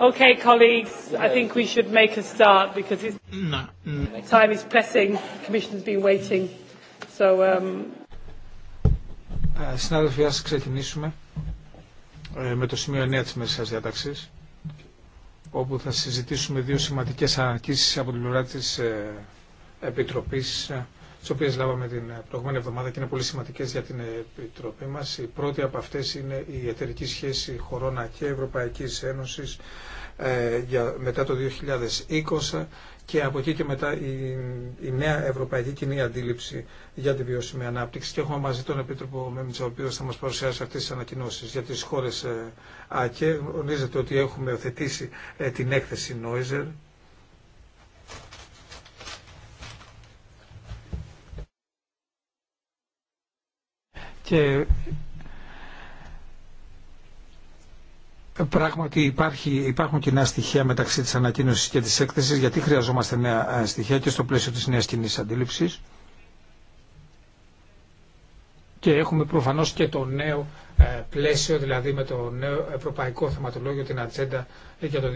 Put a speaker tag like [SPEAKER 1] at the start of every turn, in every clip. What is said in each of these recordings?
[SPEAKER 1] Okay, colleagues, I think we should make a start because it's no. Ναι. time is pressing. The Commission's been waiting. So, um...
[SPEAKER 2] Ε, συνάδελφοι, ας ξεκινήσουμε ε, με το σημείο 9 της Μέσης Διάταξης, όπου θα συζητήσουμε δύο σημαντικές ανακοίσεις από την πλευρά της ε, Επιτροπής τι οποίε λάβαμε την ε, προηγούμενη εβδομάδα και είναι πολύ σημαντικέ για την Επιτροπή μα. Η πρώτη από αυτέ είναι η εταιρική σχέση χωρών και Ευρωπαϊκή Ένωση ε, μετά το 2020 και από εκεί και μετά η, η νέα ευρωπαϊκή κοινή αντίληψη για την βιώσιμη ανάπτυξη. Και έχουμε μαζί τον Επίτροπο Μέμιτσα, ο οποίο θα μα παρουσιάσει αυτέ τι ανακοινώσει για τι χώρε ε, ΑΚΕ. Γνωρίζετε ότι έχουμε οθετήσει την έκθεση Νόιζερ Και Πράγματι υπάρχει, υπάρχουν κοινά στοιχεία μεταξύ της ανακοίνωσης και της έκθεσης γιατί χρειαζόμαστε νέα ε, στοιχεία και στο πλαίσιο της νέας κοινή αντίληψης. Και έχουμε προφανώς και το νέο ε, πλαίσιο, δηλαδή με το νέο ευρωπαϊκό θεματολόγιο, την ατζέντα για το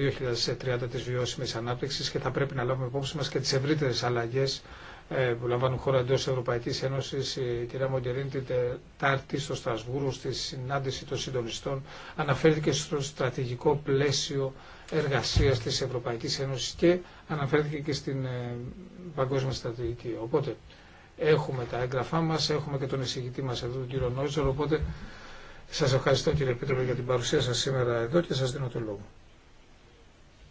[SPEAKER 2] 2030 της βιώσιμης ανάπτυξης και θα πρέπει να λάβουμε υπόψη μας και τις ευρύτερες αλλαγές ε, που λαμβάνουν χώρα εντό Ευρωπαϊκή Ένωση. Η κυρία Μογκερίνη την Τετάρτη στο Στρασβούργο, στη συνάντηση των συντονιστών, αναφέρθηκε στο στρατηγικό πλαίσιο εργασία τη Ευρωπαϊκή Ένωση και αναφέρθηκε και στην ε, παγκόσμια στρατηγική. Οπότε έχουμε τα έγγραφά μα, έχουμε και τον εισηγητή μα εδώ, τον κύριο Νόιζορ. Οπότε σα ευχαριστώ κύριε Επίτροπε για την παρουσία σα σήμερα εδώ και σα δίνω το λόγο.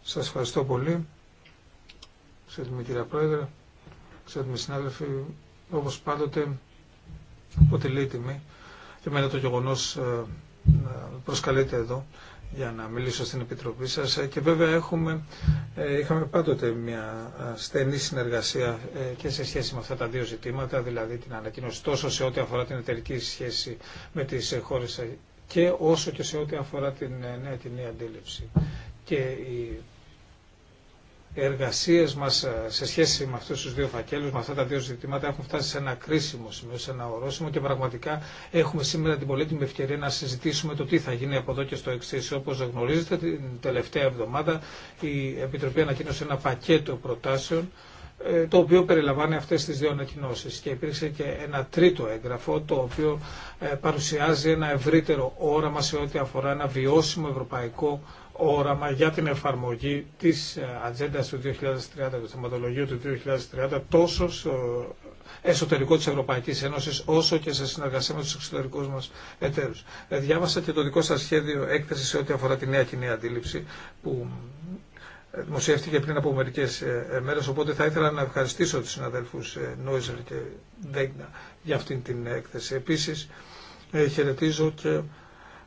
[SPEAKER 2] Σα ευχαριστώ πολύ. Σε ευχαριστώ κυρία Πρόεδρε. Ξέρετε, συνάδελφοι, όπως πάντοτε αποτελεί τιμή και μένα το γεγονός ε, προσκαλείται εδώ για να μιλήσω στην Επιτροπή σας ε, και βέβαια έχουμε, ε, είχαμε πάντοτε μια στενή συνεργασία και σε σχέση με αυτά τα δύο ζητήματα, δηλαδή την ανακοίνωση τόσο σε ό,τι αφορά την εταιρική σχέση με τις χώρες και όσο και σε ό,τι αφορά την ναι, νέα κοινή αντίληψη. Και η εργασίες μας ε, σε σχέση με αυτούς τους δύο φακέλους, με αυτά τα δύο ζητήματα έχουν φτάσει σε ένα κρίσιμο σημείο, σε ένα ορόσημο και πραγματικά έχουμε σήμερα την πολύτιμη ευκαιρία να συζητήσουμε το τι θα γίνει από εδώ και στο εξή. Όπως γνωρίζετε την τελευταία εβδομάδα η Επιτροπή ανακοίνωσε ένα πακέτο προτάσεων ε, το οποίο περιλαμβάνει αυτές τις δύο ανακοινώσει. και υπήρξε και ένα τρίτο έγγραφο το οποίο ε, παρουσιάζει ένα ευρύτερο όραμα σε ό,τι αφορά ένα βιώσιμο ευρωπαϊκό όραμα για την εφαρμογή της ε, ατζέντα του 2030, του θεματολογίου του 2030, τόσο στο εσωτερικό της Ευρωπαϊκής Ένωσης, όσο και σε συνεργασία με τους εξωτερικούς μας εταίρους. Ε, διάβασα και το δικό σας σχέδιο έκθεση σε ό,τι αφορά τη νέα κοινή αντίληψη, που ε, δημοσιεύτηκε πριν από μερικέ μέρε. Οπότε θα ήθελα να ευχαριστήσω του συναδέλφου Νόιζερ και Δέγνα για αυτήν την έκθεση. Επίση, χαιρετίζω και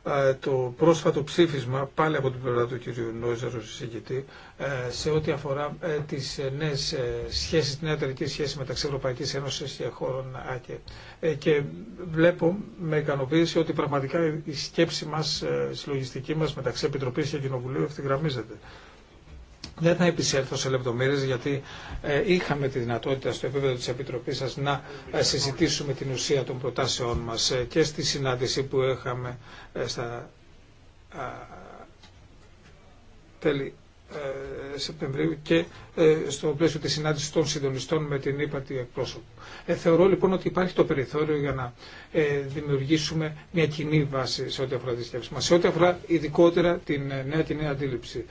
[SPEAKER 2] ε, το πρόσφατο ψήφισμα πάλι από την πλευρά του κυρίου Νόιζερ ως εισηγητή ε, σε ό,τι αφορά ε, τις νέες σχέσεις, την νέα σχέση μεταξύ Ευρωπαϊκής Ένωσης και χώρων ΑΚΕ. Και βλέπω με ικανοποίηση ότι πραγματικά η σκέψη μας, η συλλογιστική μας μεταξύ Επιτροπής και Κοινοβουλίου ευθυγραμμίζεται. Δεν θα επισέλθω σε λεπτομέρειες γιατί ε, είχαμε τη δυνατότητα στο επίπεδο της Επιτροπής σας να ε, συζητήσουμε την ουσία των προτάσεών μας ε, και στη συνάντηση που είχαμε στα τέλη Σεπτεμβρίου και στο πλαίσιο της συνάντηση των συντονιστών με την ύπατη εκπρόσωπο. θεωρώ λοιπόν ότι υπάρχει το περιθώριο για να δημιουργήσουμε μια κοινή βάση σε ό,τι αφορά τη σκέψη μας, σε ό,τι αφορά ειδικότερα την νέα κοινή αντίληψη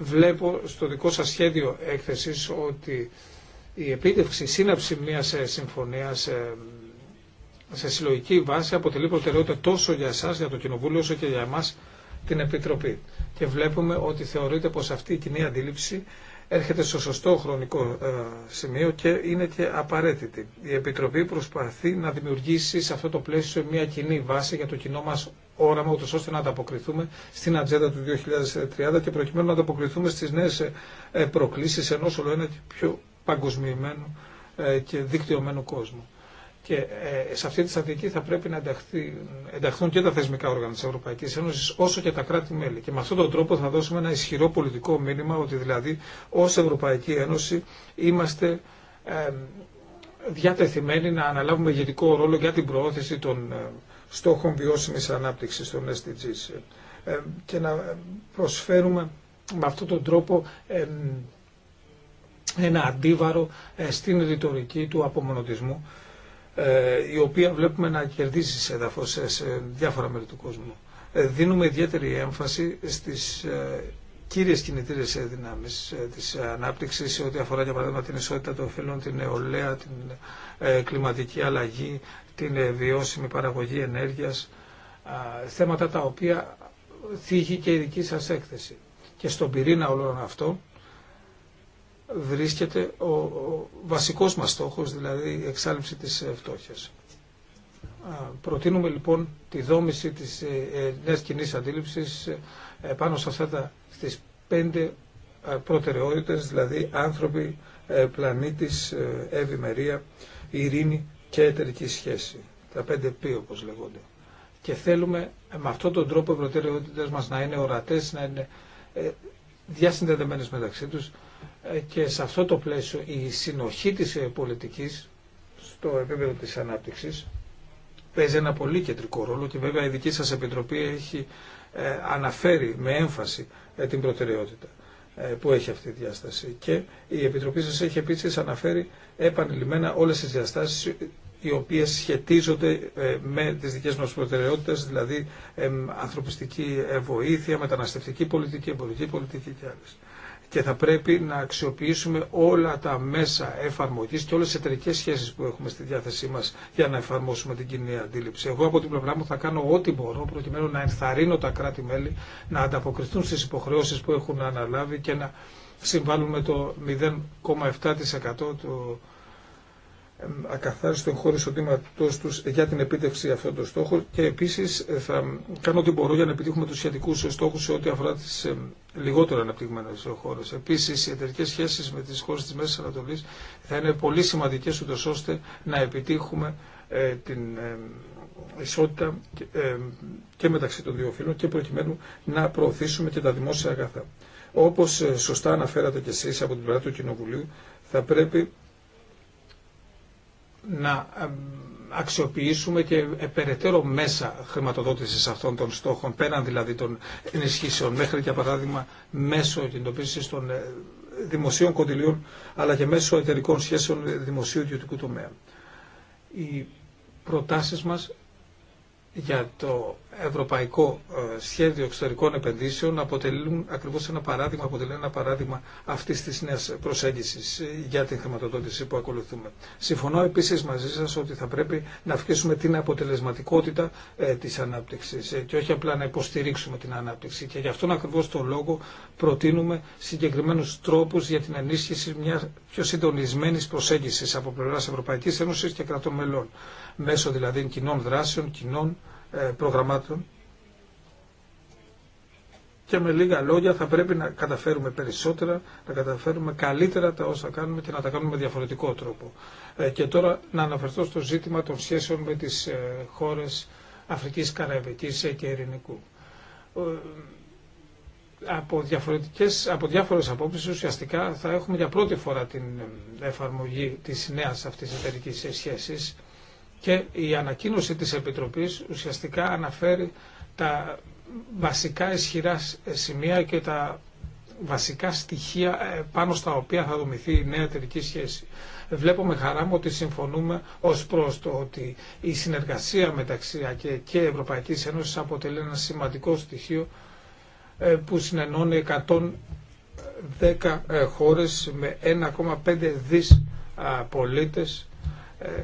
[SPEAKER 2] βλέπω στο δικό σας σχέδιο έκθεσης ότι η επίτευξη, η σύναψη μιας ε, συμφωνίας ε, σε συλλογική βάση αποτελεί προτεραιότητα τόσο για εσάς, για το Κοινοβούλιο, όσο και για εμάς την Επιτροπή. Και βλέπουμε ότι θεωρείται πως αυτή η κοινή αντίληψη έρχεται στο σωστό χρονικό ε, σημείο και είναι και απαραίτητη. Η Επιτροπή προσπαθεί να δημιουργήσει σε αυτό το πλαίσιο μια κοινή βάση για το κοινό μας όραμα, ούτως ώστε να ανταποκριθούμε στην ατζέντα του 2030 και προκειμένου να ανταποκριθούμε στις νέες ε, προκλήσεις ενός όλο ένα και πιο παγκοσμιωμένου ε, και δικτυωμένου κόσμου. Και ε, σε αυτή τη στρατηγική θα πρέπει να ενταχθούν και τα θεσμικά όργανα τη Ευρωπαϊκή Ένωση, όσο και τα κράτη-μέλη. Και με αυτόν τον τρόπο θα δώσουμε ένα ισχυρό πολιτικό μήνυμα ότι δηλαδή ω Ευρωπαϊκή Ένωση είμαστε διατεθειμένοι να αναλάβουμε ηγετικό ρόλο για την προώθηση των στόχων βιώσιμης ανάπτυξης των SDGs ε, και να προσφέρουμε με αυτόν τον τρόπο ένα αντίβαρο ε, στην ρητορική του απομονωτισμού ε, η οποία βλέπουμε να κερδίζει σε σε διάφορα μέρη του κόσμου. Δίνουμε ιδιαίτερη έμφαση στις κύριες κινητήρες δυνάμεις της ανάπτυξης ό,τι αφορά για παράδειγμα την ισότητα των φίλων, την νεολαία, την κλιματική αλλαγή, την ε, βιώσιμη παραγωγή ενέργειας, θέματα τα οποία θίγει και η δική σας έκθεση. Και στον πυρήνα όλων αυτών βρίσκεται ο, βασικός μας στόχος, δηλαδή η εξάλληψη της ε, φτώχειας. Προτείνουμε λοιπόν τη δόμηση της ε, νέας κοινή αντίληψης πάνω σε αυτά τα, στις πέντε προτεραιότητες, δηλαδή άνθρωποι, πλανήτης, ευημερία, ειρήνη και εταιρική σχέση. Τα 5P όπως λέγονται. Και θέλουμε με αυτόν τον τρόπο οι προτεραιότητες μας να είναι ορατές, να είναι ε, διασυνδεδεμένε μεταξύ τους ε, και σε αυτό το πλαίσιο η συνοχή της ε, πολιτικής στο επίπεδο της ανάπτυξης παίζει ένα πολύ κεντρικό ρόλο και βέβαια η δική σας Επιτροπή έχει αναφέρει με έμφαση την προτεραιότητα που έχει αυτή η διάσταση. Και η Επιτροπή σας έχει επίσης αναφέρει επανειλημμένα όλες τις διαστάσεις οι οποίες σχετίζονται ε, με τις δικές μας προτεραιότητες, δηλαδή ανθρωπιστική ε, βοήθεια, μεταναστευτική πολιτική, εμπορική πολιτική και άλλες. Και θα πρέπει να αξιοποιήσουμε όλα τα μέσα εφαρμογής και όλες τις εταιρικέ σχέσεις που έχουμε στη διάθεσή μας για να εφαρμόσουμε την κοινή αντίληψη. Εγώ από την πλευρά μου θα κάνω ό,τι μπορώ προκειμένου να ενθαρρύνω τα κράτη-μέλη να ανταποκριθούν στις υποχρεώσεις που έχουν αναλάβει και να συμβάλλουν με το 0,7% του ακαθάριστο χώρο εισοδήματό του για την επίτευξη αυτών των στόχων και επίση ε, θα κάνω ό,τι μπορώ για να επιτύχουμε του σχετικού ε, στόχου σε ό,τι αφορά τι ε, λιγότερο αναπτυγμένε χώρε. Επίση, οι εταιρικέ σχέσει με τι χώρε τη Μέση Ανατολή θα είναι πολύ σημαντικέ, ούτω ώστε να επιτύχουμε την ισότητα και μεταξύ των δύο φύλων και προκειμένου να προωθήσουμε και τα δημόσια αγαθά. Όπως σωστά αναφέρατε και εσεί, από την πλευρά του Κοινοβουλίου, θα πρέπει να ε, αξιοποιήσουμε και ε, περαιτέρω μέσα χρηματοδότηση αυτών των στόχων, πέραν δηλαδή των ενισχύσεων, μέχρι για παράδειγμα μέσω κινητοποίησης των ε, δημοσίων κοντιλίων, αλλά και μέσω εταιρικών σχέσεων δημοσίου ιδιωτικού τομέα. Οι προτάσεις μας για το Ευρωπαϊκό ε, Σχέδιο Εξωτερικών Επενδύσεων αποτελούν ακριβώς ένα παράδειγμα, αποτελεί ένα παράδειγμα αυτής της νέας προσέγγισης ε, για την χρηματοδότηση που ακολουθούμε. Συμφωνώ επίσης μαζί σας ότι θα πρέπει να αυξήσουμε την αποτελεσματικότητα ε, της ανάπτυξης και όχι απλά να υποστηρίξουμε την ανάπτυξη. Και γι' αυτόν ακριβώς τον λόγο προτείνουμε συγκεκριμένους τρόπους για την ενίσχυση μια πιο συντονισμένης προσέγγισης από πλευράς Ευρωπαϊκής Ένωσης και κρατών μελών μέσω δηλαδή κοινών δράσεων, κοινών ε, προγραμμάτων και με λίγα λόγια θα πρέπει να καταφέρουμε περισσότερα, να καταφέρουμε καλύτερα τα όσα κάνουμε και να τα κάνουμε με διαφορετικό τρόπο. Ε, και τώρα να αναφερθώ στο ζήτημα των σχέσεων με τις ε, χώρες Αφρικής, Καραϊβικής και Ειρηνικού. Από, διαφορετικές, από διάφορες απόψεις ουσιαστικά θα έχουμε για πρώτη φορά την εφαρμογή της νέας αυτής εταιρικής σχέσης και η ανακοίνωση της Επιτροπής ουσιαστικά αναφέρει τα βασικά ισχυρά σημεία και τα βασικά στοιχεία ε, πάνω στα οποία θα δομηθεί η νέα εταιρική σχέση. Βλέπω με χαρά μου ότι συμφωνούμε ως προς το ότι η συνεργασία μεταξύ ΑΚΕ και Ευρωπαϊκής Ένωσης αποτελεί ένα σημαντικό στοιχείο ε, που συνενώνει 110 ε, χώρες με 1,5 δις πολίτες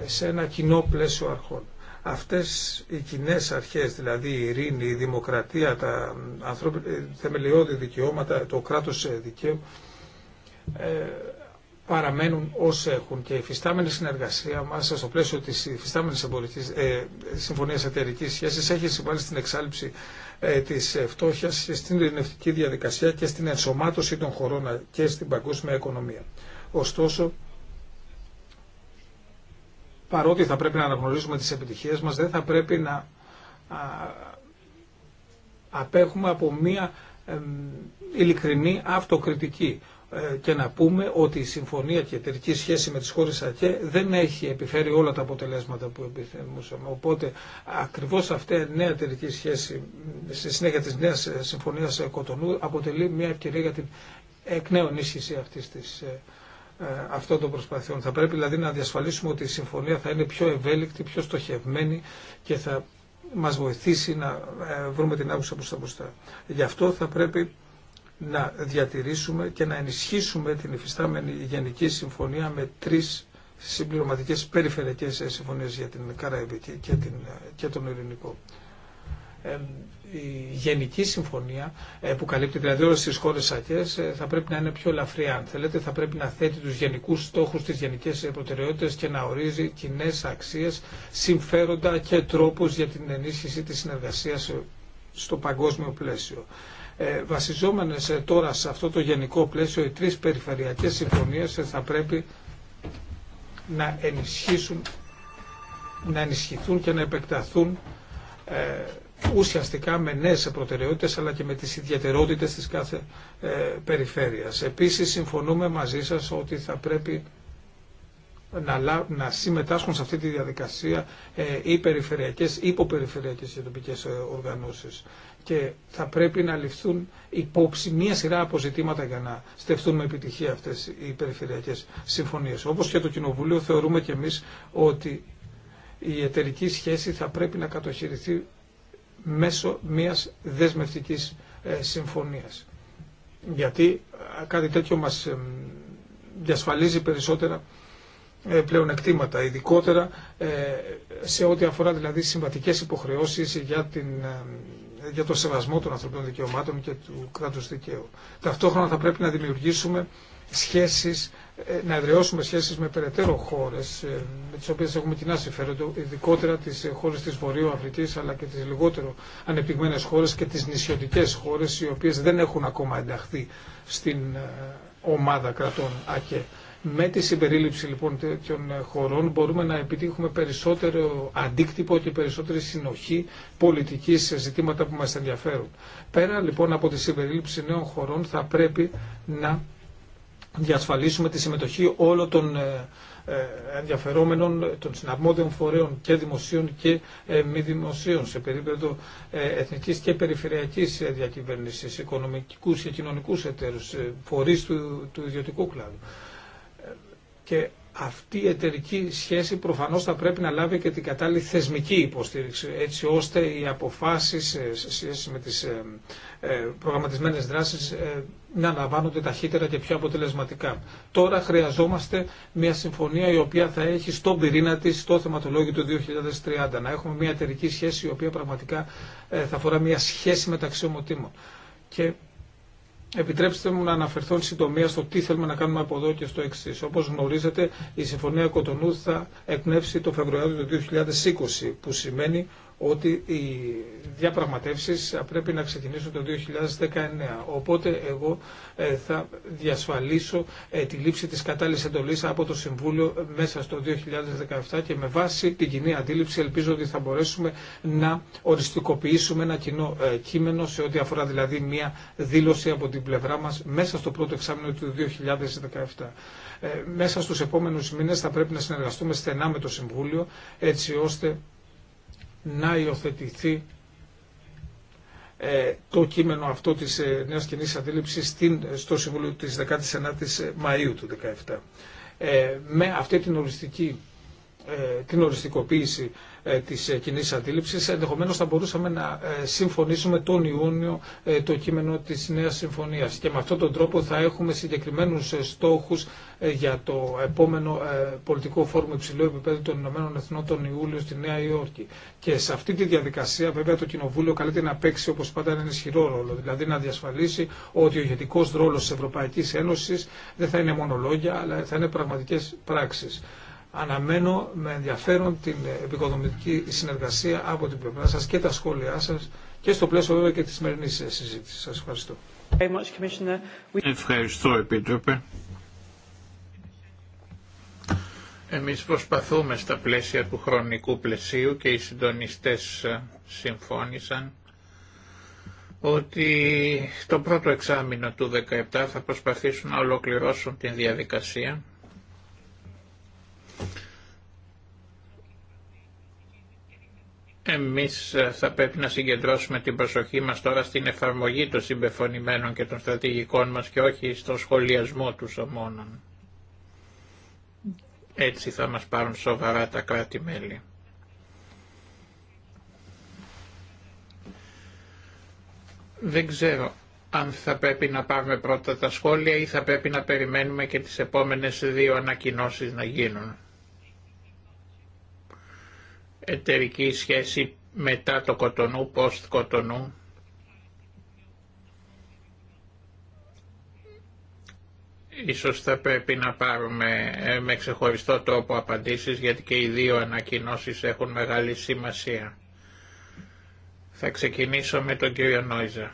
[SPEAKER 2] σε ένα κοινό πλαίσιο αρχών. Αυτές οι κοινέ αρχές, δηλαδή η ειρήνη, η δημοκρατία, τα ε, θεμελιώδη δικαιώματα, το κράτος δικαίου, ε, παραμένουν όσοι έχουν και η φυστάμενη συνεργασία μας στο πλαίσιο της φυστάμενης εμπορικής, ε, συμφωνίας εταιρικής σχέσης έχει συμβάλει στην εξάλληψη ε, της φτώχειας στην ειρηνευτική διαδικασία και στην ενσωμάτωση των χωρών και στην παγκόσμια οικονομία. Ωστόσο, παρότι θα πρέπει να αναγνωρίζουμε τις επιτυχίες μας, δεν θα πρέπει να απέχουμε από μία ειλικρινή αυτοκριτική ε, και να πούμε ότι η συμφωνία και η εταιρική σχέση με τις χώρες ΑΚΕ δεν έχει επιφέρει όλα τα αποτελέσματα που επιθυμούσαμε. Οπότε ακριβώς αυτή η νέα εταιρική σχέση στη συνέχεια της νέας ε, συμφωνίας ε, Κοτονού αποτελεί μια ευκαιρία για την εκ νέων ίσχυση αυτής της ε, αυτών των προσπαθειών. Θα πρέπει δηλαδή να διασφαλίσουμε ότι η συμφωνία θα είναι πιο ευέλικτη, πιο στοχευμένη και θα μας βοηθήσει να ε, βρούμε την άποψη προς τα μπροστά. Γι' αυτό θα πρέπει να διατηρήσουμε και να ενισχύσουμε την υφιστάμενη Γενική Συμφωνία με τρεις συμπληρωματικές περιφερειακές συμφωνίες για την Καραϊβική και, ε, και τον Ελληνικό η γενική συμφωνία ε, που καλύπτει δηλαδή όλες τις χώρες ε, θα πρέπει να είναι πιο ελαφριά. Αν θέλετε θα πρέπει να θέτει τους γενικούς στόχους, τις γενικές προτεραιότητες και να ορίζει κοινέ αξίες, συμφέροντα και τρόπους για την ενίσχυση της συνεργασίας ε, στο παγκόσμιο πλαίσιο. Ε, βασιζόμενες τώρα σε αυτό το γενικό πλαίσιο, οι τρεις περιφερειακές συμφωνίες θα πρέπει να ενισχύσουν, να ενισχυθούν και να επεκταθούν ουσιαστικά με νέες προτεραιότητες αλλά και με τις ιδιαιτερότητες της κάθε ε, περιφέρειας. Επίσης συμφωνούμε μαζί σας ότι θα πρέπει να, να συμμετάσχουν σε αυτή τη διαδικασία ε, οι περιφερειακές, υποπεριφερειακές και τοπικές ε, οργανώσεις και θα πρέπει να ληφθούν υπόψη μία σειρά αποζητήματα για να στεφτούν με επιτυχία αυτές οι περιφερειακές συμφωνίες. Όπως και το Κοινοβουλίο θεωρούμε και εμείς ότι η εταιρική σχέση θα πρέπει να κατοχυρηθεί μέσω μιας δεσμευτικής ε, συμφωνίας. Γιατί ε, κάτι τέτοιο μας ε, διασφαλίζει περισσότερα πλέον εκτήματα, ειδικότερα σε ό,τι αφορά δηλαδή συμβατικές υποχρεώσεις για, την, για το σεβασμό των ανθρωπίνων δικαιωμάτων και του κράτους δικαίου. Ταυτόχρονα θα πρέπει να δημιουργήσουμε σχέσεις ε, να εδραιώσουμε σχέσεις με περαιτέρω χώρες ε, με τις οποίες έχουμε κοινά συμφέροντα, ειδικότερα τις ε, χώρες της Βορείου αλλά και τις λιγότερο ανεπτυγμένε χώρες και τις νησιωτικές χώρες οι οποίες δεν έχουν ακόμα ενταχθεί στην ομάδα κρατών ΑΚΕ. Με τη συμπερίληψη λοιπόν τέτοιων χωρών μπορούμε να επιτύχουμε περισσότερο αντίκτυπο και περισσότερη συνοχή πολιτική σε ζητήματα που μας ενδιαφέρουν. Πέρα λοιπόν από τη συμπερίληψη νέων χωρών θα πρέπει να διασφαλίσουμε τη συμμετοχή όλων των ε, ε, ενδιαφερόμενων των συναρμόδιων φορέων και δημοσίων και ε, μη δημοσίων σε περίπτωση εθνικής και περιφερειακής διακυβέρνησης, οικονομικούς και κοινωνικούς εταίρους, φορείς του, του ιδιωτικού κλάδου. Και αυτή η εταιρική σχέση προφανώς θα πρέπει να λάβει και την κατάλληλη θεσμική υποστήριξη, έτσι ώστε οι αποφάσεις σε σχέση με τις ε, προγραμματισμένες δράσεις ε, να αναβάνονται ταχύτερα και πιο αποτελεσματικά. Τώρα χρειαζόμαστε μια συμφωνία η οποία θα έχει στον πυρήνα της το θεματολόγιο του 2030. Να έχουμε μια εταιρική σχέση η οποία πραγματικά ε, θα αφορά μια σχέση μεταξύ ομοτήμων. Και Επιτρέψτε μου να αναφερθώ συντομία στο τι θέλουμε να κάνουμε από εδώ και στο εξή. Όπω γνωρίζετε, η Συμφωνία Κοτονού θα εκπνεύσει το Φεβρουάριο του 2020, που σημαίνει ότι οι διαπραγματεύσεις πρέπει να ξεκινήσουν το 2019. Οπότε εγώ ε, θα διασφαλίσω ε, τη λήψη της κατάλληλης εντολής από το Συμβούλιο μέσα στο 2017 και με βάση την κοινή αντίληψη ελπίζω ότι θα μπορέσουμε να οριστικοποιήσουμε ένα κοινό ε, κείμενο σε ό,τι αφορά δηλαδή μια δήλωση από την πλευρά μας μέσα στο πρώτο εξάμεινο του 2017. Μέσα στους επόμενους μήνες θα πρέπει να συνεργαστούμε στενά με το Συμβούλιο έτσι ώστε να υιοθετηθεί ε, το κείμενο αυτό της ε, νέας κοινή αντίληψης στο Συμβούλιο της 19ης ε, Μαΐου του 2017. Με αυτή την οριστική ε, την οριστικοποίηση ε, της ε, κοινή αντίληψης. Ενδεχομένως θα μπορούσαμε να συμφωνήσουμε τον Ιούνιο το κείμενο της νέας συμφωνίας και με αυτόν τον τρόπο θα έχουμε συγκεκριμένους στόχους για το επόμενο πολιτικό φόρουμ υψηλού επίπεδου των Ηνωμένων Εθνών τον Ιούλιο στη Νέα Υόρκη. Και σε αυτή τη διαδικασία βέβαια το Κοινοβούλιο καλείται να παίξει όπως πάντα ένα ισχυρό ρόλο, δηλαδή να διασφαλίσει ότι ο ηγετικός ρόλος της Ευρωπαϊκής Ένωσης δεν θα είναι μόνο λόγια αλλά θα είναι πραγματικές πράξεις αναμένω με ενδιαφέρον την επικοδομητική συνεργασία από την πλευρά σας και τα σχόλιά σας και στο πλαίσιο βέβαια και της σημερινή συζήτησης. Σας ευχαριστώ.
[SPEAKER 1] Ευχαριστώ Επίτροπε. Εμείς προσπαθούμε στα πλαίσια του χρονικού πλαισίου και οι συντονιστές ε, συμφώνησαν ότι το πρώτο εξάμεινο του 2017 θα προσπαθήσουν να ολοκληρώσουν την διαδικασία εμείς ε, θα πρέπει να συγκεντρώσουμε την προσοχή μας τώρα στην εφαρμογή των συμπεφωνημένων και των στρατηγικών μας και όχι στον σχολιασμό τους ομόνων. Έτσι θα μας πάρουν σοβαρά τα κράτη-μέλη. Δεν ξέρω αν θα πρέπει να πάρουμε πρώτα τα σχόλια ή θα πρέπει να περιμένουμε και τις επόμενες δύο ανακοινώσεις να γίνουν εταιρική σχέση μετά το κοτονού, post κοτονού. Ίσως θα πρέπει να πάρουμε ε, με ξεχωριστό τρόπο απαντήσεις γιατί και οι δύο ανακοινώσεις έχουν μεγάλη σημασία. Θα ξεκινήσω με τον κύριο Νόιζα.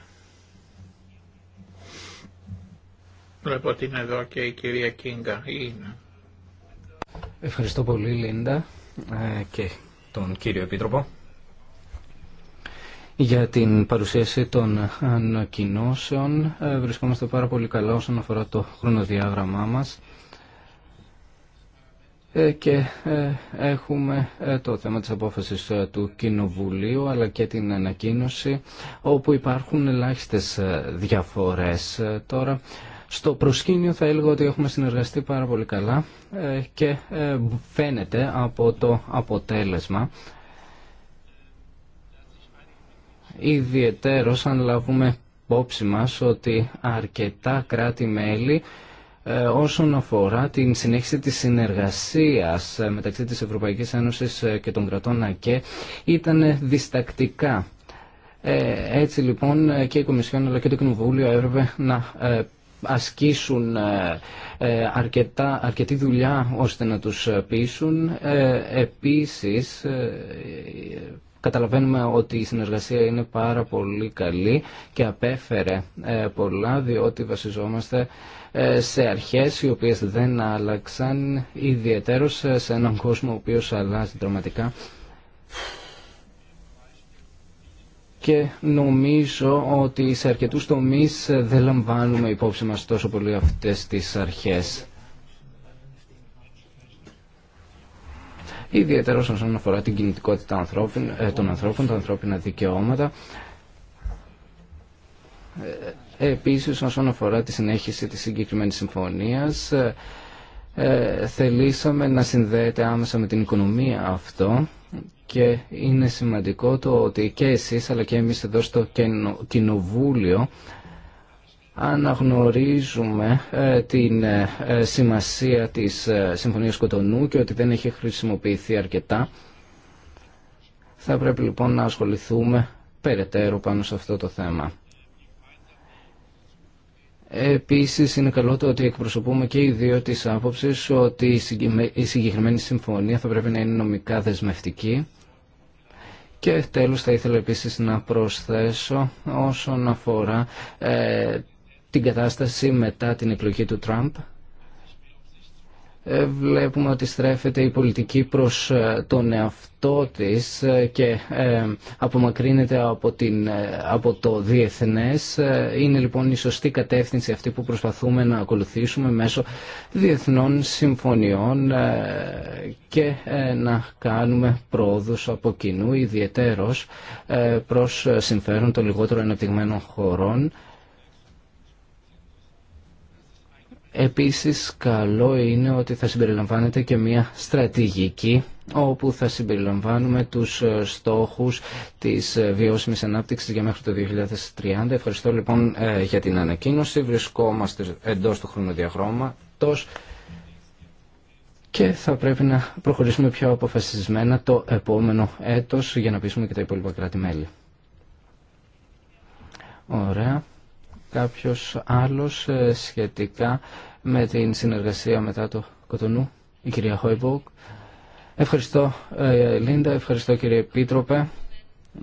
[SPEAKER 1] Βλέπω ότι είναι εδώ και η κυρία Κίνγκα.
[SPEAKER 3] Ευχαριστώ πολύ Λίντα ε, και τον κύριο Επίτροπο για την παρουσίαση των ανακοινώσεων. Ε, βρισκόμαστε πάρα πολύ καλά όσον αφορά το χρονοδιάγραμμά μας ε, και ε, έχουμε το θέμα της απόφασης του Κοινοβουλίου αλλά και την ανακοίνωση όπου υπάρχουν ελάχιστες διαφορές τώρα. Στο προσκήνιο θα έλεγα ότι έχουμε συνεργαστεί πάρα πολύ καλά ε, και ε, φαίνεται από το αποτέλεσμα ιδιαιτέρως αν λάβουμε υπόψη μας ότι αρκετά κράτη-μέλη ε, όσον αφορά την συνέχιση της συνεργασίας μεταξύ της Ευρωπαϊκής Ένωσης και των κρατών ΑΚΕ ήταν διστακτικά. Έτσι λοιπόν και η Κομισιόν αλλά και το Κοινοβούλιο έπρεπε να ασκήσουν ε, ε, αρκετά, αρκετή δουλειά ώστε να τους πείσουν. Ε, επίσης, καταλαβαίνουμε ότι η συνεργασία είναι πάρα πολύ καλή και απέφερε πολλά διότι βασιζόμαστε σε αρχές οι οποίες δεν άλλαξαν ιδιαίτερως σε έναν κόσμο ο οποίος αλλάζει δραματικά και νομίζω ότι σε αρκετούς τομείς ε, δεν λαμβάνουμε υπόψη μας τόσο πολύ αυτές τις αρχές. Ιδιαίτερα όσον αφορά την κινητικότητα ε, των ανθρώπων, τα ανθρώπινα δικαιώματα, ε, Επίσης όσον αφορά τη συνέχιση της συγκεκριμένης συμφωνίας θελήσαμε να συνδέεται άμεσα με την οικονομία αυτό και είναι σημαντικό το ότι και εσείς αλλά και εμείς εδώ στο Κοινοβούλιο αναγνωρίζουμε ε, την ε, σημασία της ε, Συμφωνίας Κοτονού και ότι δεν έχει χρησιμοποιηθεί αρκετά. Θα πρέπει λοιπόν να ασχοληθούμε περαιτέρω πάνω σε αυτό το θέμα. Επίσης είναι καλό το ότι εκπροσωπούμε και οι δύο τις άποψης ότι η συγκεκριμένη συμφωνία θα πρέπει να είναι νομικά δεσμευτική και τέλος θα ήθελα επίσης να προσθέσω όσον αφορά ε, την κατάσταση μετά την εκλογή του Τραμπ ε, βλέπουμε ότι στρέφεται η πολιτική προς ε, τον εαυτό της ε, και απομακρύνεται από, την, από το διεθνές. Είναι λοιπόν η σωστή κατεύθυνση αυτή που προσπαθούμε να ακολουθήσουμε μέσω διεθνών συμφωνιών και να κάνουμε πρόοδους από κοινού ιδιαιτέρως προς συμφέρον των λιγότερο αναπτυγμένων χωρών Επίσης καλό είναι ότι θα συμπεριλαμβάνεται και μια στρατηγική όπου θα συμπεριλαμβάνουμε τους ε, στόχους της ε, βιώσιμης ανάπτυξης για μέχρι το 2030. Ευχαριστώ λοιπόν ε, για την ανακοίνωση. Βρισκόμαστε εντός του χρονοδιαγράμματος και θα πρέπει να προχωρήσουμε πιο αποφασισμένα το επόμενο έτος για να πείσουμε και τα υπόλοιπα κράτη-μέλη. Ωραία κάποιος άλλος ε, σχετικά με την συνεργασία μετά το Κοτονού, η κυρία Χόιμποκ. Ευχαριστώ ε, Λίντα, ευχαριστώ κύριε Επίτροπε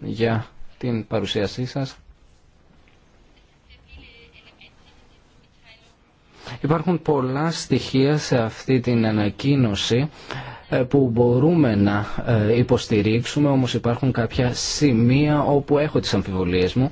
[SPEAKER 3] για την παρουσίασή σας. Υπάρχουν πολλά στοιχεία σε αυτή την ανακοίνωση ε, που μπορούμε να υποστηρίξουμε, όμως υπάρχουν κάποια σημεία όπου έχω τις αμφιβολίες μου.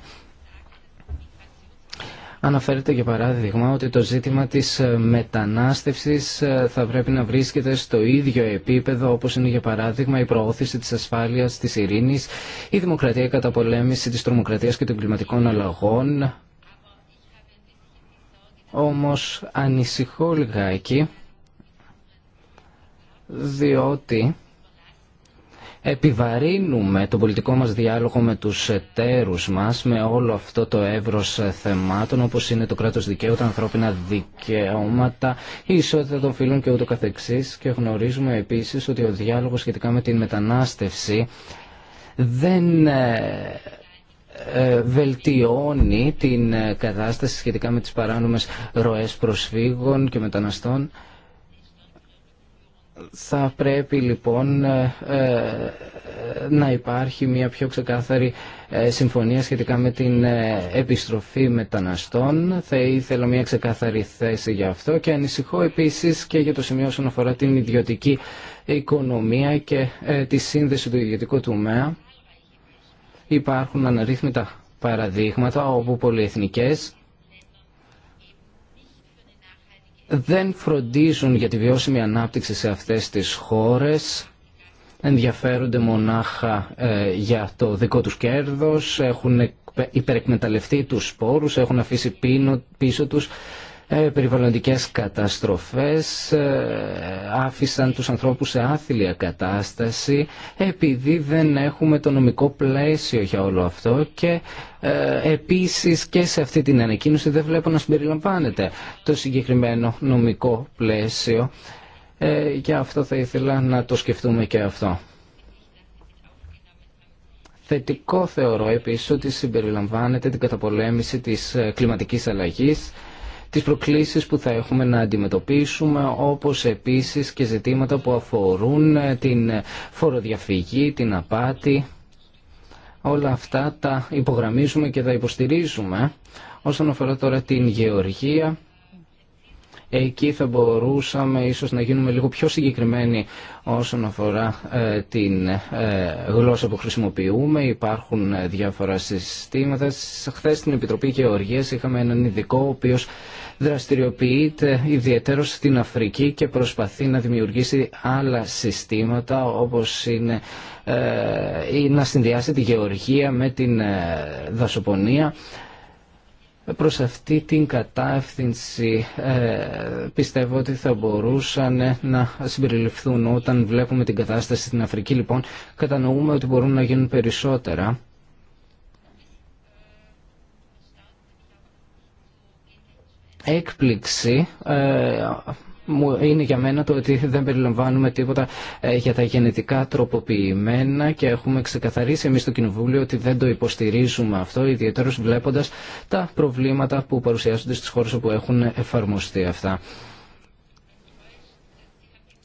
[SPEAKER 3] Αναφέρεται για παράδειγμα ότι το ζήτημα της ε, μετανάστευσης ε, θα πρέπει να βρίσκεται στο ίδιο επίπεδο όπως είναι για παράδειγμα η προώθηση της ασφάλειας, της ειρήνης, η δημοκρατία η καταπολέμηση της τρομοκρατίας και των κλιματικών αλλαγών. Όμως ανησυχώ λιγάκι διότι επιβαρύνουμε τον πολιτικό μας διάλογο με τους εταίρους μας με όλο αυτό το εύρος θεμάτων όπως είναι το κράτος δικαίου, τα ανθρώπινα δικαιώματα, η ισότητα των φιλών και ούτω καθεξής και γνωρίζουμε επίσης ότι ο διάλογος σχετικά με την μετανάστευση δεν ε, ε, βελτιώνει την κατάσταση σχετικά με τις παράνομες ροές προσφύγων και μεταναστών θα πρέπει λοιπόν ε, ε, να υπάρχει μια πιο ξεκάθαρη ε, συμφωνία σχετικά με την επιστροφή μεταναστών. Θα ήθελα μια ξεκάθαρη θέση για αυτό και ανησυχώ επίσης και για το σημείο όσον αφορά την ιδιωτική οικονομία και τη σύνδεση του ιδιωτικού τομέα. Υπάρχουν αναρρύθμιτα παραδείγματα όπου πολυεθνικές δεν φροντίζουν για τη βιώσιμη ανάπτυξη σε αυτές τις χώρες, ενδιαφέρονται μονάχα ε, για το δικό τους κέρδος, έχουν υπερεκμεταλλευτεί τους σπόρους, έχουν αφήσει πίσω τους ε, περιβαλλοντικές καταστροφές ε, άφησαν τους ανθρώπους σε άθλια κατάσταση επειδή δεν έχουμε το νομικό πλαίσιο για όλο αυτό και ε, επίσης και σε αυτή την ανακοίνωση δεν βλέπω να συμπεριλαμβάνεται το συγκεκριμένο νομικό πλαίσιο και αυτό θα ήθελα να το σκεφτούμε και αυτό. Θετικό θεωρώ επίσης ότι συμπεριλαμβάνεται την καταπολέμηση της κλιματικής αλλαγής τις προκλήσεις που θα έχουμε να αντιμετωπίσουμε, όπως επίσης και ζητήματα που αφορούν ε, την φοροδιαφυγή, την απάτη. Όλα αυτά τα υπογραμμίζουμε και τα υποστηρίζουμε. Όσον αφορά τώρα την γεωργία, Εκεί θα μπορούσαμε ίσως να γίνουμε λίγο πιο συγκεκριμένοι όσον αφορά ε, την ε, γλώσσα που χρησιμοποιούμε. Υπάρχουν ε, διάφορα συστήματα. Χθε στην Επιτροπή Γεωργίας είχαμε έναν ειδικό ο οποίος δραστηριοποιείται ιδιαίτερο στην Αφρική και προσπαθεί να δημιουργήσει άλλα συστήματα όπως είναι ή να συνδυάσει τη γεωργία με την δασοπονία Προς αυτή την κατάευθυνση ε, πιστεύω ότι θα μπορούσαν ε, να συμπεριληφθούν όταν βλέπουμε την κατάσταση στην Αφρική. Λοιπόν, κατανοούμε ότι μπορούν να γίνουν περισσότερα. Έκπληξη ε, είναι για μένα το ότι δεν περιλαμβάνουμε τίποτα ε, για τα γενετικά τροποποιημένα και έχουμε ξεκαθαρίσει εμείς στο Κοινοβούλιο ότι δεν το υποστηρίζουμε αυτό, ιδιαίτερως βλέποντας τα προβλήματα που παρουσιάζονται στις χώρες όπου έχουν εφαρμοστεί αυτά.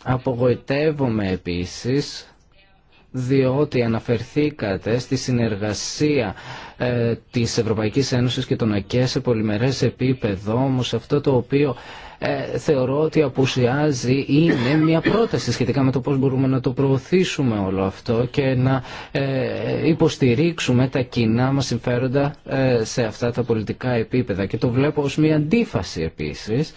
[SPEAKER 3] Απογοητεύομαι επίσης διότι αναφερθήκατε στη συνεργασία ε, της Ευρωπαϊκής Ένωσης και των ΑΚΕ σε πολυμερές επίπεδο, όμως αυτό το οποίο ε, θεωρώ ότι απουσιάζει είναι μια πρόταση σχετικά με το πώς μπορούμε να το προωθήσουμε όλο αυτό και να ε, υποστηρίξουμε τα κοινά μας συμφέροντα ε, σε αυτά τα πολιτικά επίπεδα. Και το βλέπω ως μια αντίφαση επίσης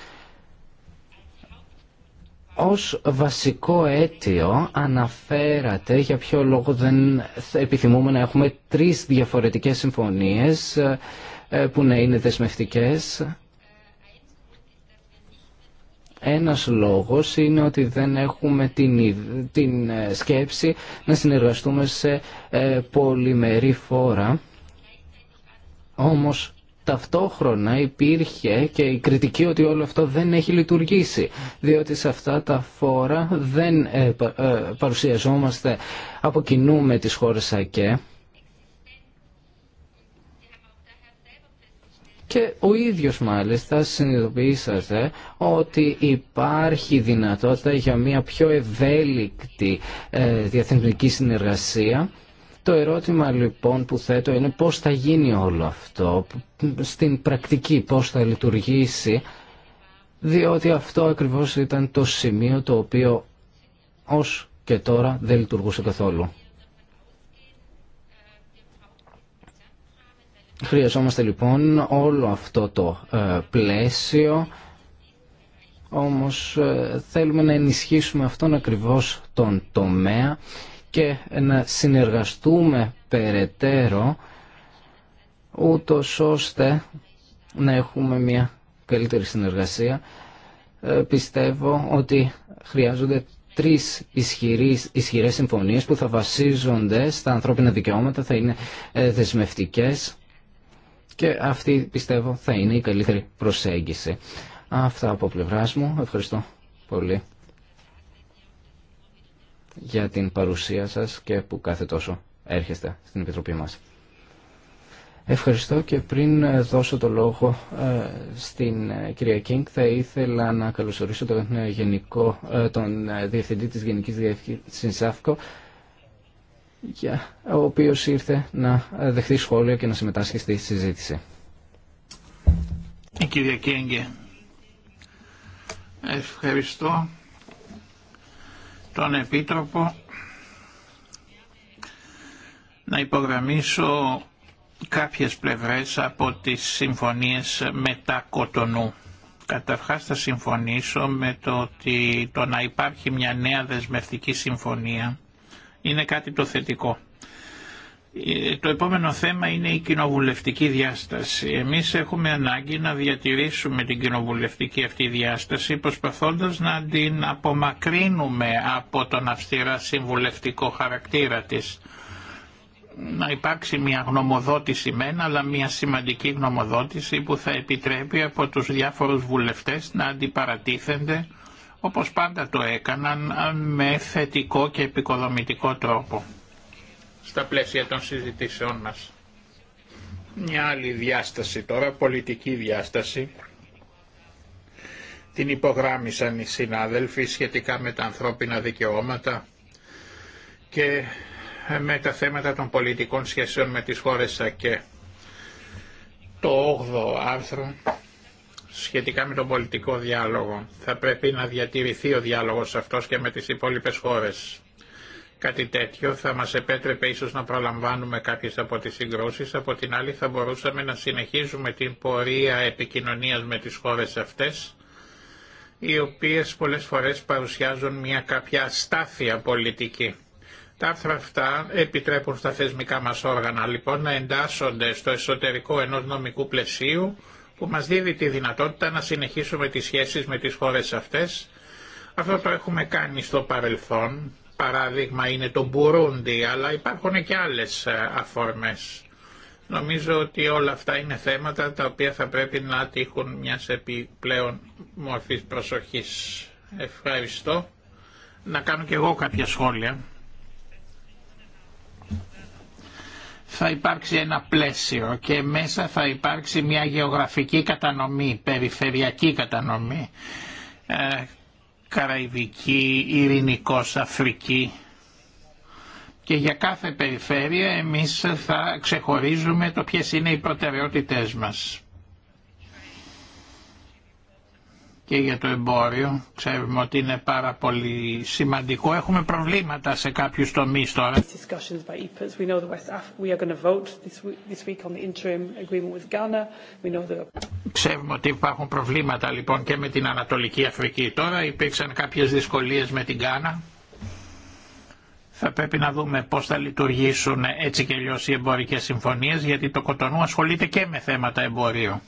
[SPEAKER 3] ως βασικό αίτιο αναφέρατε για ποιο λόγο δεν επιθυμούμε να έχουμε τρεις διαφορετικές συμφωνίες που να είναι δεσμευτικές ένας λόγος είναι ότι δεν έχουμε την, την ε, σκέψη να συνεργαστούμε σε ε, πολυμερή φόρα. Όμως ταυτόχρονα υπήρχε και η κριτική ότι όλο αυτό δεν έχει λειτουργήσει, διότι σε αυτά τα φόρα δεν ε, παρουσιαζόμαστε από κοινού με τις χώρες ΑΚΕ. και ο ίδιος μάλιστα συνειδητοποιήσατε ότι υπάρχει δυνατότητα για μια πιο ευέλικτη ε, διαθεσμική συνεργασία το ερώτημα λοιπόν που θέτω είναι πώς θα γίνει όλο αυτό, στην πρακτική πώς θα λειτουργήσει, διότι αυτό ακριβώς ήταν το σημείο το οποίο ως και τώρα δεν λειτουργούσε καθόλου. Χρειαζόμαστε λοιπόν όλο αυτό το ε, πλαίσιο, όμως ε, θέλουμε να ενισχύσουμε αυτόν ακριβώς τον τομέα και να συνεργαστούμε περαιτέρω ούτως ώστε να έχουμε μια καλύτερη συνεργασία. Ε, πιστεύω ότι χρειάζονται τρεις ισχυρές, ισχυρές συμφωνίες που θα βασίζονται στα ανθρώπινα δικαιώματα, θα είναι δεσμευτικές και αυτή πιστεύω θα είναι η καλύτερη προσέγγιση. Αυτά από πλευρά μου. Ευχαριστώ πολύ για την παρουσία σας και που κάθε τόσο έρχεστε στην Επιτροπή μας. Ευχαριστώ και πριν δώσω το λόγο ε, στην ε, κυρία Κίνγκ θα ήθελα να καλωσορίσω τον ε, Γενικό, τον Διευθυντή της Γενικής Διεύθυνσης για, ο οποίος ήρθε να δεχθεί σχόλιο και να συμμετάσχει στη συζήτηση. Ε, κυρία Κέγγε,
[SPEAKER 1] ευχαριστώ τον Επίτροπο να υπογραμμίσω κάποιες πλευρές από τις συμφωνίες μετά Κοτονού. Καταρχάς θα συμφωνήσω με το ότι το να υπάρχει μια νέα δεσμευτική συμφωνία είναι κάτι το θετικό. Ε, το επόμενο θέμα είναι η κοινοβουλευτική διάσταση. Εμείς έχουμε ανάγκη να διατηρήσουμε την κοινοβουλευτική αυτή διάσταση προσπαθώντας να την απομακρύνουμε από τον αυστηρά συμβουλευτικό χαρακτήρα της. Να υπάρξει μια γνωμοδότηση μένα, αλλά μια σημαντική γνωμοδότηση που θα επιτρέπει από τους διάφορους βουλευτές να αντιπαρατίθενται όπως πάντα το έκαναν με θετικό και επικοδομητικό τρόπο στα πλαίσια των συζητήσεών μας. Μια άλλη διάσταση τώρα, πολιτική διάσταση, την υπογράμμισαν οι συνάδελφοι σχετικά με τα ανθρώπινα δικαιώματα και ε, με τα θέματα των πολιτικών σχέσεων με τις χώρες ΑΚΕ. Το 8ο άρθρο σχετικά με τον πολιτικό διάλογο. Θα πρέπει να διατηρηθεί ο διάλογος αυτός και με τις υπόλοιπες χώρες. Κάτι τέτοιο θα μας επέτρεπε ίσως να προλαμβάνουμε κάποιες από τις συγκρούσεις, από την άλλη θα μπορούσαμε να συνεχίζουμε την πορεία επικοινωνίας με τις χώρες αυτές, οι οποίες πολλές φορές παρουσιάζουν μια κάποια αστάθεια πολιτική. Τα άρθρα αυτά επιτρέπουν στα θεσμικά μας όργανα λοιπόν να εντάσσονται στο εσωτερικό ενός νομικού πλαισίου, που μας δίδει τη δυνατότητα να συνεχίσουμε τις σχέσεις με τις χώρες αυτές. Αυτό το έχουμε κάνει στο παρελθόν. Παράδειγμα είναι το Μπουρούντι, αλλά υπάρχουν και άλλες ε, αφορμές. Νομίζω ότι όλα αυτά είναι θέματα τα οποία θα πρέπει να τύχουν μιας επιπλέον μορφής προσοχής. Ευχαριστώ. Να κάνω και εγώ κάποια σχόλια. θα υπάρξει ένα πλαίσιο και μέσα θα υπάρξει μια γεωγραφική κατανομή, περιφερειακή κατανομή. Ε, Καραϊβική, Ειρηνικός, Αφρική. Και για κάθε περιφέρεια εμείς θα ξεχωρίζουμε το ποιες είναι οι προτεραιότητές μας. και για το εμπόριο. Ξέρουμε ότι είναι πάρα πολύ σημαντικό. Έχουμε προβλήματα σε κάποιου τομεί τώρα. E Ξέρουμε ότι υπάρχουν προβλήματα λοιπόν και με την Ανατολική Αφρική. Τώρα υπήρξαν κάποιε δυσκολίε με την Γκάνα. Θα πρέπει να δούμε πώς θα λειτουργήσουν έτσι και αλλιώς οι εμπορικές συμφωνίες γιατί το Κοτονού ασχολείται και με θέματα εμπορίου.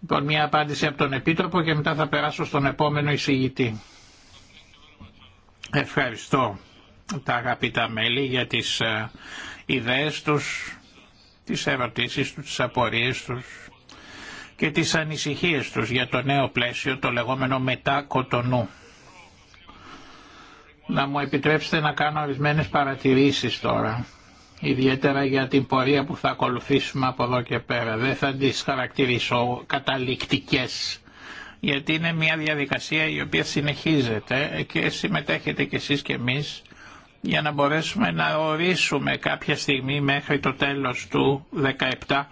[SPEAKER 1] Λοιπόν, μία απάντηση από τον Επίτροπο και μετά θα περάσω στον επόμενο εισηγητή. Ευχαριστώ τα αγαπητά μέλη για τις ε, ιδέες τους, τις ερωτήσεις τους, τις απορίες τους και τις ανησυχίες τους για το νέο πλαίσιο, το λεγόμενο μετά κοτονού. Να μου επιτρέψετε να κάνω ορισμένες παρατηρήσεις τώρα ιδιαίτερα για την πορεία που θα ακολουθήσουμε από εδώ και πέρα. Δεν θα τις χαρακτηρίσω καταληκτικές, γιατί είναι μια διαδικασία η οποία συνεχίζεται και συμμετέχετε κι εσείς κι εμείς για να μπορέσουμε να ορίσουμε κάποια στιγμή μέχρι το τέλος του 17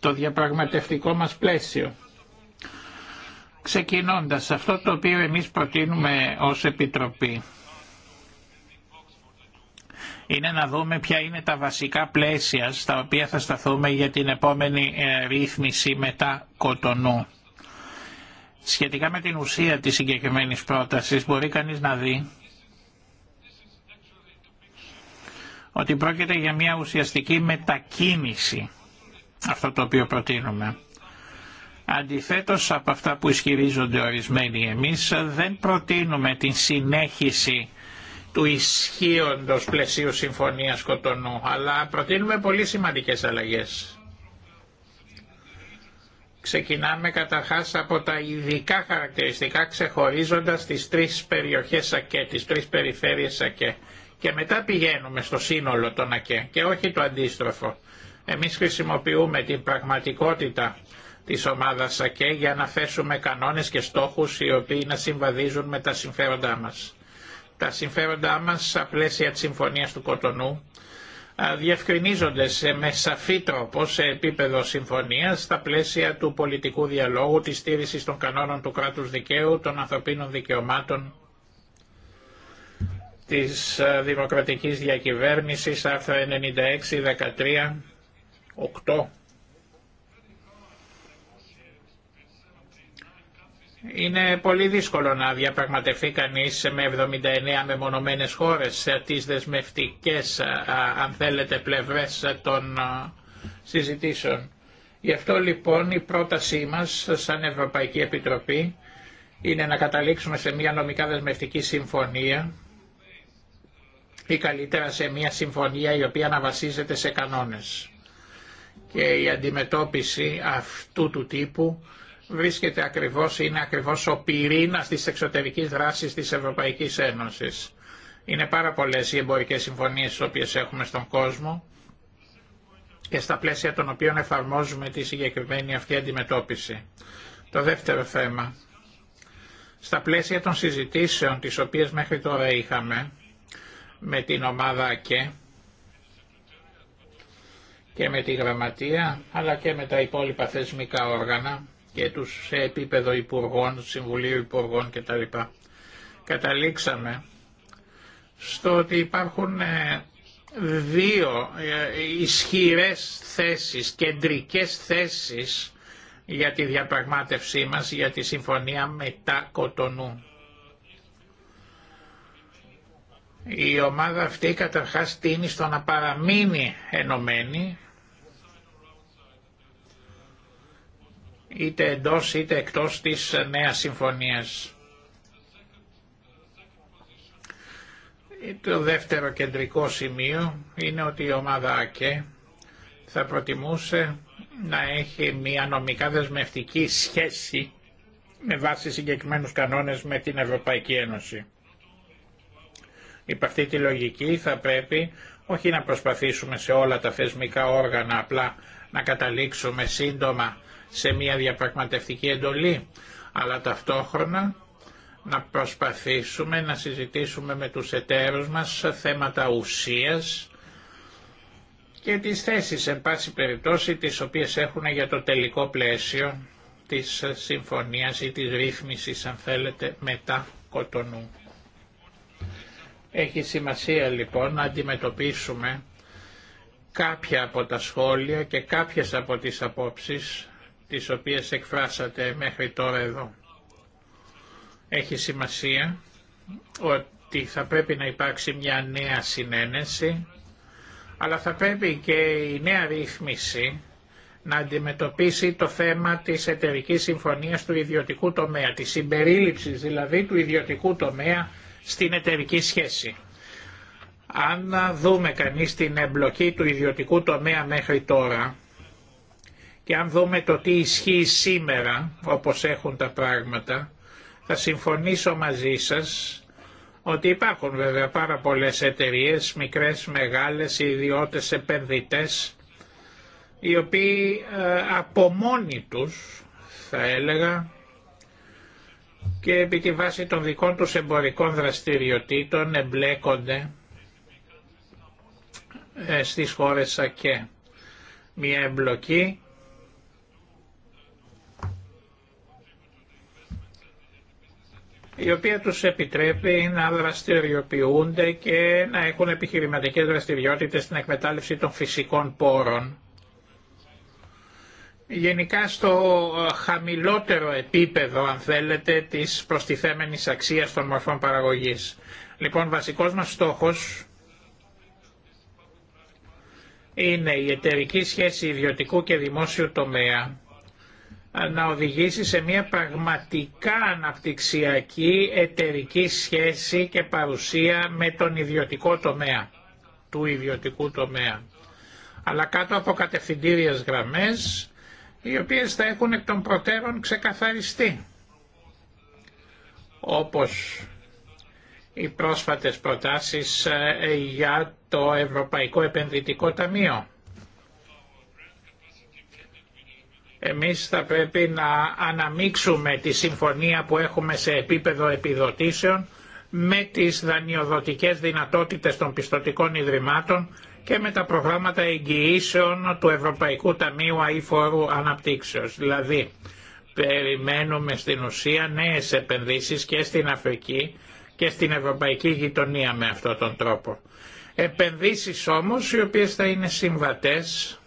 [SPEAKER 1] το διαπραγματευτικό μας πλαίσιο. Ξεκινώντας αυτό το οποίο εμείς προτείνουμε ως Επιτροπή είναι να δούμε ποια είναι τα βασικά πλαίσια στα οποία θα σταθούμε για την επόμενη ε, ρύθμιση μετά κοτονού. Σχετικά με την ουσία της συγκεκριμένης πρότασης μπορεί κανείς να δει ότι πρόκειται για μια ουσιαστική μετακίνηση αυτό το οποίο προτείνουμε. Αντιθέτως από αυτά που ισχυρίζονται ορισμένοι εμείς δεν προτείνουμε την συνέχιση του ισχύοντος πλαισίου συμφωνίας Κοτονού, αλλά προτείνουμε πολύ σημαντικές αλλαγές. Ξεκινάμε καταρχάς από τα ειδικά χαρακτηριστικά ξεχωρίζοντας τις τρεις περιοχές ΑΚΕ, τις τρεις περιφέρειες ΑΚΕ και μετά πηγαίνουμε στο σύνολο των ΑΚΕ και όχι το αντίστροφο. Εμείς χρησιμοποιούμε την πραγματικότητα της ομάδας ΑΚΕ για να θέσουμε κανόνες και στόχους οι οποίοι να συμβαδίζουν με τα συμφέροντά μας τα συμφέροντά μας στα πλαίσια της Συμφωνίας του Κοτονού διευκρινίζονται σε, με σαφή τρόπο σε επίπεδο συμφωνίας στα πλαίσια του πολιτικού διαλόγου, της στήριξη των κανόνων του κράτους δικαίου, των ανθρωπίνων δικαιωμάτων, της δημοκρατικής διακυβέρνησης, άρθρα 96, 13, 8, Είναι πολύ δύσκολο να διαπραγματευτεί κανείς με 79 μεμονωμένες χώρες ε, τι δεσμευτικές, ε, αν θέλετε, πλευρές των ε, συζητήσεων. Γι' αυτό λοιπόν η πρότασή μας σαν Ευρωπαϊκή Επιτροπή είναι να καταλήξουμε σε μια νομικά δεσμευτική συμφωνία ή καλύτερα σε μια συμφωνία η οποία να βασίζεται σε κανόνες. Και η αντιμετώπιση αυτού του τύπου βρίσκεται ακριβώς, είναι ακριβώς ο πυρήνας της εξωτερικής δράσης της Ευρωπαϊκής Ένωσης. Είναι πάρα πολλές οι εμπορικές συμφωνίες τις οποίες έχουμε στον κόσμο και στα πλαίσια των οποίων εφαρμόζουμε τη συγκεκριμένη αυτή αντιμετώπιση. Το δεύτερο θέμα. Στα πλαίσια των συζητήσεων τις οποίες μέχρι τώρα είχαμε με την ομάδα ΑΚΕ και με τη Γραμματεία αλλά και με τα υπόλοιπα θεσμικά όργανα και τους σε επίπεδο υπουργών, συμβουλίου υπουργών κτλ. Καταλήξαμε στο ότι υπάρχουν ε, δύο ε, ισχυρές θέσεις, κεντρικές θέσεις για τη διαπραγμάτευσή μας για τη συμφωνία μετά Κοτονού. Η ομάδα αυτή καταρχάς τίνει στο να παραμείνει ενωμένη είτε εντός είτε εκτός της νέας συμφωνίας. Το δεύτερο κεντρικό σημείο είναι ότι η ομάδα ΑΚΕ θα προτιμούσε να έχει μια νομικά δεσμευτική σχέση με βάση συγκεκριμένους κανόνες με την Ευρωπαϊκή Ένωση. Υπ' αυτή τη λογική θα πρέπει όχι να προσπαθήσουμε σε όλα τα θεσμικά όργανα απλά να καταλήξουμε σύντομα σε μια διαπραγματευτική εντολή, αλλά ταυτόχρονα να προσπαθήσουμε να συζητήσουμε με τους εταίρους μας θέματα ουσίας και τις θέσεις, εν πάση περιπτώσει, τις οποίες έχουν για το τελικό πλαίσιο της συμφωνίας ή της ρύθμισης, αν θέλετε, μετά κοτονού. Έχει σημασία λοιπόν να αντιμετωπίσουμε κάποια από τα σχόλια και κάποιες από τις απόψεις τις οποίες εκφράσατε μέχρι τώρα εδώ. Έχει σημασία ότι θα πρέπει να υπάρξει μια νέα συνένεση, αλλά θα πρέπει και η νέα ρύθμιση να αντιμετωπίσει το θέμα της εταιρικής συμφωνίας του ιδιωτικού τομέα, της συμπερίληψης δηλαδή του ιδιωτικού τομέα στην εταιρική σχέση. Αν δούμε κανείς την εμπλοκή του ιδιωτικού τομέα μέχρι τώρα, και αν δούμε το τι ισχύει σήμερα, όπως έχουν τα πράγματα, θα συμφωνήσω μαζί σας ότι υπάρχουν βέβαια πάρα πολλές εταιρείες, μικρές, μεγάλες, ιδιώτες επενδυτές, οι οποίοι ε, από μόνοι τους, θα έλεγα, και επί τη βάση των δικών τους εμπορικών δραστηριοτήτων εμπλέκονται ε, στις χώρες ΑΚΕ. Μια εμπλοκή η οποία τους επιτρέπει να δραστηριοποιούνται και να έχουν επιχειρηματικές δραστηριότητες στην εκμετάλλευση των φυσικών πόρων. Γενικά στο ε, χαμηλότερο επίπεδο, αν θέλετε, της προστιθέμενης αξίας των μορφών παραγωγής. Λοιπόν, βασικός μας στόχος είναι η εταιρική σχέση ιδιωτικού και δημόσιου τομέα να οδηγήσει σε μια πραγματικά αναπτυξιακή εταιρική σχέση και παρουσία με τον ιδιωτικό τομέα, του ιδιωτικού τομέα. Αλλά κάτω από κατευθυντήριες γραμμές, οι οποίες θα έχουν εκ των προτέρων ξεκαθαριστεί. Όπως οι πρόσφατες προτάσεις ε, για το Ευρωπαϊκό Επενδυτικό Ταμείο Εμείς θα πρέπει να αναμίξουμε τη συμφωνία που έχουμε σε επίπεδο επιδοτήσεων με τις δανειοδοτικές δυνατότητες των πιστοτικών ιδρυμάτων και με τα προγράμματα εγγυήσεων του Ευρωπαϊκού Ταμείου Αηφόρου Αναπτύξεως. Δηλαδή, περιμένουμε στην ουσία νέες επενδύσεις και στην Αφρική και στην Ευρωπαϊκή γειτονία με αυτόν τον τρόπο. Επενδύσεις όμως οι οποίες θα είναι συμβατές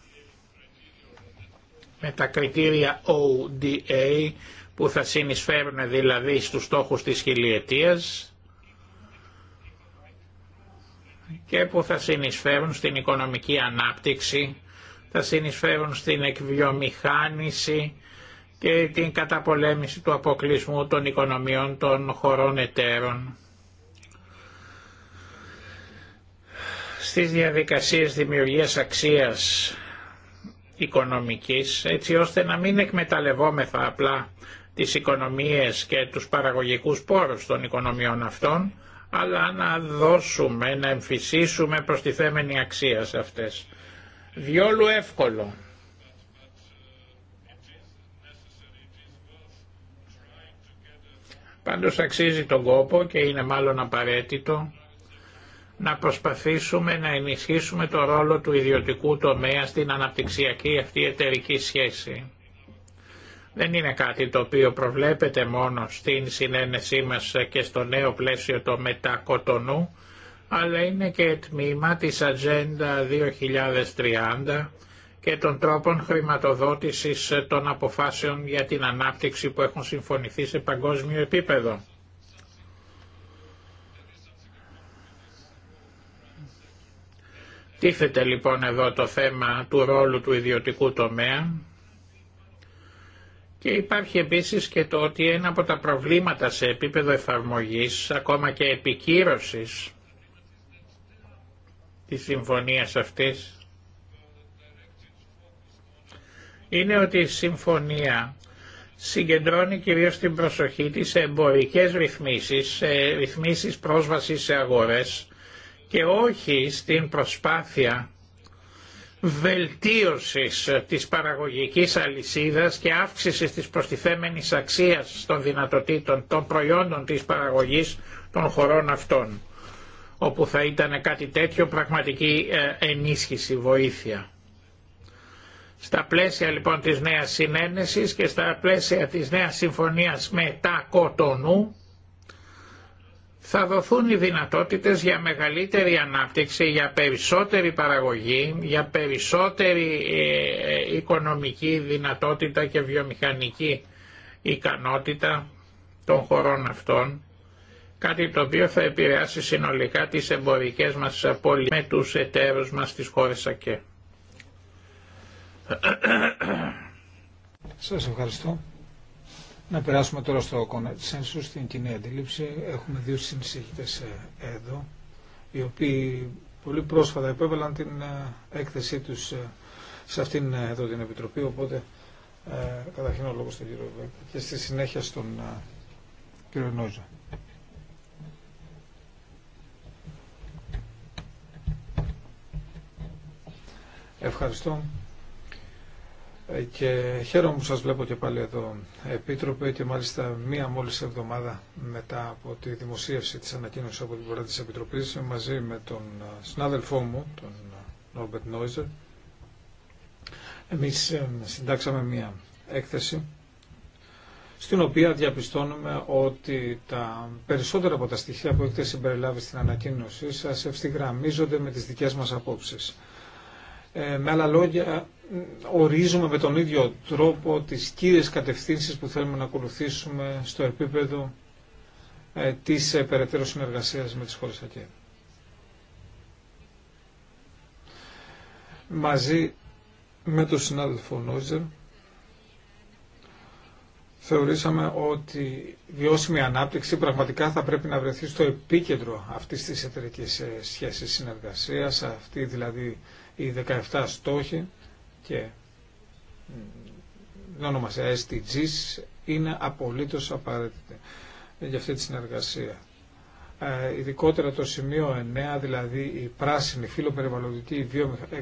[SPEAKER 1] με τα κριτήρια ODA που θα συνεισφέρουν δηλαδή στους στόχους της χιλιετίας και που θα συνεισφέρουν στην οικονομική ανάπτυξη, θα συνεισφέρουν στην εκβιομηχάνηση και την καταπολέμηση του αποκλεισμού των οικονομιών των χωρών εταίρων. Στις διαδικασίες δημιουργίας αξίας οικονομικής έτσι ώστε να μην εκμεταλλευόμεθα απλά τις οικονομίες και τους παραγωγικούς πόρους των οικονομιών αυτών αλλά να δώσουμε, να εμφυσίσουμε θέμενη αξία σε αυτές. Διόλου εύκολο. Πάντως αξίζει τον κόπο και είναι μάλλον απαραίτητο να προσπαθήσουμε να ενισχύσουμε το ρόλο του ιδιωτικού τομέα στην αναπτυξιακή αυτή εταιρική σχέση. Δεν είναι κάτι το οποίο προβλέπεται μόνο στην συνένεσή μας και στο νέο πλαίσιο το μετακοτονού, αλλά είναι και τμήμα της Ατζέντα 2030 και των τρόπων χρηματοδότησης των αποφάσεων για την ανάπτυξη που έχουν συμφωνηθεί σε παγκόσμιο επίπεδο. Τίθεται λοιπόν εδώ το θέμα του ρόλου του ιδιωτικού τομέα και υπάρχει επίσης και το ότι ένα από τα προβλήματα σε επίπεδο εφαρμογής, ακόμα και επικύρωσης της συμφωνίας αυτής, είναι ότι η συμφωνία συγκεντρώνει κυρίως την προσοχή της σε εμπορικές ρυθμίσεις, σε ρυθμίσεις πρόσβασης σε αγορές, και όχι στην προσπάθεια βελτίωσης της παραγωγικής αλυσίδας και αύξησης της προστιθέμενης αξίας των δυνατοτήτων των προϊόντων της παραγωγής των χωρών αυτών όπου θα ήταν κάτι τέτοιο πραγματική ε, ενίσχυση, βοήθεια. Στα πλαίσια λοιπόν της νέας συνένεσης και στα πλαίσια της νέας συμφωνίας μετά Κοτονού θα δοθούν οι δυνατότητες για μεγαλύτερη ανάπτυξη, για περισσότερη παραγωγή, για περισσότερη ε, ε, οικονομική δυνατότητα και βιομηχανική ικανότητα των χωρών αυτών, κάτι το οποίο θα επηρεάσει συνολικά τις εμπορικές μας απόλυτες με τους εταίρους μας στις χώρες ΑΚΕ.
[SPEAKER 2] Σας ευχαριστώ. Να περάσουμε τώρα στο κονσένσου στην κοινή αντίληψη. Έχουμε δύο συνεισηγητές ε, εδώ, οι οποίοι πολύ πρόσφατα επέβαλαν την ε, έκθεσή τους ε, σε αυτήν εδώ την Επιτροπή, οπότε ε, καταρχήν ο λόγο στον κύριο και στη συνέχεια στον κύριο Νόζα. Ευχαριστώ ε, και χαίρομαι που σας βλέπω και πάλι εδώ Επίτροπε και μάλιστα μία μόλις εβδομάδα μετά από τη δημοσίευση της ανακοίνωσης από την πλευρά της Επιτροπής μαζί με τον ε, συνάδελφό μου, τον Νόρμπερτ Νόιζερ. Εμείς ε, συντάξαμε μία έκθεση στην οποία διαπιστώνουμε ότι τα περισσότερα από τα στοιχεία που έχετε συμπεριλάβει στην ανακοίνωσή σας ευθυγραμμίζονται με τις δικές μας απόψεις. Ε, με άλλα λόγια, ορίζουμε με τον ίδιο τρόπο τις κύριες κατευθύνσεις που θέλουμε να ακολουθήσουμε στο επίπεδο ε, της ε, περαιτέρω συνεργασίας με τις χώρες ΑΚΕ. Μαζί με τον συνάδελφο Νόιζερ
[SPEAKER 3] θεωρήσαμε
[SPEAKER 2] ότι η βιώσιμη ανάπτυξη πραγματικά θα πρέπει να βρεθεί στο επίκεντρο αυτής της εταιρικής ε, σχέσης συνεργασίας, αυτή δηλαδή η 17 στόχοι και η ονομασία SDGs είναι απολύτως απαραίτητη για αυτή τη συνεργασία. Ε, ειδικότερα το σημείο 9, δηλαδή η πράσινη φιλοπεριβαλλοντική ε,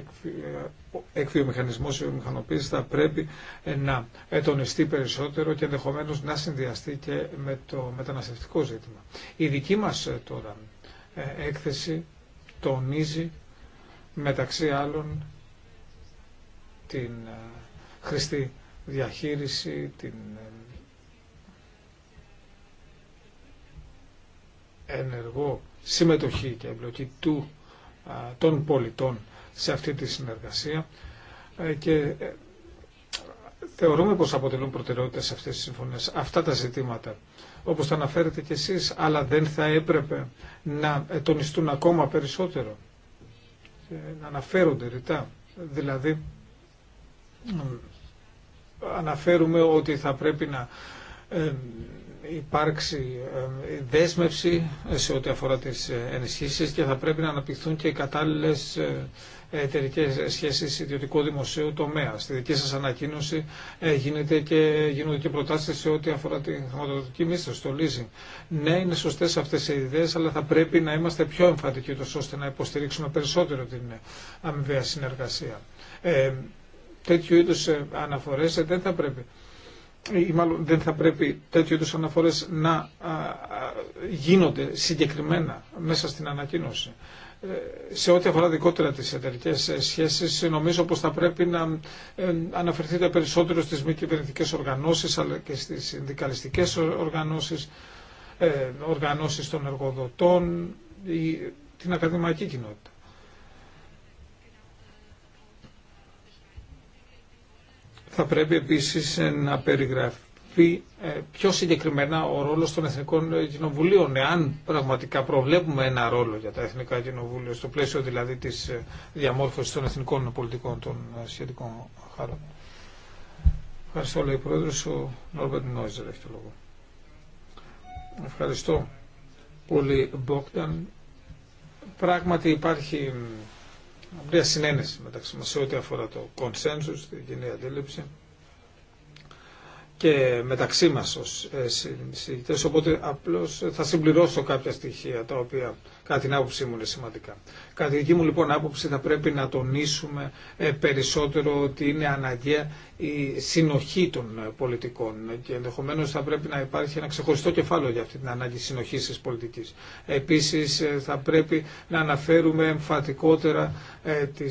[SPEAKER 2] εκβιομηχανισμός ή μηχανοποίηση θα πρέπει ε, να ετονιστεί περισσότερο και ενδεχομένω να συνδυαστεί και με το μεταναστευτικό ζήτημα. Η δική μας τώρα έκθεση τονίζει μεταξύ άλλων την ε, χρηστή διαχείριση, την ε, ενεργό συμμετοχή και εμπλοκή του, ε, των πολιτών σε αυτή τη συνεργασία και θεωρούμε πως αποτελούν προτεραιότητα σε αυτές τις συμφωνίες αυτά τα ζητήματα όπως τα αναφέρετε κι εσείς αλλά δεν θα έπρεπε να τονιστούν ακόμα περισσότερο και να αναφέρονται ρητά δηλαδή αναφέρουμε ότι θα πρέπει να ε, υπάρξει ε, δέσμευση σε ό,τι αφορά τις ε, ενισχύσεις και θα πρέπει να αναπτυχθούν και οι κατάλληλες εταιρικέ σχέσει ιδιωτικού δημοσίου τομέα. Στη δική σα ανακοίνωση γίνεται και, γίνονται και προτάσει σε ό,τι αφορά τη χρηματοδοτική μίσθωση, το leasing. Ναι, είναι σωστέ αυτέ οι ιδέε, αλλά θα πρέπει να είμαστε πιο εμφαντικοί, ώστε να υποστηρίξουμε περισσότερο την αμοιβαία συνεργασία τέτοιου είδους ε, αναφορές ε, δεν θα πρέπει ή δεν θα πρέπει τέτοιου αναφορές να γίνονται συγκεκριμένα μέσα στην ανακοίνωση. Ε, σε ό,τι αφορά δικότερα τις εταιρικέ σχέσεις, νομίζω πως θα πρέπει να αναφερθείτε περισσότερο στις μη κυβερνητικέ οργανώσεις αλλά και στις συνδικαλιστικές οργανώσεις, οργανώσεις των εργοδοτών ή την ακαδημαϊκή κοινότητα. θα πρέπει επίσης ε, να περιγραφεί ε, πιο συγκεκριμένα ο ρόλος των Εθνικών Κοινοβουλίων, εάν πραγματικά προβλέπουμε ένα ρόλο για τα Εθνικά Κοινοβούλια, στο πλαίσιο δηλαδή της ε, διαμόρφωσης των εθνικών πολιτικών των σχετικών χάρων. Ευχαριστώ, λέει Πρόεδρος, ο Νόρμπερτ Νόιζερ έχει το λόγο. Ευχαριστώ πολύ, Μπόκταν. Πράγματι υπάρχει μια συνένεση μεταξύ μας σε ό,τι αφορά το consensus, την κοινή αντίληψη και μεταξύ μας ως ε, συζητητές, οπότε απλώς θα συμπληρώσω κάποια στοιχεία τα οποία κατά την άποψή μου είναι σημαντικά. Κατά δική μου λοιπόν άποψη θα πρέπει να τονίσουμε ε, περισσότερο ότι είναι αναγκαία η συνοχή των ε, πολιτικών και ενδεχομένω θα πρέπει να υπάρχει ένα ξεχωριστό κεφάλαιο για αυτή την ανάγκη συνοχή τη πολιτική. Επίση ε, θα πρέπει να αναφέρουμε εμφατικότερα τι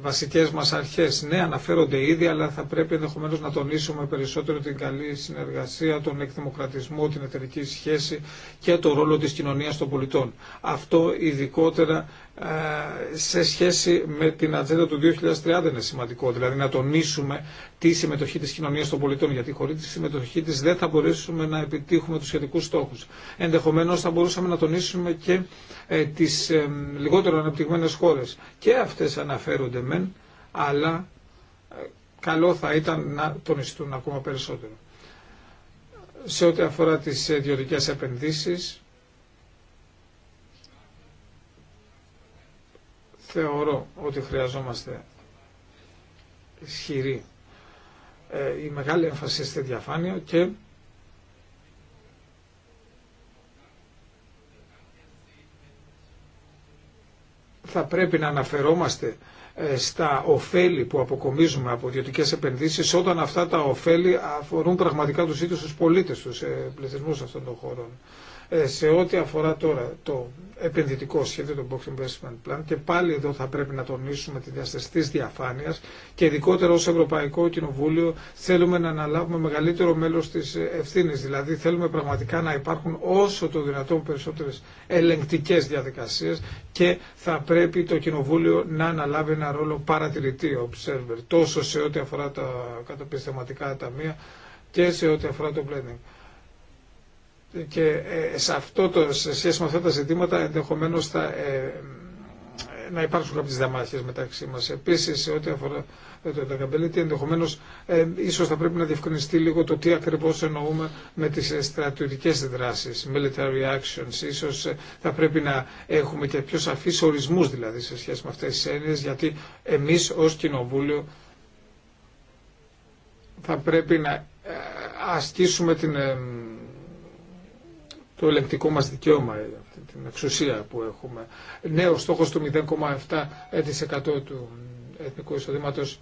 [SPEAKER 2] βασικέ μα αρχέ. Ναι, αναφέρονται ήδη, αλλά θα πρέπει ενδεχομένω να τονίσουμε περισσότερο την καλή συνεργασία, τον εκδημοκρατισμό, την εταιρική σχέση και το ρόλο τη κοινωνία των πολιτών. Αυτό ειδικότερα ε, σε σχέση με την ατζέντα του 2030 είναι σημαντικό. Δηλαδή να τονίσουμε τη συμμετοχή της κοινωνίας των πολιτών, γιατί χωρίς τη συμμετοχή της δεν θα μπορέσουμε να επιτύχουμε τους σχετικούς στόχους. Ενδεχομένως θα μπορούσαμε να τονίσουμε και ε, τις ε, λιγότερο αναπτυγμένες χώρες. Και αυτές αναφέρονται μεν, αλλά καλό θα ήταν να τονιστούν ακόμα περισσότερο. Σε ό,τι αφορά τις ιδιωτικές επενδύσεις, θεωρώ ότι χρειαζόμαστε ισχυρή ε, η μεγάλη έμφαση στη διαφάνεια και θα πρέπει να αναφερόμαστε ε, στα ωφέλη που αποκομίζουμε από ιδιωτικέ επενδύσεις όταν αυτά τα ωφέλη αφορούν πραγματικά τους ίδιους τους πολίτες, τους ε, πληθυσμούς αυτών των χώρων. Ε, σε ό,τι αφορά τώρα το επενδυτικό σχέδιο, το Box Investment Plan, και πάλι εδώ θα πρέπει να τονίσουμε τη διάσταση τη διαφάνεια και ειδικότερα ω Ευρωπαϊκό Κοινοβούλιο θέλουμε να αναλάβουμε μεγαλύτερο μέλο τη ευθύνη. Δηλαδή θέλουμε πραγματικά να υπάρχουν όσο το δυνατόν περισσότερε ελεγκτικέ διαδικασίε και θα πρέπει το Κοινοβούλιο να αναλάβει ένα ρόλο παρατηρητή, observer, τόσο σε ό,τι αφορά τα καταπιστευματικά ταμεία και σε ό,τι αφορά το planning και ε, σε, αυτό το, σε σχέση με αυτά τα ζητήματα ενδεχομένως θα, ε, να υπάρξουν κάποιες δαμάχες μεταξύ μας. Επίσης, ό,τι αφορά το Νταγκαμπελίτη, ενδεχομένως ε, ίσως θα πρέπει να διευκρινιστεί λίγο το τι ακριβώς εννοούμε με τις ε, στρατιωτικές δράσεις, military actions. Ίσως θα πρέπει να έχουμε και πιο σαφείς ορισμούς δηλαδή σε σχέση με αυτές τις έννοιες, γιατί εμείς ως Κοινοβούλιο θα πρέπει να ασκήσουμε την το ελεγκτικό μας δικαίωμα, ε, την εξουσία που έχουμε. Νέος στόχος του 0,7% του ε, εθνικού εισοδήματος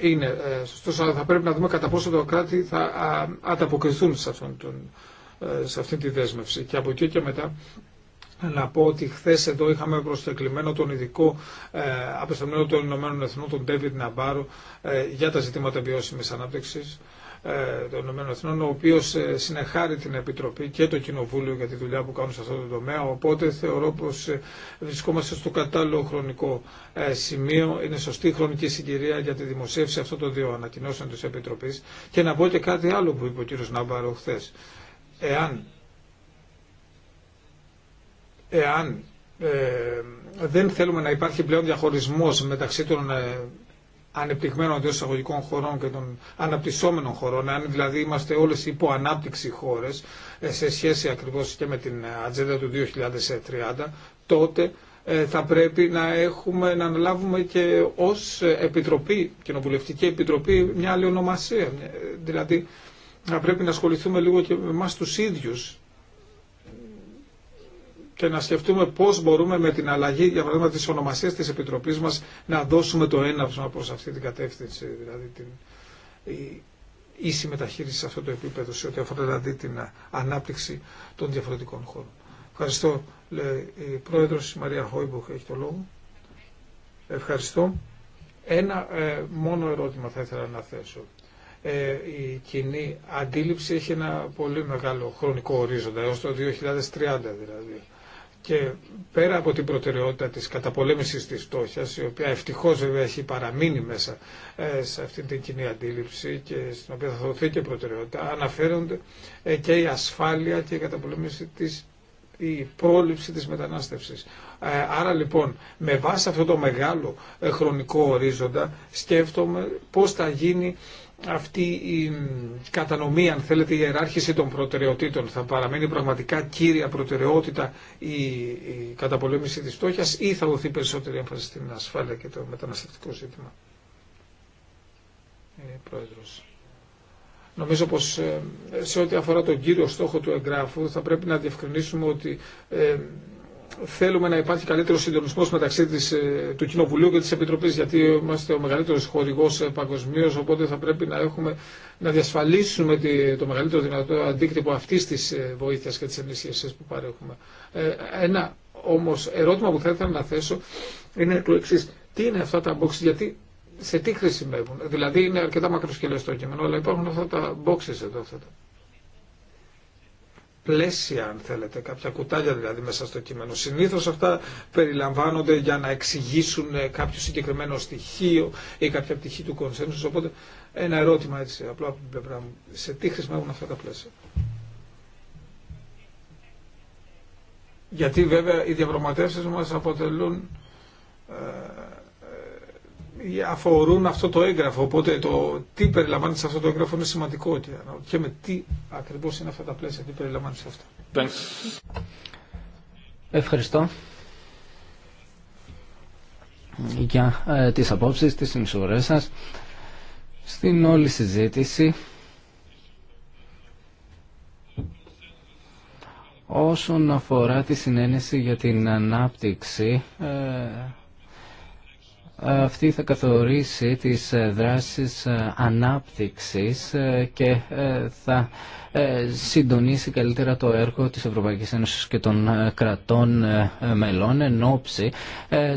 [SPEAKER 2] είναι ε, σωστός, αλλά θα πρέπει να δούμε κατά πόσο το κράτη θα ανταποκριθούν σε, αυτόν τον, σε αυτή τη δέσμευση. Και από εκεί και μετά να πω ότι χθε εδώ είχαμε προσκεκλημένο τον ειδικό ε, απεσταμμένο των Ηνωμένων Εθνών, τον David Ναμπάρο, για τα ζητήματα βιώσιμη ανάπτυξη. Ε, των ΗΠΑ, ο οποίο ε, συνεχάρει την Επιτροπή και το Κοινοβούλιο για τη δουλειά που κάνουν σε αυτό το τομέα. Οπότε θεωρώ πω ε, βρισκόμαστε στο κατάλληλο χρονικό σημείο. Είναι σωστή χρονική συγκυρία για τη δημοσίευση αυτών των δύο ανακοινώσεων τη Επιτροπή. Και να πω και κάτι άλλο που είπε ο κ. Ναμπάρο χθε. Εάν, εάν δεν θέλουμε να υπάρχει πλέον διαχωρισμός μεταξύ των ανεπτυγμένων εντό εισαγωγικών χωρών και των αναπτυσσόμενων χωρών, αν δηλαδή είμαστε όλε υπό ανάπτυξη χώρε ε, σε σχέση ακριβώ και με την ατζέντα του 2030, τότε ε, θα πρέπει να, έχουμε, να αναλάβουμε και ως επιτροπή, κοινοβουλευτική επιτροπή, μια άλλη ονομασία. Ε, δηλαδή, θα πρέπει να ασχοληθούμε λίγο και με εμάς τους ίδιους και να σκεφτούμε πώ μπορούμε με την αλλαγή, για παράδειγμα, τη ονομασία τη επιτροπή μα να δώσουμε το έναυσμα προ αυτή την κατεύθυνση, δηλαδή την ίση μεταχείριση σε αυτό το επίπεδο, σε ό,τι αφορά δηλαδή την ανάπτυξη των διαφορετικών χώρων. Ευχαριστώ, λέει η πρόεδρο η Μαρία Χόιμπουχ, έχει το λόγο. Ευχαριστώ. Ένα ε, μόνο ερώτημα θα ήθελα να θέσω. Ε, η κοινή αντίληψη έχει ένα πολύ μεγάλο χρονικό ορίζοντα, έως το 2030 δηλαδή. Και πέρα από την προτεραιότητα της καταπολέμησης της φτώχειας, η οποία ευτυχώς βέβαια έχει παραμείνει μέσα ε, σε αυτή την κοινή αντίληψη και στην οποία θα δοθεί και προτεραιότητα, αναφέρονται ε, και η ασφάλεια και η καταπολέμηση της η πρόληψη της μετανάστευσης. Ε, άρα λοιπόν με βάση αυτό το μεγάλο χρονικό ορίζοντα σκέφτομαι πώς θα γίνει αυτή η κατανομή, αν θέλετε, η ιεράρχηση των προτεραιοτήτων θα παραμένει πραγματικά κύρια προτεραιότητα η, καταπολέμηση της φτώχειας ή θα δοθεί περισσότερη έμφαση στην ασφάλεια και το μεταναστευτικό ζήτημα. Ε, πρόεδρος. Νομίζω πως ε, σε ό,τι αφορά τον κύριο στόχο του εγγράφου θα πρέπει να διευκρινίσουμε ότι ε, θέλουμε να υπάρχει καλύτερο συντονισμό μεταξύ της, ε, του Κοινοβουλίου και τη Επιτροπή, γιατί είμαστε ο μεγαλύτερο χορηγό ε, παγκοσμίω. Οπότε θα πρέπει να, έχουμε, να διασφαλίσουμε το μεγαλύτερο δυνατό αντίκτυπο αυτή τη ε, βοήθεια και τη ενίσχυση που παρέχουμε. Ένα όμω ερώτημα που θα ήθελα να θέσω είναι το εξή. Τι είναι αυτά τα box, γιατί σε τι χρησιμεύουν. Δηλαδή είναι αρκετά μακροσκελέ το κείμενο, αλλά υπάρχουν αυτά τα boxes εδώ, αυτά πλαίσια, αν θέλετε, κάποια κουτάλια δηλαδή μέσα στο κείμενο. Συνήθως αυτά περιλαμβάνονται για να εξηγήσουν ε, κάποιο συγκεκριμένο στοιχείο ή κάποια πτυχή του κονσένσου. Οπότε ένα ερώτημα έτσι, απλά από την πλευρά μου. Σε τι χρησιμεύουν αυτά τα πλαίσια. Γιατί βέβαια οι διαπραγματεύσει μας αποτελούν ε, ε, αφορούν αυτό το έγγραφο. Οπότε το τι περιλαμβάνει σε αυτό το έγγραφο είναι σημαντικό. Και με τι ακριβώς είναι αυτά τα πλαίσια, τι περιλαμβάνει σε αυτά.
[SPEAKER 3] Ευχαριστώ για ε, τις απόψεις, τις συνεισφορές σας στην όλη συζήτηση όσον αφορά τη συνένεση για την ανάπτυξη ε, αυτή θα καθορίσει τις ε, δράσεις ε, ανάπτυξης ε, και θα συντονίσει καλύτερα το έργο της Ευρωπαϊκής Ένωσης και των κρατών μελών εν ώψη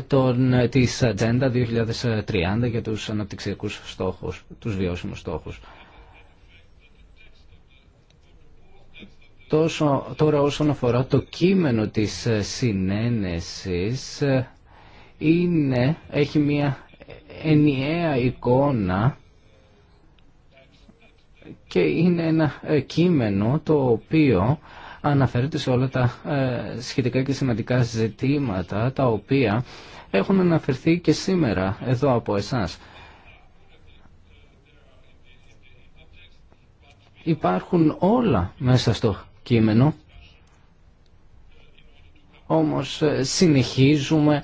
[SPEAKER 3] των, της Ατζέντα 2030 για τους αναπτυξιακούς στόχους, τους βιώσιμους στόχους. Τόσο, τώρα όσον αφορά το κείμενο της συνένεσης, είναι, έχει μια ενιαία εικόνα και είναι ένα ε, κείμενο το οποίο αναφέρεται σε όλα τα ε, σχετικά και σημαντικά ζητήματα τα οποία έχουν αναφερθεί και σήμερα εδώ από εσάς. Υπάρχουν όλα μέσα στο κείμενο, όμως ε, συνεχίζουμε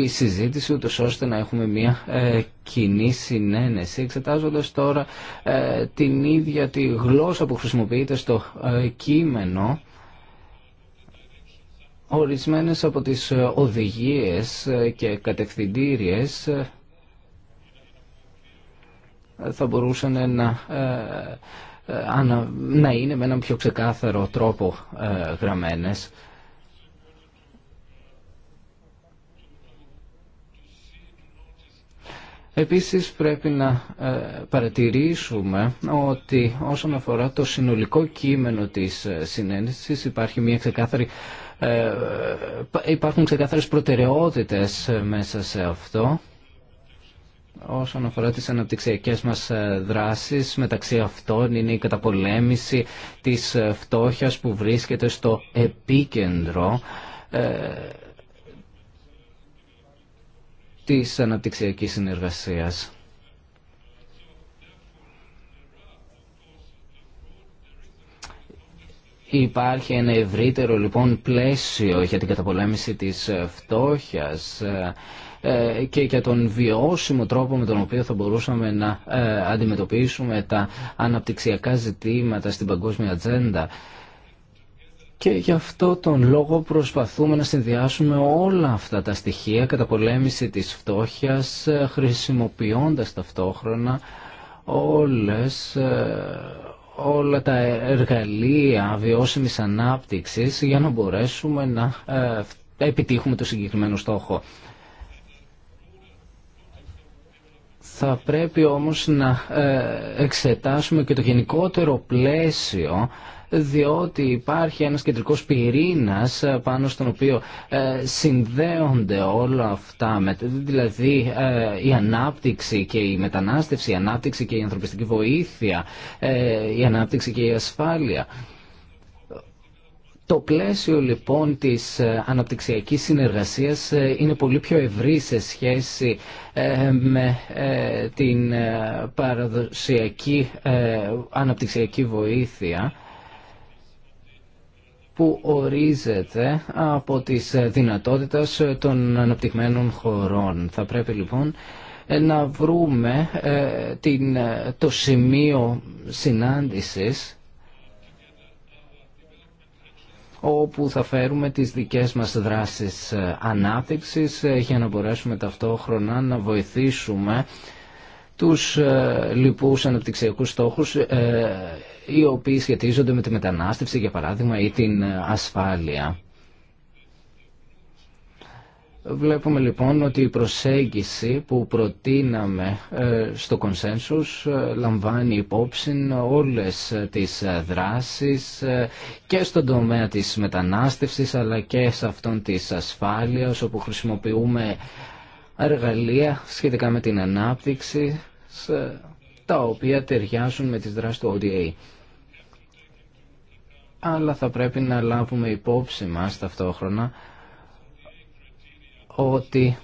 [SPEAKER 3] τη συζήτηση ούτως ώστε να έχουμε μια ε, κοινή συνένεση εξετάζοντας τώρα ε, την ίδια τη γλώσσα που χρησιμοποιείται στο ε, κείμενο ορισμένες από τις ε, οδηγίες και κατευθυντήριες θα μπορούσαν να, να είναι με έναν πιο ξεκάθαρο τρόπο γραμμένες Επίσης πρέπει να ε, παρατηρήσουμε ότι όσον αφορά το συνολικό κείμενο της ε, συνέντησης υπάρχει μια ξεκάθαρη ε, υπάρχουν ξεκάθαρες προτεραιότητες μέσα σε αυτό όσον αφορά τις αναπτυξιακές μας δράσεις. Μεταξύ αυτών είναι η καταπολέμηση της φτώχειας που βρίσκεται στο επίκεντρο της αναπτυξιακής συνεργασίας. Υπάρχει ένα ευρύτερο λοιπόν πλαίσιο για την καταπολέμηση της φτώχειας ε, και για τον βιώσιμο τρόπο με τον οποίο θα μπορούσαμε να ε, αντιμετωπίσουμε τα αναπτυξιακά ζητήματα στην παγκόσμια ατζέντα. Και γι' αυτό τον λόγο προσπαθούμε να συνδυάσουμε όλα αυτά τα στοιχεία κατά πολέμηση της φτώχειας, ε, χρησιμοποιώντας ταυτόχρονα όλες, ε, όλα τα εργαλεία βιώσιμης ανάπτυξης για να μπορέσουμε να ε, επιτύχουμε το συγκεκριμένο στόχο. Θα πρέπει όμως να εξετάσουμε και το γενικότερο πλαίσιο διότι υπάρχει ένας κεντρικός πυρήνας πάνω στον οποίο ε, συνδέονται όλα αυτά, δηλαδή ε, η ανάπτυξη και η μετανάστευση, η ανάπτυξη και η ανθρωπιστική βοήθεια, ε, η ανάπτυξη και η ασφάλεια. Το πλαίσιο λοιπόν της αναπτυξιακής συνεργασίας είναι πολύ πιο ευρύ σε σχέση με την παραδοσιακή αναπτυξιακή βοήθεια που ορίζεται από τις δυνατότητες των αναπτυγμένων χωρών. Θα πρέπει λοιπόν ε, να βρούμε ε, την, ε, το σημείο συνάντησης όπου θα φέρουμε τις δικές μας δράσεις ανάπτυξης για να μπορέσουμε ταυτόχρονα να βοηθήσουμε τους λοιπούς αναπτυξιακούς στόχους οι οποίοι σχετίζονται με τη μετανάστευση για παράδειγμα ή την ε, ασφάλεια. Βλέπουμε λοιπόν ότι η προσέγγιση που προτείναμε ε, στο consensus ε, λαμβάνει υπόψη όλες τις δράσεις και στον τομέα της μετανάστευσης αλλά και σε αυτόν της ασφάλειας όπου χρησιμοποιούμε εργαλεία σχετικά με την ανάπτυξη τα οποία ταιριάζουν με τις δράσεις του ODA. Αλλά θα πρέπει να λάβουμε υπόψη μας ταυτόχρονα ότι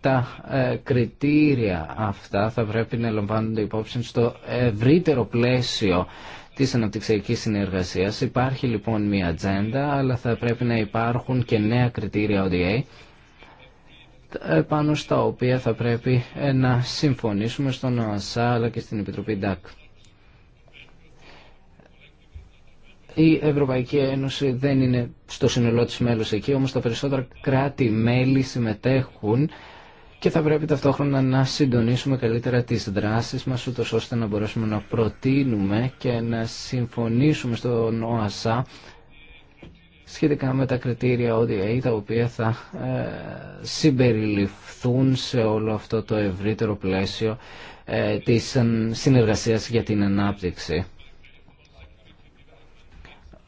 [SPEAKER 3] τα ε, κριτήρια αυτά θα πρέπει να λαμβάνονται υπόψη στο ευρύτερο πλαίσιο της αναπτυξιακής συνεργασίας. Υπάρχει λοιπόν μια ατζέντα, αλλά θα πρέπει να υπάρχουν και νέα κριτήρια ODA πάνω στα οποία θα πρέπει ε, να συμφωνήσουμε στον ΟΑΣΑ αλλά και στην Επιτροπή ΝΤΑΚ. Η Ευρωπαϊκή Ένωση δεν είναι στο σύνολό της μέλος εκεί, όμως τα περισσότερα κράτη-μέλη συμμετέχουν και θα πρέπει ταυτόχρονα να συντονίσουμε καλύτερα τις δράσεις μας, ούτως ώστε να μπορέσουμε να προτείνουμε και να συμφωνήσουμε στον ΟΑΣΑ σχετικά με τα κριτήρια ODA τα οποία θα ε, συμπεριληφθούν σε όλο αυτό το ευρύτερο πλαίσιο ε, της ε, συνεργασίας για την ανάπτυξη.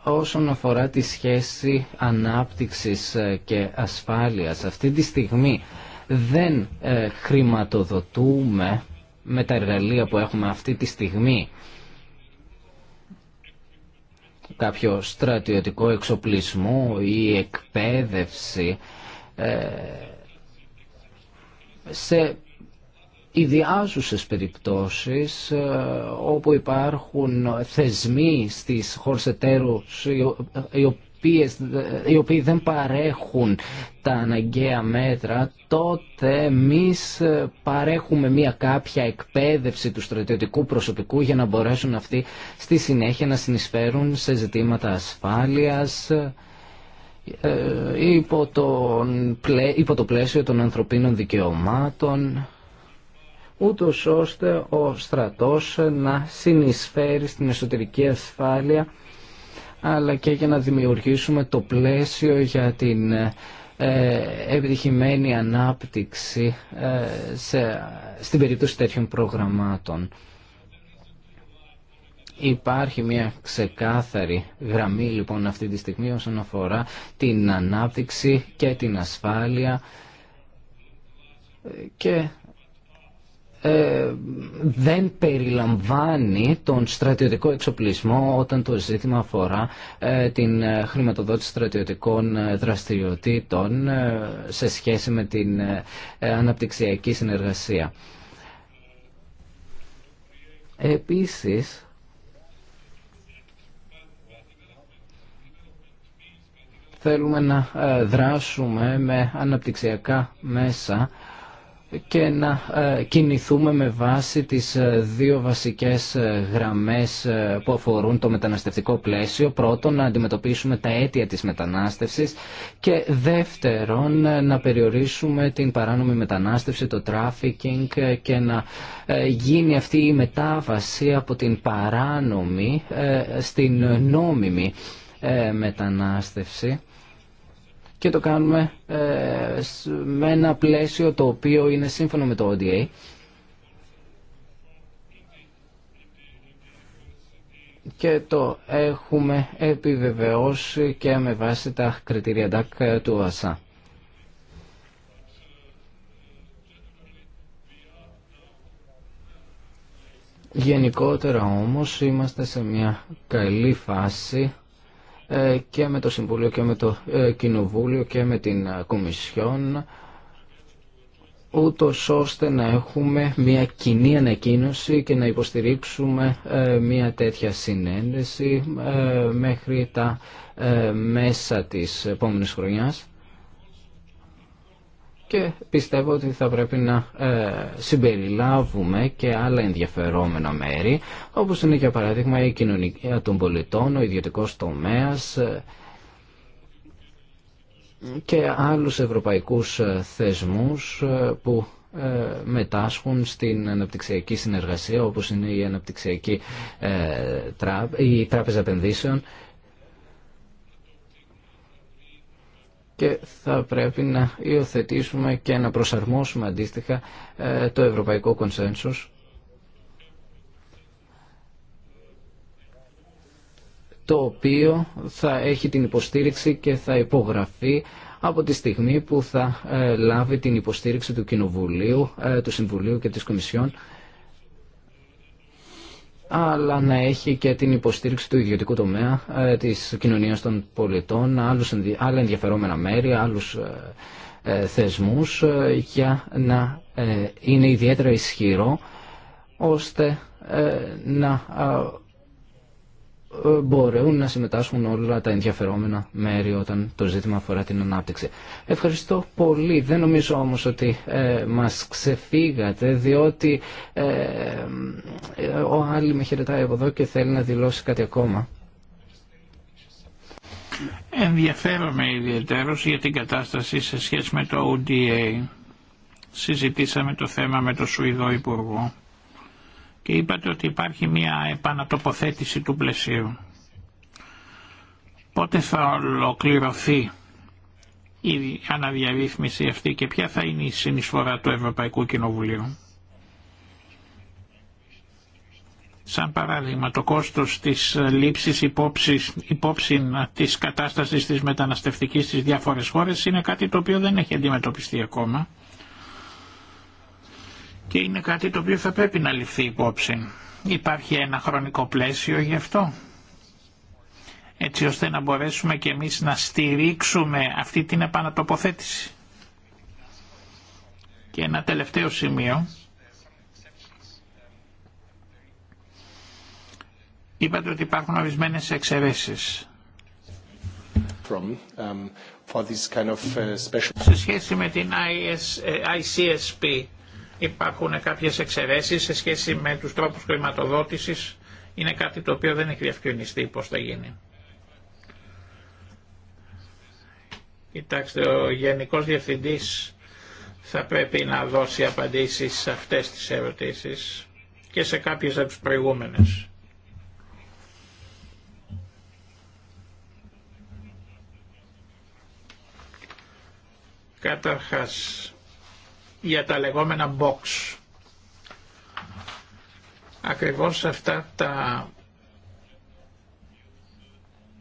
[SPEAKER 3] Όσον αφορά τη σχέση ανάπτυξης και ασφάλειας, αυτή τη στιγμή δεν χρηματοδοτούμε με τα εργαλεία που έχουμε αυτή τη στιγμή κάποιο στρατιωτικό εξοπλισμό ή εκπαίδευση ε, σε ιδιάζουσες περιπτώσεις ε, όπου υπάρχουν θεσμοί στις χώρες εταίρους ε, οι οποίοι δεν παρέχουν τα αναγκαία μέτρα, τότε εμεί ε, παρέχουμε μια κάποια εκπαίδευση του στρατιωτικού προσωπικού για να μπορέσουν αυτοί στη συνέχεια να συνεισφέρουν σε ζητήματα ασφάλειας, ε, υπό, τον, υπό το πλαίσιο των ανθρωπίνων δικαιωμάτων ούτω ώστε ο στρατός να συνεισφέρει στην εσωτερική ασφάλεια αλλά και για να δημιουργήσουμε το πλαίσιο για την ε, επιτυχημένη ανάπτυξη ε, σε, στην περίπτωση τέτοιων προγραμμάτων. Υπάρχει μια ξεκάθαρη γραμμή λοιπόν αυτή τη στιγμή όσον αφορά την ανάπτυξη και την ασφάλεια και ε, δεν περιλαμβάνει τον στρατιωτικό εξοπλισμό όταν το ζήτημα αφορά ε, την ε, χρηματοδότηση στρατιωτικών δραστηριοτήτων σε σχέση με την αναπτυξιακή συνεργασία. Επίσης, θέλουμε να δράσουμε με αναπτυξιακά μέσα και να ε, κινηθούμε με βάση τις ε, δύο βασικές ε, γραμμές που αφορούν το μεταναστευτικό πλαίσιο. Πρώτον, να αντιμετωπίσουμε τα αίτια της μετανάστευσης και δεύτερον, να περιορίσουμε την παράνομη μετανάστευση, το τράφικινγκ και να γίνει αυτή η μετάβαση από την παράνομη στην νόμιμη μετανάστευση και το κάνουμε ε, με ένα πλαίσιο το οποίο είναι σύμφωνο με το ODA. και το έχουμε επιβεβαιώσει και με βάση τα κριτήρια DAC του άσα Γενικότερα όμως είμαστε σε μια καλή φάση ε, και με το Συμβούλιο και με το ε, Κοινοβούλιο και με την ε, Κομισιόν ούτω ώστε να έχουμε μια κοινή ανακοίνωση και να υποστηρίξουμε μια τέτοια συνέντευξη μέχρι τα μέσα της επόμενης χρονιάς και πιστεύω ότι θα πρέπει να ε, συμπεριλάβουμε και άλλα ενδιαφερόμενα μέρη όπως είναι για παράδειγμα η κοινωνία ε, των πολιτών, ο ιδιωτικός τομέας ε, και άλλους ευρωπαϊκούς θεσμούς που μετάσχουν στην αναπτυξιακή συνεργασία όπως είναι η, αναπτυξιακή, η Τράπεζα Επενδύσεων και θα πρέπει να υιοθετήσουμε και να προσαρμόσουμε αντίστοιχα ε, το ευρωπαϊκό consensus το οποίο θα έχει την υποστήριξη και θα υπογραφεί από τη στιγμή που θα ε, λάβει την υποστήριξη του Κοινοβουλίου, ε, του Συμβουλίου και της Κομισιόν αλλά να έχει και την υποστήριξη του ιδιωτικού τομέα, ε, της κοινωνίας των πολιτών, άλλους, άλλα ενδιαφερόμενα μέρη, άλλους ε, ε, θεσμούς για να είναι ιδιαίτερα ισχυρό ώστε να ε, μπορούν να συμμετάσχουν όλα τα ενδιαφερόμενα μέρη όταν το ζήτημα αφορά την ανάπτυξη. Ευχαριστώ πολύ. Δεν νομίζω όμως ότι ε, μας ξεφύγατε διότι ε, ο Άλλη με χαιρετάει από εδώ και θέλει να δηλώσει κάτι ακόμα.
[SPEAKER 1] Ενδιαφέρομαι ιδιαίτερως για την κατάσταση σε σχέση με το ODA. Συζητήσαμε το θέμα με το Σουηδό Υπουργό και είπατε ότι υπάρχει μια επανατοποθέτηση του πλαισίου. Πότε θα ολοκληρωθεί η αναδιαρρύθμιση αυτή και ποια θα είναι η συνεισφορά του Ευρωπαϊκού Κοινοβουλίου. Σαν παράδειγμα το κόστος της λήψης υπόψης, υπόψη της κατάστασης της μεταναστευτικής στις διάφορες χώρες είναι κάτι το οποίο δεν έχει αντιμετωπιστεί ακόμα και είναι κάτι το οποίο θα πρέπει να ληφθεί υπόψη. Υπάρχει ένα χρονικό πλαίσιο γι' αυτό έτσι ώστε να μπορέσουμε και εμείς να στηρίξουμε αυτή την επανατοποθέτηση. Και ένα τελευταίο σημείο. Είπατε ότι υπάρχουν ορισμένες εξαιρέσεις. um, kind of uh, special... Σε σχέση με την ICSP Υπάρχουν κάποιες εξαιρέσεις σε σχέση με τους τρόπους χρηματοδότησης. Είναι κάτι το οποίο δεν έχει διευκρινιστεί πώς θα γίνει. Κοιτάξτε, ο Γενικός Διευθυντής θα πρέπει να δώσει απαντήσεις σε αυτές τις ερωτήσεις και σε κάποιες από τις προηγούμενες. Καταρχάς, για τα λεγόμενα box. Ακριβώς αυτά τα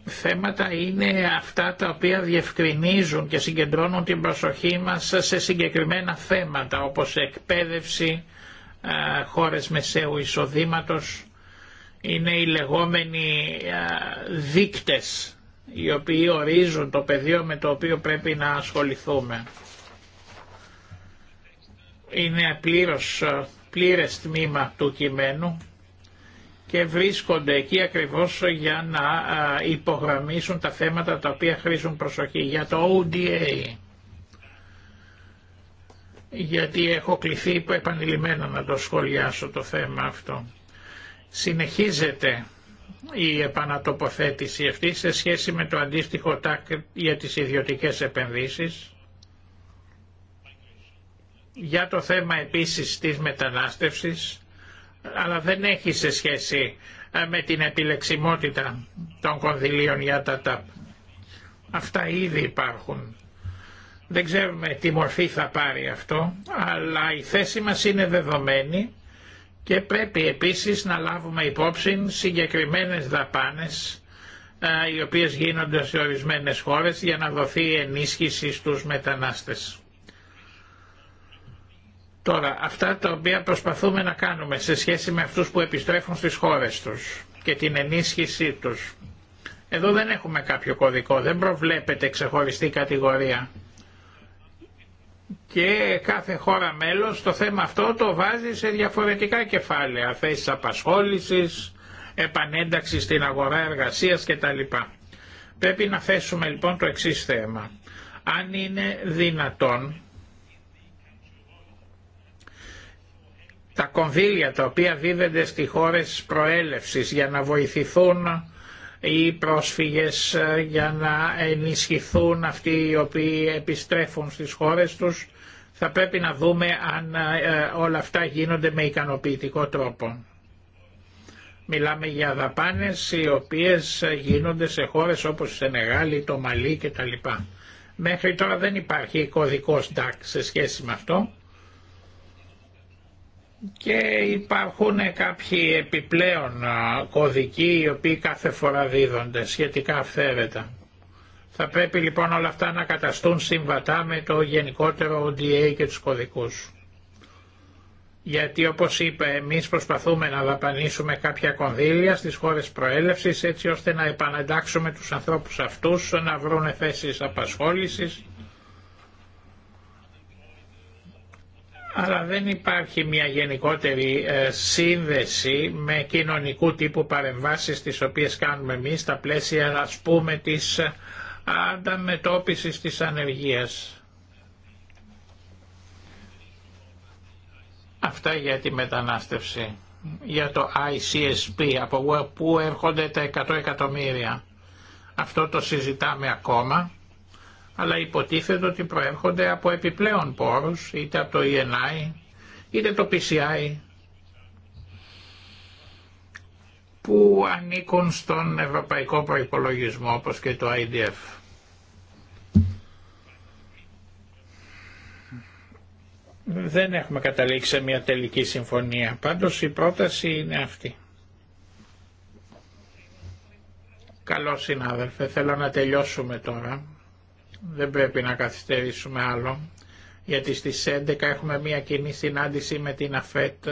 [SPEAKER 1] θέματα είναι αυτά τα οποία διευκρινίζουν και συγκεντρώνουν την προσοχή μας σε συγκεκριμένα θέματα όπως εκπαίδευση, χώρες μεσαίου εισοδήματος, είναι οι λεγόμενοι δίκτες οι οποίοι ορίζουν το πεδίο με το οποίο πρέπει να ασχοληθούμε είναι πλήρως, ε, πλήρες τμήμα του κειμένου και βρίσκονται εκεί ακριβώς για να ε, υπογραμμίσουν τα θέματα τα οποία χρήσουν προσοχή. Για το ODA, γιατί έχω κληθεί επανειλημμένα να το σχολιάσω το θέμα αυτό. Συνεχίζεται η επανατοποθέτηση αυτή σε σχέση με το αντίστοιχο τάκ για τις ιδιωτικές επενδύσεις για το θέμα επίσης της μετανάστευσης, αλλά δεν έχει σε σχέση ε, με την επιλεξιμότητα των κονδυλίων για τα ΤΑΠ. Αυτά ήδη υπάρχουν. Δεν ξέρουμε τι μορφή θα πάρει αυτό, αλλά η θέση μας είναι δεδομένη και πρέπει επίσης να λάβουμε υπόψη συγκεκριμένες δαπάνες ε, οι οποίες γίνονται σε ορισμένες χώρες για να δοθεί ενίσχυση στους μετανάστες. Τώρα, αυτά τα οποία προσπαθούμε να κάνουμε σε σχέση με αυτούς που επιστρέφουν στις χώρες τους και την ενίσχυσή τους. Εδώ δεν έχουμε κάποιο κωδικό, δεν προβλέπεται ξεχωριστή κατηγορία. Και κάθε χώρα μέλος το θέμα αυτό το βάζει σε διαφορετικά κεφάλαια, θέσεις απασχόλησης, επανένταξη στην αγορά εργασίας κτλ. Πρέπει να θέσουμε λοιπόν το εξής θέμα. Αν είναι δυνατόν τα κονδύλια τα οποία δίδονται στις χώρες προέλευσης για να βοηθηθούν οι πρόσφυγες ε, για να ενισχυθούν αυτοί οι οποίοι επιστρέφουν στις χώρες τους θα πρέπει να δούμε αν ε, ε, όλα αυτά γίνονται με ικανοποιητικό τρόπο. Μιλάμε για δαπάνες οι οποίες γίνονται σε χώρες όπως η Σενεγάλη, το Μαλί κτλ. Μέχρι τώρα δεν υπάρχει κωδικός DAC σε σχέση με αυτό και υπάρχουν κάποιοι επιπλέον κωδικοί οι οποίοι κάθε φορά δίδονται σχετικά αυθαίρετα. Θα πρέπει λοιπόν όλα αυτά να καταστούν συμβατά με το γενικότερο ODA και τους κωδικούς. Γιατί όπως είπα εμείς προσπαθούμε να δαπανίσουμε κάποια κονδύλια στις χώρες προέλευσης έτσι ώστε να επαναντάξουμε τους ανθρώπους αυτούς να βρουν θέσεις απασχόλησης αλλά δεν υπάρχει μια γενικότερη ε, σύνδεση με κοινωνικού τύπου παρεμβάσεις τις οποίες κάνουμε εμείς στα πλαίσια ας πούμε της ε, ανταμετώπισης της ανεργίας. Αυτά για τη μετανάστευση, για το ICSP, από πού έρχονται τα 100 εκατομμύρια. Αυτό το συζητάμε ακόμα αλλά υποτίθεται ότι προέρχονται από επιπλέον πόρους, είτε από το ENI, είτε το PCI, που ανήκουν στον ευρωπαϊκό προϋπολογισμό, όπως και το IDF. Δεν έχουμε καταλήξει σε μια τελική συμφωνία. Πάντως η πρόταση είναι αυτή. Καλό συνάδελφε, θέλω να τελειώσουμε τώρα. Δεν πρέπει να καθυστερήσουμε άλλο, γιατί στις 11 έχουμε μια κοινή συνάντηση με την ΑΦΕΤ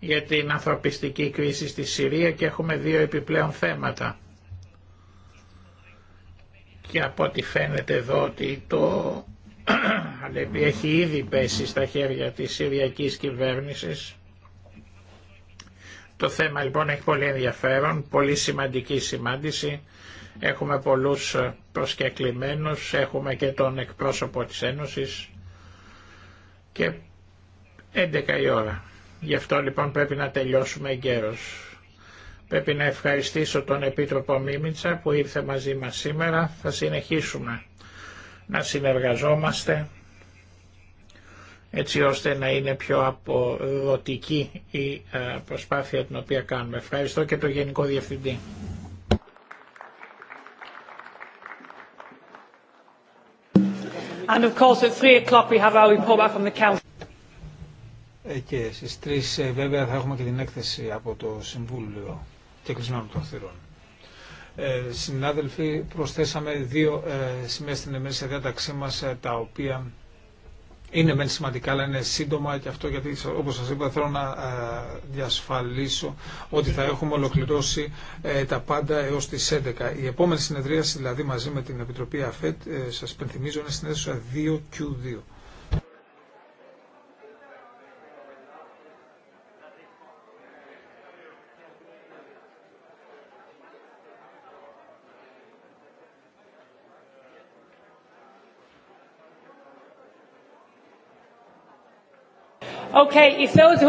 [SPEAKER 1] για την ανθρωπιστική κρίση στη Συρία και έχουμε δύο επιπλέον θέματα. Και από ό,τι φαίνεται εδώ ότι το Αλεπί έχει ήδη πέσει στα χέρια της Συριακής κυβέρνησης. Το θέμα λοιπόν έχει πολύ ενδιαφέρον, πολύ σημαντική σημάντηση Έχουμε πολλούς ε, προσκεκλημένους, έχουμε και τον εκπρόσωπο της Ένωσης και 11 η ώρα. Γι' αυτό λοιπόν πρέπει να τελειώσουμε εγκαίρως. Πρέπει να ευχαριστήσω τον Επίτροπο Μίμητσα που ήρθε μαζί μας σήμερα. Θα συνεχίσουμε να συνεργαζόμαστε έτσι ώστε να είναι πιο αποδοτική η ε, προσπάθεια την οποία κάνουμε. Ευχαριστώ και τον Γενικό Διευθυντή. And of course at 3 o'clock we have our report back from the Council.
[SPEAKER 2] Ε, και στις 3 ε, βέβαια θα έχουμε και την έκθεση από το Συμβούλιο και κλεισμένο των θυρών. Ε, συνάδελφοι, προσθέσαμε δύο ε, σημεία στην εμείς διάταξή μας ε, τα οποία είναι μεν σημαντικά, αλλά είναι σύντομα και αυτό γιατί όπως σας είπα θέλω να ε, διασφαλίσω ότι θα έχουμε ολοκληρώσει ε, τα πάντα έως τις 11. Η επόμενη συνεδρίαση δηλαδή μαζί με την Επιτροπή ΑΦΕΤ, ε, σας πενθυμίζω, αιθουσα συνέδρια 2Q2.
[SPEAKER 3] Okay, if those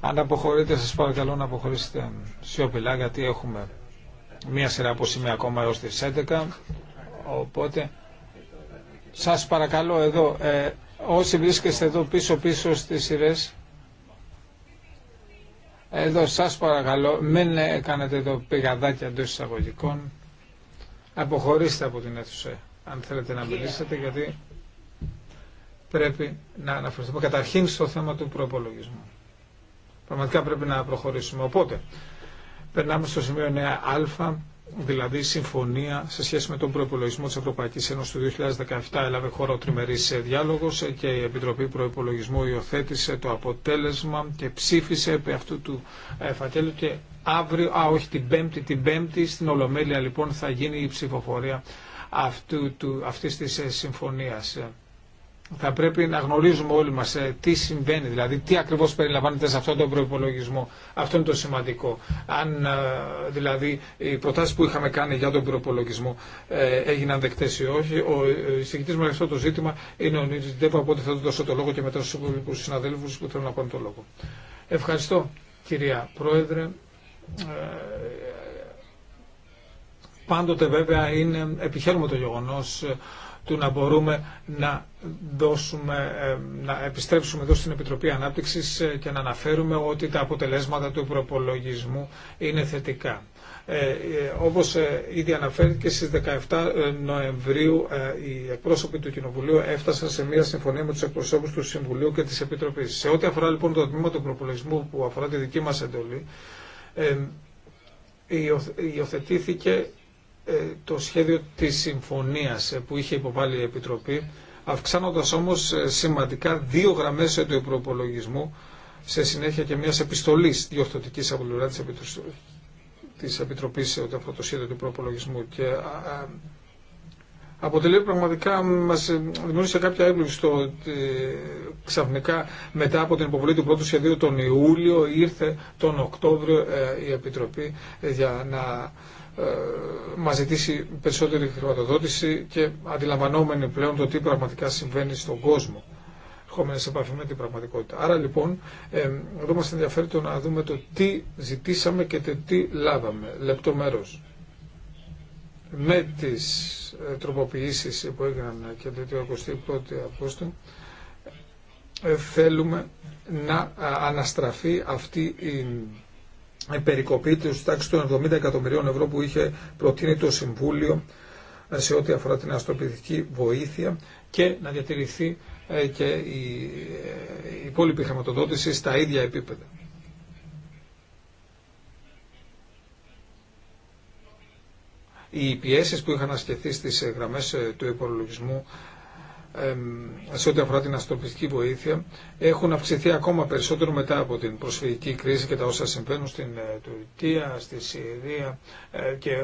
[SPEAKER 2] Αν αποχωρείτε, σας παρακαλώ να αποχωρήσετε σιωπηλά γιατί έχουμε μία σειρά από σημεία ακόμα έως τις 11. Οπότε, σας παρακαλώ εδώ, ε, όσοι βρίσκεστε εδώ πίσω-πίσω στις σειρές, εδώ σας παρακαλώ, μην ε, κάνετε εδώ πηγαδάκια εντό εισαγωγικών. Αποχωρήστε από την αίθουσα αν θέλετε να μιλήσετε, γιατί πρέπει να αναφερθούμε καταρχήν στο θέμα του προπολογισμού. Πραγματικά πρέπει να προχωρήσουμε. Οπότε, περνάμε στο σημείο 9α, δηλαδή συμφωνία σε σχέση με τον προπολογισμό της Ευρωπαϊκής Ένωσης του 2017 έλαβε χώρα ο τριμερής διάλογος και η Επιτροπή προπολογισμού υιοθέτησε το αποτέλεσμα και ψήφισε επί αυτού του ε, φακέλου και αύριο, α όχι την πέμπτη, την πέμπτη στην Ολομέλεια λοιπόν θα γίνει η ψηφοφορία αυτού, του, αυτής της ε, συμφωνίας. Θα πρέπει να γνωρίζουμε όλοι μας ε, τι συμβαίνει, δηλαδή τι ακριβώς περιλαμβάνεται σε αυτόν τον προϋπολογισμό. Αυτό είναι το σημαντικό. Αν ε, δηλαδή οι προτάσεις που είχαμε κάνει για τον προϋπολογισμό έγιναν δεκτές ή όχι, ο συγκεκριτής μου αυτό το ζήτημα είναι ο Νίτσι Ντέπα, οπότε θα του δώσω το λόγο και μετά στους υπόλοιπους συναδέλφους που θέλουν να πάρουν το λόγο. Ευχαριστώ κυρία Πρόεδρε Πάντοτε βέβαια είναι, επιχαίρουμε το γεγονός ε, του να μπορούμε να, δώσουμε, ε, να επιστρέψουμε εδώ στην Επιτροπή Ανάπτυξης ε, και να αναφέρουμε ότι τα αποτελέσματα του προπολογισμού είναι θετικά. Ε, όπως ήδη αναφέρθηκε στις 17 Νοεμβρίου οι εκπρόσωποι του Κοινοβουλίου έφτασαν σε μια συμφωνία με τους εκπροσώπους του Συμβουλίου και της Επιτροπής. Σε ό,τι αφορά λοιπόν το τμήμα του προπολογισμού που αφορά τη δική μας εντολή, ε, υιοθετήθηκε ε, το σχέδιο της συμφωνίας ε, που είχε υποβάλει η Επιτροπή, αυξάνοντας όμως ε, σημαντικά δύο γραμμές του προπολογισμού σε συνέχεια και μιας επιστολής διορθωτικής από της Επιτροπής ότι αυτό το σχέδιο του προπολογισμού και αποτελεί πραγματικά, μας δημιούργησε κάποια έμπληξη στο ότι ξαφνικά μετά από την υποβολή του πρώτου σχεδίου τον Ιούλιο ήρθε τον Οκτώβριο η Επιτροπή για να ε, μας ζητήσει περισσότερη χρηματοδότηση και αντιλαμβανόμενοι πλέον το τι πραγματικά συμβαίνει στον κόσμο ερχόμενοι σε επαφή με την πραγματικότητα. Άρα λοιπόν, ε, εδώ ενδιαφέρει το να δούμε το τι ζητήσαμε και το τι λάβαμε, λεπτομέρως. Με τις ε, τροποποιήσεις που έγιναν και το 21η Αυγούστου, ε, θέλουμε να ε, αναστραφεί αυτή η αυγουστου θελουμε να αναστραφει αυτη η ε, περικοπή του τάξη των 70 εκατομμυρίων ευρώ που είχε προτείνει το Συμβούλιο ε, σε ό,τι αφορά την αστροπηδική βοήθεια και να διατηρηθεί ε, και η υπόλοιπη χρηματοδότηση στα ίδια επίπεδα. Οι πιέσεις που είχαν ασκεθεί στις γραμμές του υπολογισμού σε ό,τι αφορά την αστροπιστική βοήθεια έχουν αυξηθεί ακόμα περισσότερο μετά από την προσφυγική κρίση και τα όσα συμβαίνουν στην ε, Τουρκία, στη Συρία ε, και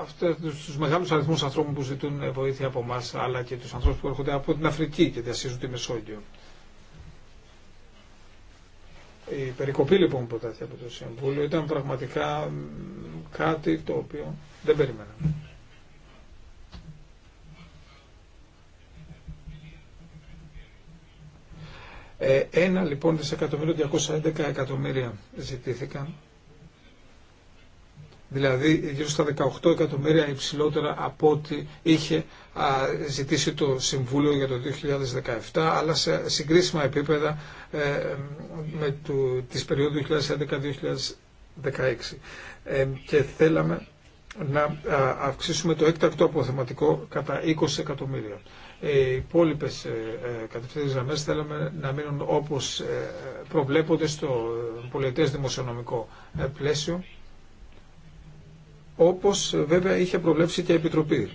[SPEAKER 2] αυτούς τους μεγάλους αριθμούς ανθρώπων που ζητούν ε, βοήθεια από εμά, αλλά και τους ανθρώπους που έρχονται από την Αφρική και διασύζουν τη Μεσόγειο. Η περικοπή λοιπόν που από το Συμβούλιο ήταν πραγματικά κάτι το οποίο δεν περιμέναμε. Ε, ένα λοιπόν δισεκατομμύριο 211 εκατομμύρια ζητήθηκαν. Δηλαδή γύρω στα 18 εκατομμύρια υψηλότερα από ό,τι είχε ζητήσει το Συμβούλιο για το 2017 αλλά σε συγκρίσιμα επίπεδα ε, με το, της περίοδου 2011-2016. Ε, και θέλαμε να αυξήσουμε το έκτακτο αποθεματικό κατά 20 εκατομμύρια. Ε, οι υπόλοιπε ε, ε, κατευθύνσει γραμμέ θέλουμε να μείνουν όπω προβλέπονται στο πολιτέ δημοσιονομικό πλαίσιο, όπω βέβαια είχε προβλέψει και η Επιτροπή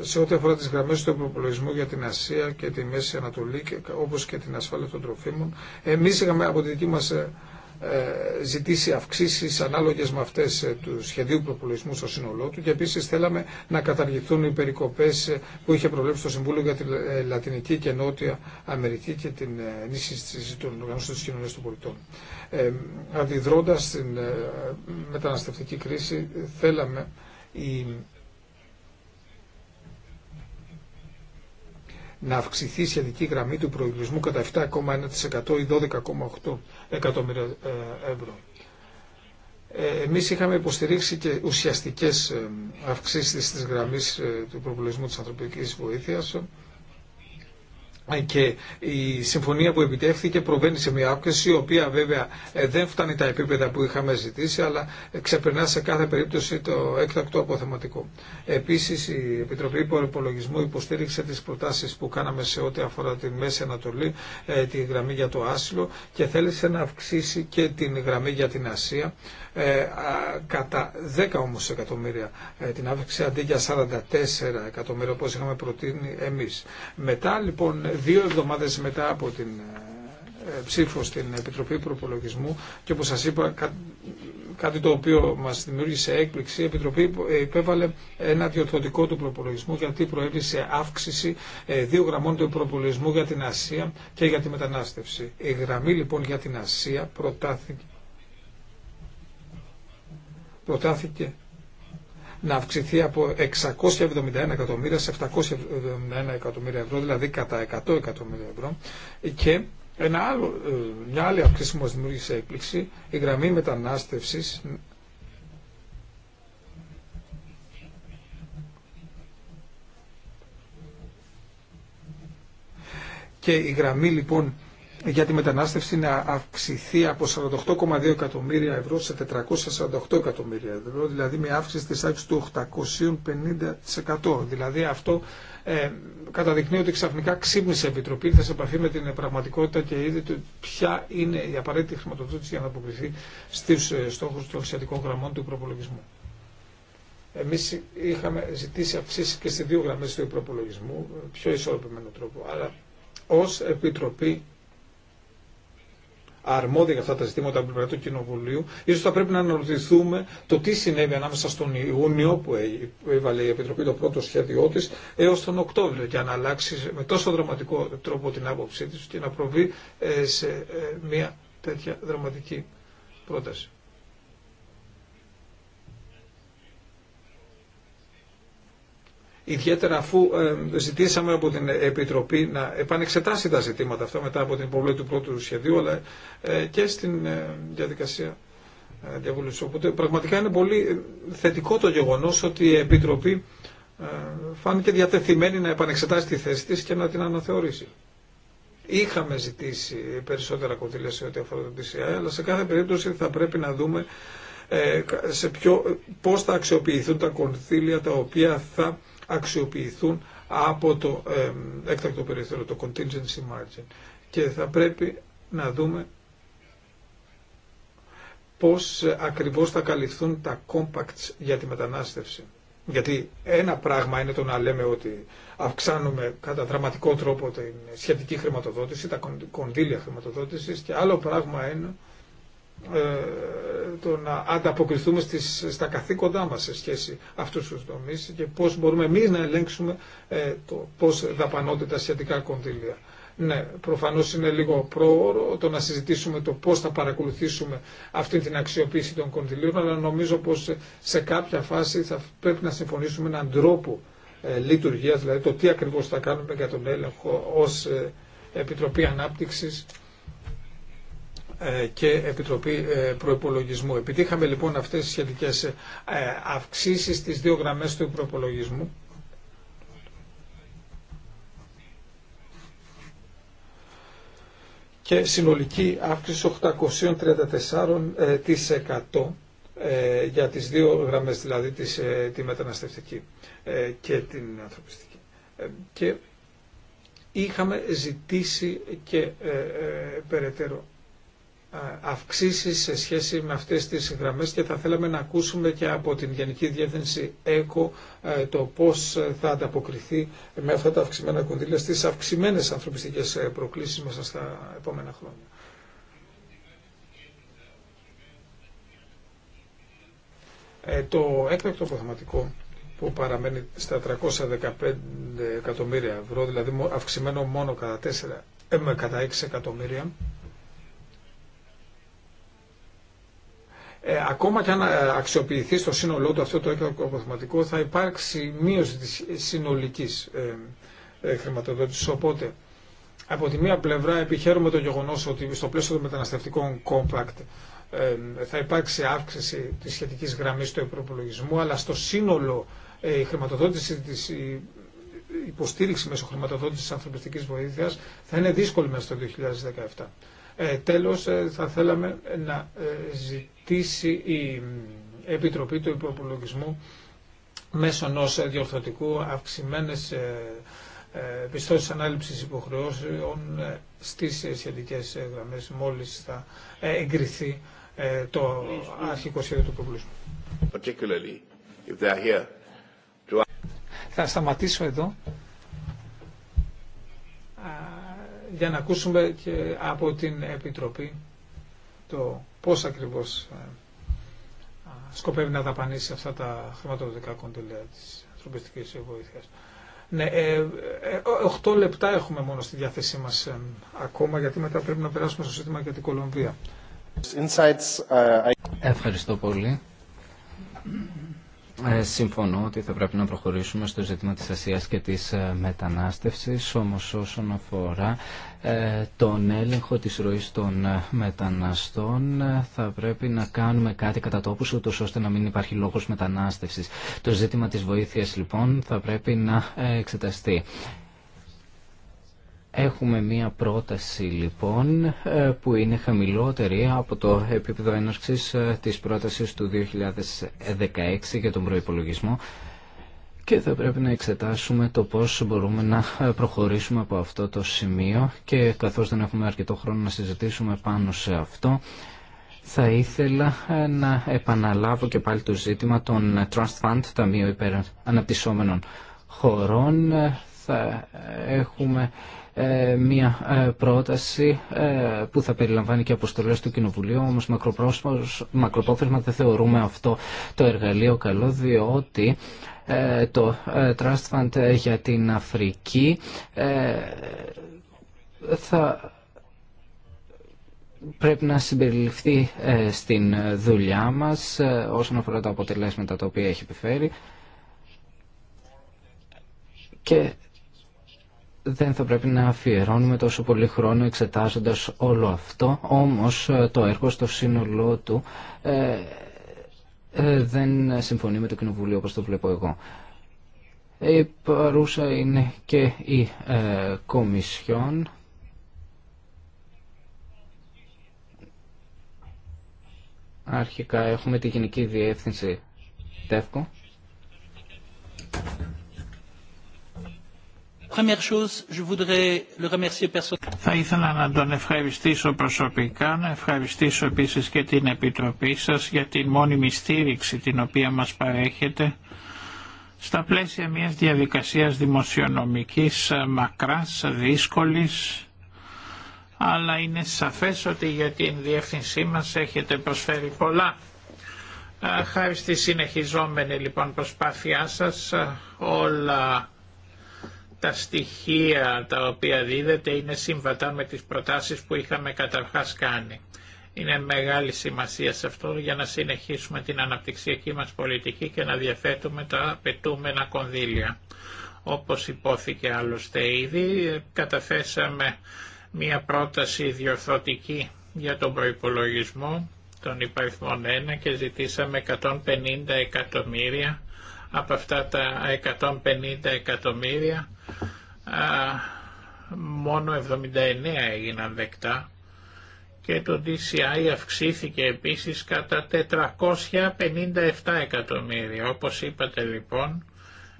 [SPEAKER 2] σε ό,τι αφορά τις γραμμές του προπολογισμού για την Ασία και τη Μέση Ανατολή, όπως και την ασφάλεια των τροφίμων. Εμείς είχαμε από τη δική μας ε, ζητήσει αυξήσει ανάλογε με αυτέ ε, του σχεδίου προπολογισμού στο σύνολό του και επίση θέλαμε να καταργηθούν οι περικοπέ ε, που είχε προβλέψει το Συμβούλιο για τη Λατινική και Νότια Αμερική και την ενίσχυση των οργανώσεων τη Κοινωνία των πολιτών. Ε, αντιδρώντας στην μεταναστευτική κρίση θέλαμε η να αυξηθεί η σχετική γραμμή του προϋπολογισμού κατά 7,1% ή 12,8 εκατομμύρια ε, ευρώ. Ε, εμείς είχαμε υποστηρίξει και ουσιαστικές ε, αυξήσεις της γραμμής του προϋπολογισμού της ανθρωπικής βοήθειας και η συμφωνία που επιτεύχθηκε προβαίνει σε μια αύξηση, η οποία βέβαια ε, δεν φτάνει τα επίπεδα που είχαμε ζητήσει, αλλά ξεπερνά σε κάθε περίπτωση το έκτακτο αποθεματικό. Επίση, η Επιτροπή Προπολογισμού υποστήριξε τι προτάσει που κάναμε σε ό,τι αφορά τη Μέση Ανατολή, ε, τη γραμμή για το άσυλο και θέλησε να αυξήσει και την γραμμή για την Ασία ε, κατά 10 όμως εκατομμύρια ε, την αύξηση αντί για 44 εκατομμύρια όπως είχαμε προτείνει εμείς. Μετά λοιπόν δύο εβδομάδες μετά από την ε, ψήφο στην Επιτροπή Προπολογισμού και όπως σας είπα κάτι το οποίο μας δημιούργησε έκπληξη η Επιτροπή υπέβαλε ένα διορθωτικό του προπολογισμού γιατί προέβησε αύξηση δύο γραμμών του προπολογισμού για την Ασία και για τη μετανάστευση. Η γραμμή λοιπόν για την Ασία προτάθηκε προτάθηκε να αυξηθεί από 671 εκατομμύρια σε 771 εκατομμύρια ευρώ, δηλαδή κατά 100 εκατομμύρια ευρώ. Και ένα άλλο, ε, μια άλλη αυξήση που μα δημιούργησε έκπληξη, η γραμμή μετανάστευση. και η γραμμή λοιπόν για τη μετανάστευση να αυξηθεί από 48,2 εκατομμύρια ευρώ σε 448 εκατομμύρια ευρώ, δηλαδή μια αύξηση της άξης του 850%. Δηλαδή αυτό ε, καταδεικνύει ότι ξαφνικά ξύπνησε η Επιτροπή, ήρθε σε επαφή με την πραγματικότητα και είδε ποια είναι η απαραίτητη χρηματοδότηση για να αποκριθεί στους ε, στόχους των σχετικών γραμμών του προπολογισμού. Εμεί είχαμε ζητήσει αυξήσει και στι δύο γραμμέ του προπολογισμού, ε, πιο ισορροπημένο τρόπο. Αλλά ω Επιτροπή αρμόδια για αυτά τα ζητήματα από την πλευρά του Κοινοβουλίου, ίσω θα πρέπει να αναρωτηθούμε το τι συνέβη ανάμεσα στον Ιούνιο που ε, έβαλε η Επιτροπή το πρώτο σχέδιό τη έω τον Οκτώβριο για να αλλάξει με τόσο δραματικό τρόπο την άποψή τη και να προβεί ε, σε ε, μια τέτοια δραματική πρόταση. ιδιαίτερα αφού ε, ζητήσαμε από την Επιτροπή να επανεξετάσει τα ζητήματα αυτά μετά από την υποβολή του πρώτου σχεδίου, αλλά ε, και στην ε, διαδικασία διαβούλευση. Οπότε πραγματικά είναι πολύ θετικό το γεγονό ότι η Επιτροπή φάνηκε διατεθειμένη να επανεξετάσει τη θέση τη και να την αναθεωρήσει. Είχαμε ζητήσει περισσότερα κονδύλια σε ό,τι αφορά το DCI, αλλά σε κάθε περίπτωση θα πρέπει να δούμε σε ποιο, πώς θα αξιοποιηθούν τα κονθήλια τα οποία θα αξιοποιηθούν από το έκτακτο περιθώριο, το contingency margin. Και θα πρέπει να δούμε πώς ε, ακριβώς θα καλυφθούν τα compacts για τη μετανάστευση. Γιατί ένα πράγμα είναι το να λέμε ότι αυξάνουμε κατά δραματικό τρόπο την σχετική χρηματοδότηση, τα κονδύλια χρηματοδότησης και άλλο πράγμα είναι ε, το να ανταποκριθούμε στις, στα καθήκοντά μας σε σχέση αυτούς τους τομείς και πώς μπορούμε εμείς να ελέγξουμε ε, το πώς δαπανώνται τα σχετικά κονδύλια. Ναι, προφανώς είναι λίγο πρόωρο το να συζητήσουμε το πώς θα παρακολουθήσουμε αυτή την αξιοποίηση των κονδυλίων, αλλά νομίζω πως σε κάποια φάση θα πρέπει να συμφωνήσουμε έναν τρόπο ε, λειτουργίας, δηλαδή το τι ακριβώς θα κάνουμε για τον έλεγχο ως Επιτροπή Ανάπτυξης ε, και Επιτροπή ε, Προπολογισμού. Επιτύχαμε λοιπόν αυτές τις σχετικές ε, αυξήσεις στις δύο γραμμές του προπολογισμού. και συνολική αύξηση 834% για τις δύο γραμμές, δηλαδή τη μεταναστευτική και την ανθρωπιστική. Και είχαμε ζητήσει και περαιτέρω αυξήσεις σε σχέση με αυτές τις γραμμές και θα θέλαμε να ακούσουμε και από την Γενική Διεύθυνση ΕΚΟ το πώς θα ανταποκριθεί με αυτά τα αυξημένα κονδύλια στις αυξημένες ανθρωπιστικές ε, προκλήσεις μέσα στα επόμενα χρόνια. Ε, το έκτακτο προθεματικό που παραμένει στα 315 εκατομμύρια ευρώ, δηλαδή αυξημένο μόνο κατά, 4, ε, με κατά 6 εκατομμύρια, Ε, ακόμα και αν ε, αξιοποιηθεί στο σύνολό του αυτό το έκτακτο αποθεματικό θα υπάρξει μείωση της συνολικής ε, ε, χρηματοδότησης. Οπότε, από τη μία πλευρά επιχαίρουμε το γεγονός ότι στο πλαίσιο των μεταναστευτικών compact θα υπάρξει αύξηση της σχετικής γραμμής του προπολογισμού, αλλά στο σύνολο η χρηματοδότηση της υποστήριξη μέσω χρηματοδότησης ανθρωπιστικής βοήθειας θα είναι δύσκολη μέσα στο 2017. Ε, τέλος, θα θέλαμε να ζητήσουμε η Επιτροπή του Υποπολογισμού μέσω ενό διορθωτικού αυξημένε ε, πιστώσει ανάληψης υποχρεώσεων ε, στις ε, σχετικέ γραμμές μόλις θα εγκριθεί το αρχικό σχέδιο του προβλήσμου. Θα σταματήσω εδώ για να ακούσουμε και από την Επιτροπή το πώς ακριβώς ε, σκοπεύει να δαπανίσει αυτά τα χρηματοδοτικά κονδυλία της ανθρωπιστικής βοήθειας. Ναι, 8 ε, ε, λεπτά έχουμε μόνο στη διάθεσή μας ακόμα, γιατί μετά πρέπει να περάσουμε στο σύστημα για την Κολομβία.
[SPEAKER 3] Ευχαριστώ πολύ. Ε, συμφωνώ ότι θα πρέπει να προχωρήσουμε στο ζήτημα της Ασίας και της ε, μετανάστευσης, όμως όσον αφορά ε, τον έλεγχο της ροής των μεταναστών θα πρέπει να κάνουμε κάτι κατά τόπους ούτως ώστε να μην υπάρχει λόγος μετανάστευσης. Το ζήτημα της βοήθειας λοιπόν θα πρέπει να εξεταστεί. Έχουμε μία πρόταση λοιπόν ε, που είναι χαμηλότερη από το επίπεδο έναρξης ε, της πρότασης του 2016 για τον προϋπολογισμό και θα πρέπει να εξετάσουμε το πώς μπορούμε να ε, προχωρήσουμε από αυτό το σημείο και καθώς δεν έχουμε αρκετό χρόνο να συζητήσουμε πάνω σε αυτό θα ήθελα να επαναλάβω και πάλι το ζήτημα των Trust Fund, Ταμείο Υπεραναπτυσσόμενων Χωρών. Θα έχουμε ε, μια ε, πρόταση ε, που θα περιλαμβάνει και αποστολές του Κοινοβουλίου, όμως μακροπρόθεσμα δεν θεωρούμε αυτό το εργαλείο καλό, διότι το Trust Fund για την Αφρική θα πρέπει να συμπεριληφθεί στην δουλειά μας όσον αφορά τα αποτελέσματα τα οποία έχει επιφέρει και δεν θα πρέπει να αφιερώνουμε τόσο πολύ χρόνο εξετάζοντας όλο αυτό, όμως ε, το έργο στο σύνολό του ε, ε, δεν συμφωνεί με το Κοινοβούλιο όπως το βλέπω εγώ. Η παρούσα είναι και η ε, Κομισιόν. Αρχικά έχουμε τη Γενική Διεύθυνση ΤΕΦΚΟ.
[SPEAKER 1] Θα ήθελα να τον ευχαριστήσω προσωπικά, να ευχαριστήσω επίσης και την Επιτροπή σας για την μόνιμη στήριξη την οποία μας παρέχετε στα πλαίσια μιας διαδικασίας δημοσιονομικής μακράς, δύσκολης, αλλά είναι σαφές ότι για την διεύθυνσή μας έχετε προσφέρει πολλά. Ε, χάρη στη συνεχιζόμενη λοιπόν προσπάθειά σας ε, όλα τα στοιχεία τα οποία δίδεται είναι συμβατά με τις προτάσεις που είχαμε καταρχάς κάνει. Είναι μεγάλη σημασία σε αυτό για να συνεχίσουμε την αναπτυξιακή μας πολιτική και να διαθέτουμε τα απαιτούμενα κονδύλια. Όπως υπόθηκε άλλωστε ήδη, καταθέσαμε μία πρόταση διορθωτική για τον προϋπολογισμό των υπαριθμών 1 και ζητήσαμε 150 εκατομμύρια από αυτά τα 150 εκατομμύρια μόνο 79 έγιναν δεκτά και το DCI αυξήθηκε επίσης κατά 457 εκατομμύρια. Όπως είπατε λοιπόν,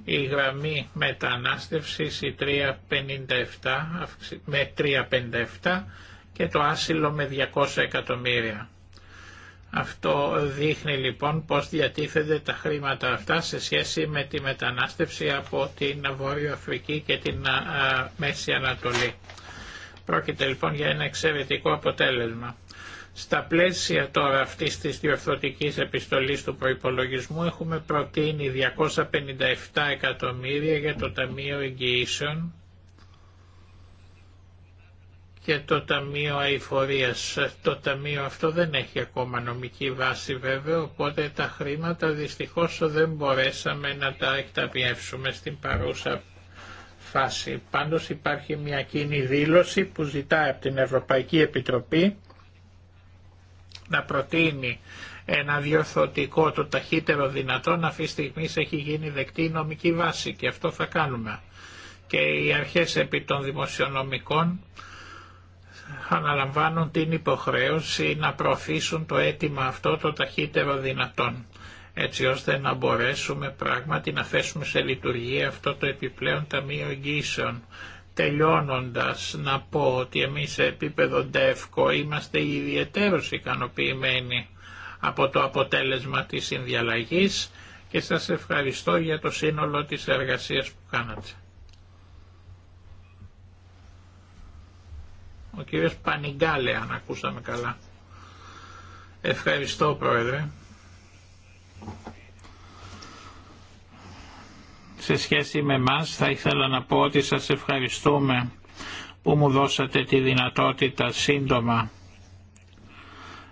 [SPEAKER 1] η γραμμή μετανάστευσης η 357, με 357 και το άσυλο με 200 εκατομμύρια. Αυτό δείχνει λοιπόν πώς διατίθεται τα χρήματα αυτά σε σχέση με τη μετανάστευση από την Βόρειο Αφρική και την Μέση Ανατολή. Πρόκειται λοιπόν για ένα εξαιρετικό αποτέλεσμα. Στα πλαίσια τώρα αυτής της διορθωτικής επιστολής του προϋπολογισμού έχουμε προτείνει 257 εκατομμύρια για το Ταμείο Εγγυήσεων και το Ταμείο Αηφορίας. Το Ταμείο αυτό δεν έχει ακόμα νομική βάση βέβαια, οπότε τα χρήματα δυστυχώς δεν μπορέσαμε να τα εκταπιεύσουμε στην παρούσα φάση. Πάντως υπάρχει μια κοινή δήλωση που ζητάει από την Ευρωπαϊκή Επιτροπή να προτείνει ένα διορθωτικό το ταχύτερο δυνατόν αυτή τη στιγμή έχει γίνει δεκτή η νομική βάση και αυτό θα κάνουμε. Και οι αρχές επί των δημοσιονομικών αναλαμβάνουν την υποχρέωση να προωθήσουν το αίτημα αυτό το ταχύτερο δυνατόν έτσι ώστε να μπορέσουμε πράγματι να θέσουμε σε λειτουργία αυτό το επιπλέον Ταμείο Εγγύσεων. Τελειώνοντας να πω ότι εμείς σε επίπεδο ΝΤΕΦΚΟ είμαστε ιδιαίτερως ικανοποιημένοι από το αποτέλεσμα της συνδιαλλαγής και σας ευχαριστώ για το σύνολο της εργασίας που κάνατε. Ο κύριος Πανιγκάλε, αν ακούσαμε καλά. Ευχαριστώ, Πρόεδρε. Σε σχέση με μας θα ήθελα να πω ότι σας ευχαριστούμε που μου δώσατε τη δυνατότητα σύντομα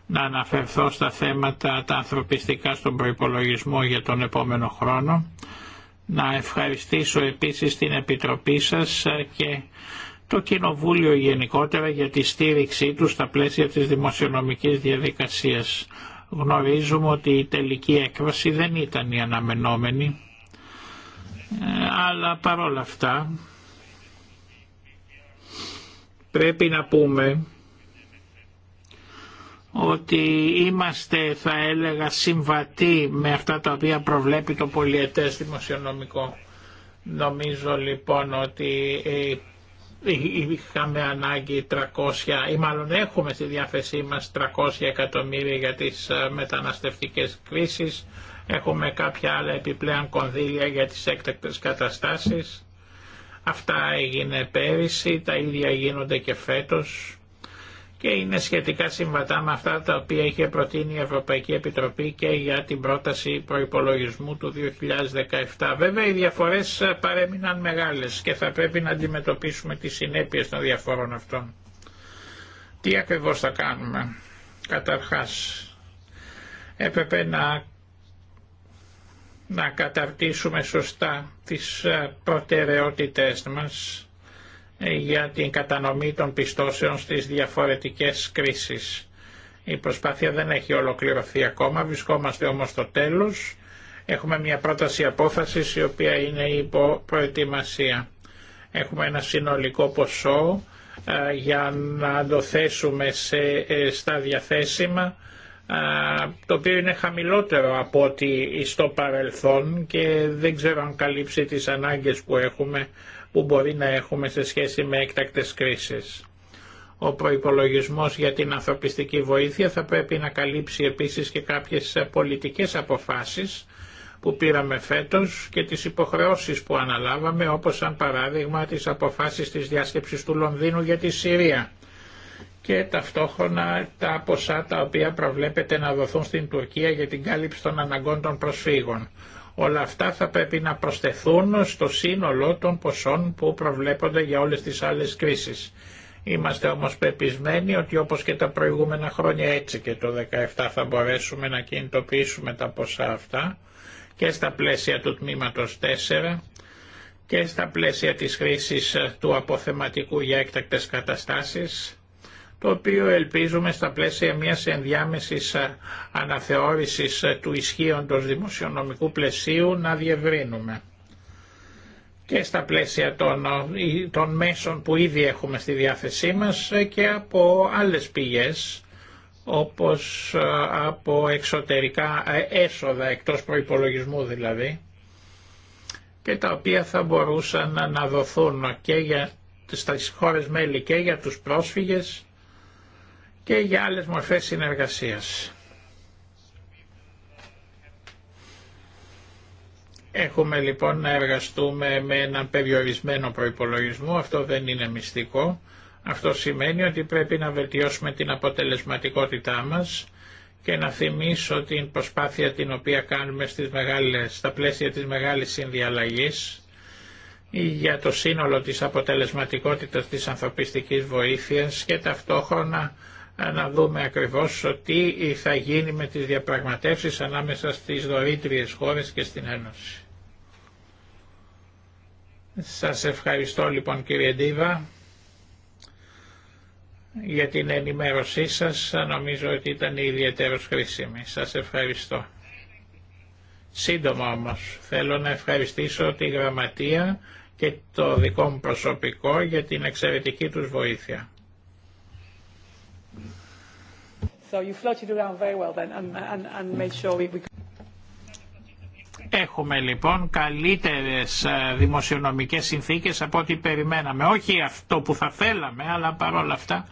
[SPEAKER 1] να αναφερθώ στα θέματα τα ανθρωπιστικά στον προϋπολογισμό για τον επόμενο χρόνο. Να ευχαριστήσω επίσης την Επιτροπή σας και το Κοινοβούλιο γενικότερα για τη στήριξή του στα πλαίσια της δημοσιονομικής διαδικασίας. Γνωρίζουμε ότι η τελική έκβαση δεν ήταν η αναμενόμενη, αλλά παρόλα αυτά πρέπει να πούμε ότι είμαστε θα έλεγα συμβατοί με αυτά τα οποία προβλέπει το πολιετές δημοσιονομικό. Νομίζω λοιπόν ότι είχαμε ανάγκη 300 ή μάλλον έχουμε στη διάθεσή μας 300 εκατομμύρια για τις ε, μεταναστευτικές κρίσεις έχουμε κάποια άλλα επιπλέον κονδύλια για τις έκτακτες καταστάσεις αυτά έγινε πέρυσι, τα ίδια γίνονται και φέτος και είναι σχετικά συμβατά με αυτά τα οποία είχε προτείνει η Ευρωπαϊκή Επιτροπή και για την πρόταση προϋπολογισμού του 2017. Βέβαια οι διαφορές παρέμειναν μεγάλες και θα πρέπει να αντιμετωπίσουμε τις συνέπειες των διαφόρων αυτών. Τι ακριβώς θα κάνουμε. Καταρχάς έπρεπε να να καταρτήσουμε σωστά τις προτεραιότητές μας για την κατανομή των πιστώσεων στις διαφορετικές κρίσεις. Η προσπάθεια δεν έχει ολοκληρωθεί ακόμα, βρισκόμαστε όμως στο τέλος. Έχουμε μια πρόταση απόφασης η οποία είναι υπό προετοιμασία. Έχουμε ένα συνολικό ποσό ε, για να το θέσουμε σε, ε, στα διαθέσιμα το οποίο είναι χαμηλότερο από ότι στο παρελθόν και δεν ξέρω αν καλύψει τις ανάγκες που έχουμε, που μπορεί να έχουμε σε σχέση με έκτακτες κρίσεις. Ο προϋπολογισμός για την ανθρωπιστική βοήθεια θα πρέπει να καλύψει επίσης και κάποιες πολιτικές αποφάσεις που πήραμε φέτος και τις υποχρεώσεις που αναλάβαμε όπως σαν παράδειγμα τις αποφάσεις της διάσκεψης του Λονδίνου για τη Συρία και ταυτόχρονα τα ποσά τα οποία προβλέπεται να δοθούν στην Τουρκία για την κάλυψη των αναγκών των προσφύγων. Όλα αυτά θα πρέπει να προσθεθούν στο σύνολο των ποσών που προβλέπονται για όλες τις άλλες κρίσεις. Είμαστε όμως πεπισμένοι ότι όπως και τα προηγούμενα χρόνια έτσι και το 2017 θα μπορέσουμε να κινητοποιήσουμε τα ποσά αυτά και στα πλαίσια του τμήματος 4 και στα πλαίσια της χρήσης του αποθεματικού για έκτακτες καταστάσεις το οποίο ελπίζουμε στα πλαίσια μιας ενδιάμεσης ε, αναθεώρησης ε, του ισχύοντος δημοσιονομικού πλαισίου να διευρύνουμε και στα πλαίσια των, ε, μέσων που ήδη έχουμε στη διάθεσή μας και από άλλες πηγές όπως από εξωτερικά έσοδα εκτός προϋπολογισμού δηλαδή και τα οποία θα μπορούσαν να δοθούν και για, τις χώρες μέλη και για τους πρόσφυγες και για άλλες μορφές συνεργασίας. Έχουμε λοιπόν να εργαστούμε με έναν περιορισμένο προϋπολογισμό, αυτό δεν είναι μυστικό. Αυτό σημαίνει ότι πρέπει να βελτιώσουμε την αποτελεσματικότητά μας και να θυμίσω την προσπάθεια την οποία κάνουμε στις μεγάλες, στα πλαίσια της μεγάλης συνδιαλλαγής για το σύνολο της αποτελεσματικότητας της ανθρωπιστικής βοήθειας και ταυτόχρονα να δούμε ακριβώς τι θα γίνει με τις διαπραγματεύσεις ανάμεσα στις δωρήτριες χώρες και στην Ένωση. Σας ευχαριστώ λοιπόν κύριε Ντίβα για την ενημέρωσή σας. Νομίζω ότι ήταν ιδιαίτερο χρήσιμη. Σας ευχαριστώ. Σύντομα όμως θέλω να ευχαριστήσω τη Γραμματεία και το δικό μου προσωπικό για την εξαιρετική τους βοήθεια. Έχουμε λοιπόν καλύτερες ε, δημοσιονομικές συνθήκες από ό,τι περιμέναμε. Όχι αυτό που θα θέλαμε, αλλά παρόλα αυτά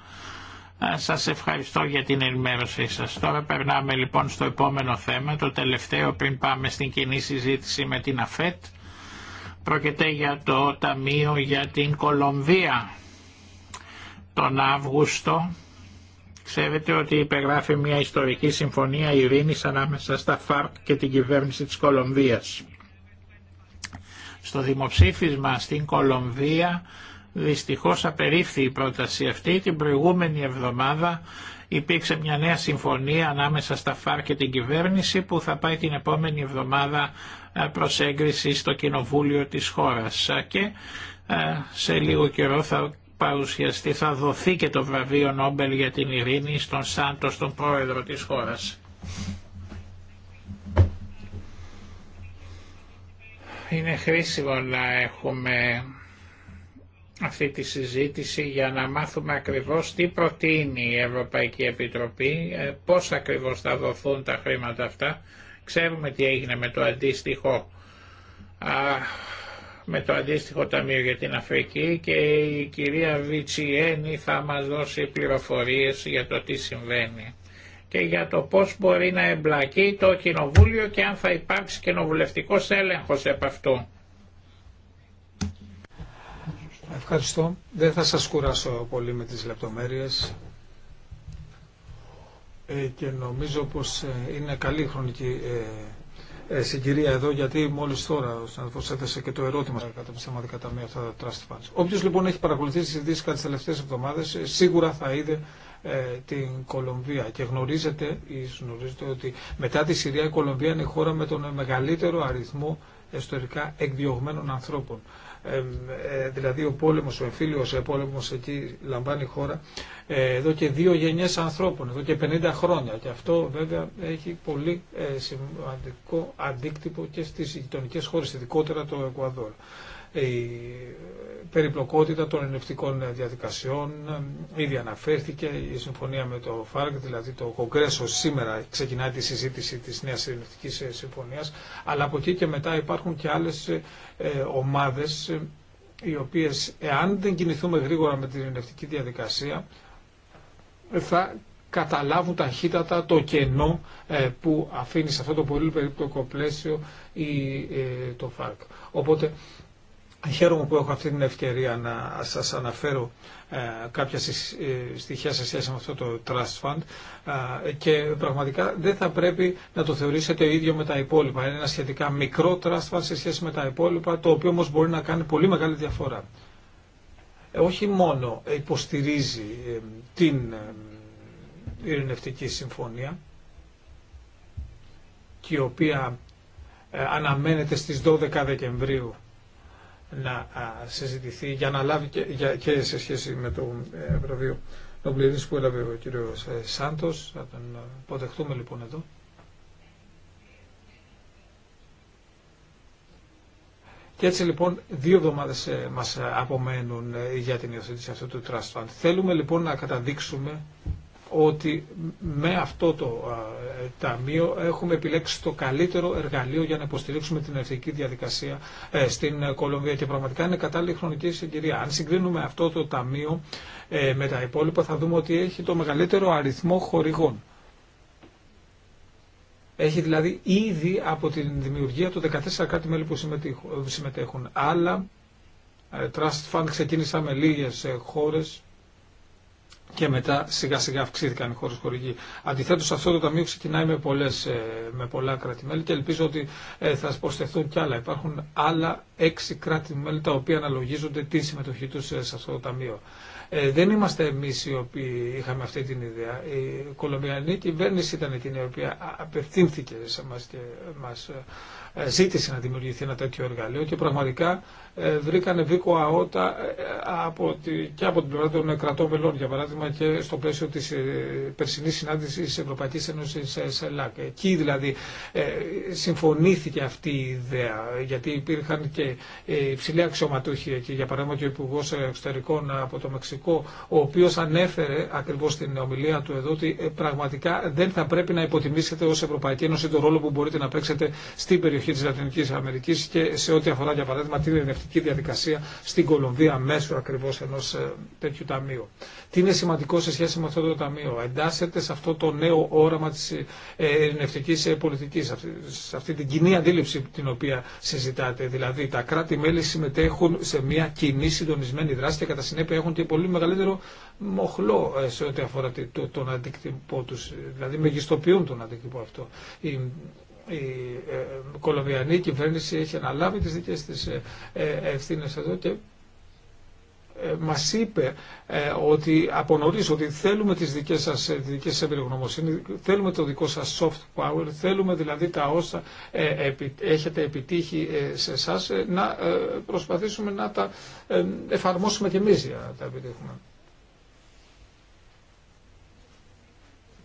[SPEAKER 1] ε, σας ευχαριστώ για την ενημέρωσή σας. Τώρα περνάμε λοιπόν στο επόμενο θέμα, το τελευταίο πριν πάμε στην κοινή συζήτηση με την ΑΦΕΤ. Πρόκειται για το Ταμείο για την Κολομβία. Τον Αύγουστο Ξέρετε ότι υπεγράφει μια ιστορική συμφωνία ειρήνης ανάμεσα στα ΦΑΡΚ και την κυβέρνηση της Κολομβίας. Στο δημοψήφισμα στην Κολομβία δυστυχώς απερίφθη η πρόταση αυτή. Την προηγούμενη εβδομάδα υπήρξε μια νέα συμφωνία ανάμεσα στα ΦΑΡΚ και την κυβέρνηση που θα πάει την επόμενη εβδομάδα ε, προς έγκριση στο Κοινοβούλιο της χώρας και ε, σε λίγο καιρό θα θα δοθεί και το βραβείο Νόμπελ για την ειρήνη στον Σάντο, τον πρόεδρο της χώρας. Είναι χρήσιμο να έχουμε αυτή τη συζήτηση για να μάθουμε ακριβώς τι προτείνει η Ευρωπαϊκή Επιτροπή, ε, πώς ακριβώς θα δοθούν τα χρήματα αυτά. Ξέρουμε τι έγινε με το αντίστοιχο με το αντίστοιχο Ταμείο για την Αφρική και η κυρία Βιτσιένη θα μας δώσει πληροφορίες για το τι συμβαίνει και για το πώς μπορεί να εμπλακεί το Κοινοβούλιο και αν θα υπάρξει κοινοβουλευτικό έλεγχος επ' αυτού.
[SPEAKER 2] Ευχαριστώ. Δεν θα σας κουράσω πολύ με τις λεπτομέρειες ε, και νομίζω πως ε, είναι καλή χρονική ε, ε, συγκυρία εδώ, γιατί μόλι τώρα ο συναδελφό έθεσε και το ερώτημα κατά πιστεματικά ταμεία αυτά τα trust funds. Όποιο λοιπόν έχει παρακολουθήσει τι ειδήσει κατά τι τελευταίε εβδομάδε, ε, σίγουρα θα είδε ε, την Κολομβία. Και γνωρίζετε, ή γνωρίζετε ότι μετά τη Συρία η Κολομβία είναι η χώρα με τον μεγαλύτερο αριθμό εσωτερικά εκδιωγμένων ανθρώπων. Ε, δηλαδή ο πόλεμος, ο εμφύλιος ο πόλεμος εκεί λαμβάνει χώρα ε, εδώ και δύο γενιές ανθρώπων, εδώ και 50 χρόνια. Και αυτό βέβαια έχει πολύ ε, σημαντικό αντίκτυπο και στις γειτονικές χώρες, ειδικότερα το Εκουαδόρ. Η ε, περιπλοκότητα των ενευτικών διαδικασιών ήδη αναφέρθηκε, η συμφωνία με το ΦΑΡΚ, δηλαδή το Κογκρέσο σήμερα ξεκινάει τη συζήτηση της νέας ενευτικής συμφωνίας, αλλά από εκεί και μετά υπάρχουν και άλλες ομάδες οι οποίες εάν δεν κινηθούμε γρήγορα με την ενευτική διαδικασία θα καταλάβουν ταχύτατα το κενό ε, που αφήνει σε αυτό το πολύ περίπτωκο πλαίσιο ε, το ΦΑΡΚ. Οπότε χαίρομαι που έχω αυτή την ευκαιρία να σας αναφέρω ε, κάποια στοιχεία σε σχέση με αυτό το Trust Fund και πραγματικά δεν θα πρέπει να το θεωρήσετε ίδιο με τα υπόλοιπα. Είναι ένα σχετικά μικρό Trust Fund σε σχέση με τα υπόλοιπα, το οποίο όμως μπορεί να κάνει πολύ μεγάλη διαφορά. Ε, όχι μόνο υποστηρίζει ε, την ε, ειρηνευτική συμφωνία και η οποία αναμένεται στις 12 Δεκεμβρίου να συζητηθεί για να λάβει και, σε σχέση με το βραβείο Νομπληρής που έλαβε ο κύριος Σάντος. Θα τον αποδεχτούμε λοιπόν εδώ. Και έτσι λοιπόν δύο εβδομάδες ε, μα ε, απομένουν ε, για την υιοθέτηση αυτού του Trust Θέλουμε λοιπόν να καταδείξουμε ότι με αυτό το ταμείο έχουμε επιλέξει το καλύτερο εργαλείο για να υποστηρίξουμε την ευθυκή διαδικασία στην Κολομβία και πραγματικά είναι κατάλληλη χρονική συγκυρία. Αν συγκρίνουμε αυτό το ταμείο με τα υπόλοιπα θα δούμε ότι έχει το μεγαλύτερο αριθμό χορηγών. Έχει δηλαδή ήδη από την δημιουργία του 14 κάτι μέλη που συμμετέχουν. Άλλα ε, trust fund ξεκίνησα με λίγες ε, χώρες και μετά σιγά σιγά αυξήθηκαν οι χώρε χορηγοί. Αντιθέτω, αυτό το ταμείο ξεκινάει με, πολλές, ε, με πολλά κράτη-μέλη και ελπίζω ότι θα προσθεθούν κι άλλα. Υπάρχουν άλλα έξι κράτη-μέλη τα οποία αναλογίζονται τη συμμετοχή του σε αυτό το ταμείο. Ε, δεν είμαστε εμεί οι οποίοι είχαμε αυτή την ιδέα. Η κολομβιανή κυβέρνηση ήταν εκείνη η οποία απευθύνθηκε σε εμά και μα ε, ε, ζήτησε να δημιουργηθεί ένα τέτοιο εργαλείο και πραγματικά ε, βρήκανε βίκο αότα ε, από τη, και από την πλευρά των κρατών μελών, για παράδειγμα και στο πλαίσιο της περσινής συνάντησης της Ευρωπαϊκής Ένωσης ΕΛΑΚ. Εκεί δηλαδή συμφωνήθηκε αυτή η ιδέα, γιατί υπήρχαν και υψηλή αξιωματούχοι εκεί, για παράδειγμα και ο υπουργό Εξωτερικών από το Μεξικό, ο οποίο ανέφερε ακριβώ στην ομιλία του εδώ ότι πραγματικά δεν θα πρέπει να υποτιμήσετε ω Ευρωπαϊκή Ένωση τον ρόλο που μπορείτε να παίξετε στην περιοχή περιοχή τη Λατινική Αμερική και σε ό,τι αφορά για παράδειγμα την ειρηνευτική διαδικασία στην Κολομβία μέσω ακριβώ ενό ε, τέτοιου ταμείου. Τι είναι σημαντικό σε σχέση με αυτό το ταμείο. Εντάσσεται σε αυτό το νέο όραμα τη ε, ειρηνευτική ε, πολιτική, σε αυτή την κοινή αντίληψη την οποία συζητάτε. Δηλαδή τα κράτη-μέλη συμμετέχουν σε μια κοινή συντονισμένη δράση και κατά συνέπεια έχουν και πολύ μεγαλύτερο μοχλό σε ό,τι αφορά τον αντίκτυπό του. Δηλαδή μεγιστοποιούν τον αντίκτυπο αυτό η ε, ε, κολομβιανή κυβέρνηση έχει αναλάβει τις δικές της ε, ευθύνες εδώ και μας είπε ότι από νωρίς ότι θέλουμε τις δικές σας δικές σας εμπειρογνωμοσύνη, θέλουμε το δικό σας soft power, θέλουμε δηλαδή τα όσα έχετε επιτύχει σε εσά να προσπαθήσουμε να τα εφαρμόσουμε και εμείς για να τα επιτύχουμε.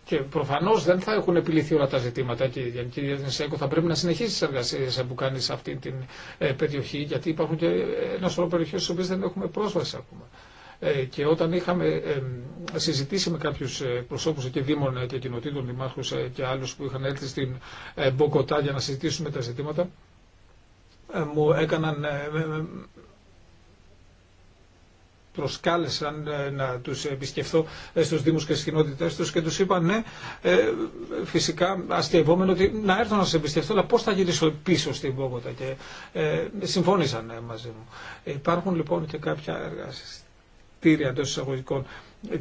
[SPEAKER 2] Και προφανώ δεν θα έχουν επιληθεί όλα τα ζητήματα και η Γενική θα πρέπει να συνεχίσει τι εργασίε που κάνει σε αυτή την ε, περιοχή, γιατί υπάρχουν και ε, ένα σωρό περιοχέ στι οποίε δεν έχουμε πρόσβαση ακόμα. Ε, και όταν είχαμε συζητήσει με κάποιου προσώπου και δήμων και κοινοτήτων, δημάρχου και άλλου που είχαν έρθει στην Μποκοτά για να συζητήσουμε τα ζητήματα, μου έκαναν, προσκάλεσαν ε, να τους επισκεφθώ ε, στους Δήμους και στις κοινότητες τους και τους είπαν ναι, ε, φυσικά αστειευόμενο ότι να έρθω να σε επισκεφθώ, αλλά πώς θα γυρίσω πίσω στην Πόγκοτα και ε, συμφώνησαν μαζί μου. Υπάρχουν λοιπόν και κάποια εργαστήρια εντό εισαγωγικών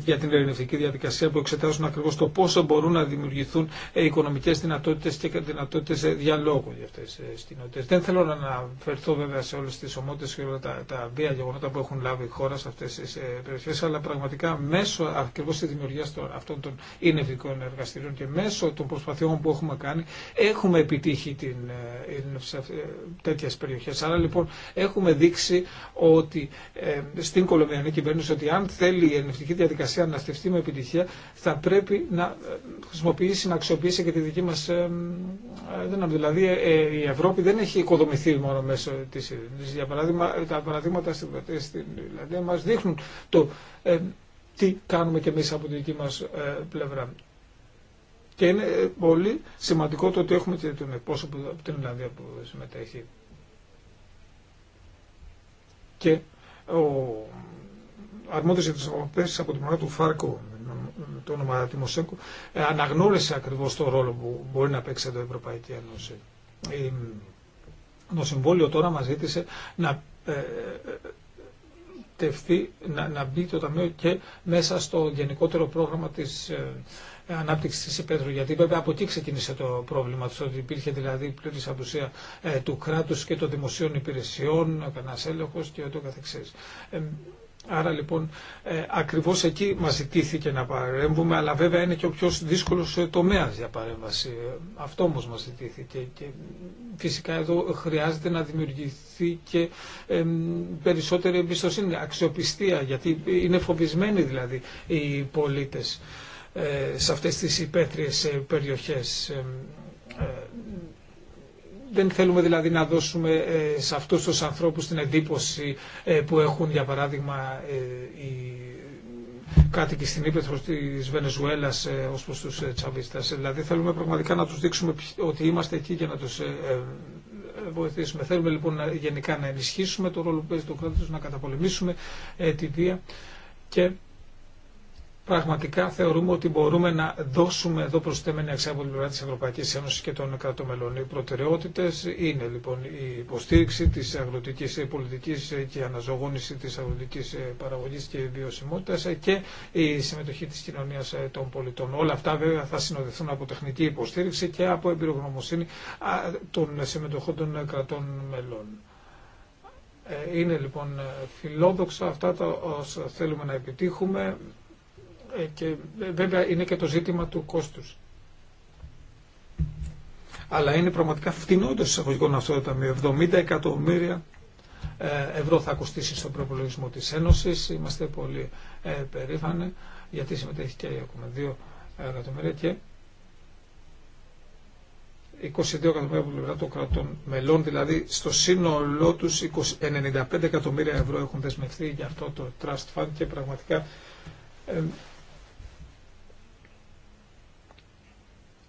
[SPEAKER 2] για την ερευνητική διαδικασία που εξετάζουν ακριβώ το πόσο μπορούν να δημιουργηθούν οικονομικέ δυνατότητε και δυνατότητε διαλόγου για αυτέ τι κοινότητε. Δεν θέλω να αναφερθώ βέβαια σε όλε τι ομότητε και όλα τα, τα βία γεγονότα που έχουν λάβει η χώρα σε αυτέ τι ε, περιοχέ, αλλά πραγματικά μέσω ακριβώ τη δημιουργία αυτών των ειρηνευτικών εργαστηρίων και μέσω των προσπαθειών που έχουμε κάνει, έχουμε επιτύχει την ε, ε, τέτοιε περιοχέ. Άρα λοιπόν έχουμε δείξει ότι στην Κολομβιανή κυβέρνηση ότι αν θέλει η ειρηνευτική διαδικασία διαδικασία αναστευτεί με επιτυχία, θα πρέπει να ε, χρησιμοποιήσει, να αξιοποιήσει και τη δική μας ε, ε, δύναμη. Δηλαδή η Ευρώπη δεν έχει οικοδομηθεί μόνο μέσω της Για παράδειγμα, τα παραδείγματα στην Ιρλανδία μας δείχνουν το τι κάνουμε και εμείς από τη δική μας πλευρά. Και είναι πολύ σημαντικό το ότι έχουμε και τον εκπρόσωπο από την Ελλάδα που συμμετέχει. Και ο τις επιτροπές από την πλευρά του Φάρκο το όνομα Μοσέκου, ε, αναγνώρισε ακριβώς το ρόλο που μπορεί να παίξει εδώ η Ευρωπαϊκή Ένωση. Το Συμβόλιο τώρα μας ζήτησε να ε, ε, τευθεί, να, να μπει το Ταμείο και μέσα στο γενικότερο πρόγραμμα της ανάπτυξη τη υπέδρου, Γιατί βέβαια από εκεί ξεκίνησε το πρόβλημα του, ότι υπήρχε δηλαδή πλήρη απουσία του κράτου και των δημοσίων υπηρεσιών, κανένα έλεγχο και ούτω καθεξή. Άρα λοιπόν ε, ακριβώς εκεί μας ζητήθηκε να παρέμβουμε, αλλά βέβαια είναι και ο πιο δύσκολος ε, τομέας για παρέμβαση. Ε, αυτό όμως μας ζητήθηκε και φυσικά εδώ χρειάζεται να δημιουργηθεί και περισσότερη εμπιστοσύνη, αξιοπιστία, γιατί είναι φοβισμένοι δηλαδή οι πολίτες σε αυτές τις υπαίθριες περιοχές δεν θέλουμε δηλαδή να δώσουμε ε, σε αυτούς τους ανθρώπους την εντύπωση ε, που έχουν για παράδειγμα ε, οι κάτοικοι στην Ήπεθρο της Βενεζουέλας ως προς τους τσαβίστας. Δηλαδή θέλουμε πραγματικά να τους δείξουμε ότι είμαστε εκεί και να τους βοηθήσουμε. Θέλουμε λοιπόν γενικά να ενισχύσουμε το ρόλο που παίζει το κράτος, να καταπολεμήσουμε τη βία και πραγματικά θεωρούμε ότι μπορούμε να δώσουμε εδώ προστεμένη αξία από την πλευρά τη Ευρωπαϊκή Ένωση και των κρατών μελών. Οι προτεραιότητε είναι λοιπόν η υποστήριξη τη αγροτική πολιτική και η αναζωογόνηση τη αγροτική παραγωγή και βιωσιμότητα και η συμμετοχή τη κοινωνία των πολιτών. Όλα αυτά βέβαια θα συνοδευτούν από τεχνική υποστήριξη και από εμπειρογνωμοσύνη των συμμετοχών των κρατών μελών. Ε, είναι λοιπόν φιλόδοξα αυτά τα όσα θέλουμε να επιτύχουμε. Ε, και ε, βέβαια είναι και το ζήτημα του κόστους. Αλλά είναι πραγματικά φτηνό το εισαγωγικό αυτό το ταμείο. 70 εκατομμύρια ε, ευρώ θα κοστίσει στον προπολογισμό της Ένωσης. Είμαστε πολύ ε, περήφανοι γιατί συμμετέχει και ακόμα 2 εκατομμύρια και 22 εκατομμύρια βουλευτά των κρατών μελών, δηλαδή στο σύνολό του 95 εκατομμύρια ευρώ έχουν δεσμευθεί για αυτό το Trust Fund και πραγματικά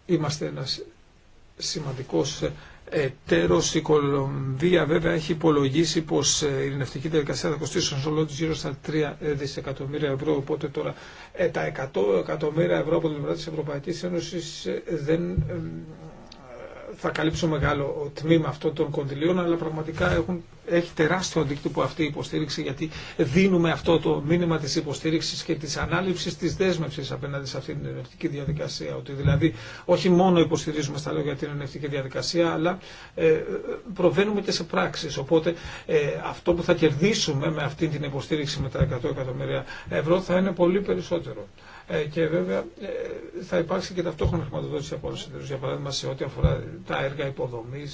[SPEAKER 2] είμαστε ένας σημαντικός εταίρος. Η Κολομβία βέβαια έχει υπολογίσει πως ε, η ειρηνευτική διαδικασία θα κοστίσει στον γύρω στα 3 δισεκατομμύρια ευρώ. Οπότε τώρα ε, τα 100 εκατομμύρια ευρώ από την πλευρά της Ευρωπαϊκής ε, δεν θα καλύψω μεγάλο τμήμα αυτών των κονδυλίων, αλλά πραγματικά έχουν έχει τεράστιο αντίκτυπο αυτή η υποστήριξη γιατί δίνουμε αυτό το μήνυμα της υποστήριξης και της ανάληψης της δέσμευσης απέναντι σε αυτή την ενευτική διαδικασία. Ότι δηλαδή όχι μόνο υποστηρίζουμε στα λόγια την ενευτική διαδικασία αλλά ε, προβαίνουμε και σε πράξεις. Οπότε ε, αυτό που θα κερδίσουμε με αυτή την υποστήριξη με τα 100 εκατομμύρια ευρώ θα είναι πολύ περισσότερο ε, και βέβαια θα υπάρξει και ταυτόχρονα χρηματοδότηση από τους του Για παράδειγμα, σε ό,τι αφορά τα έργα υποδομή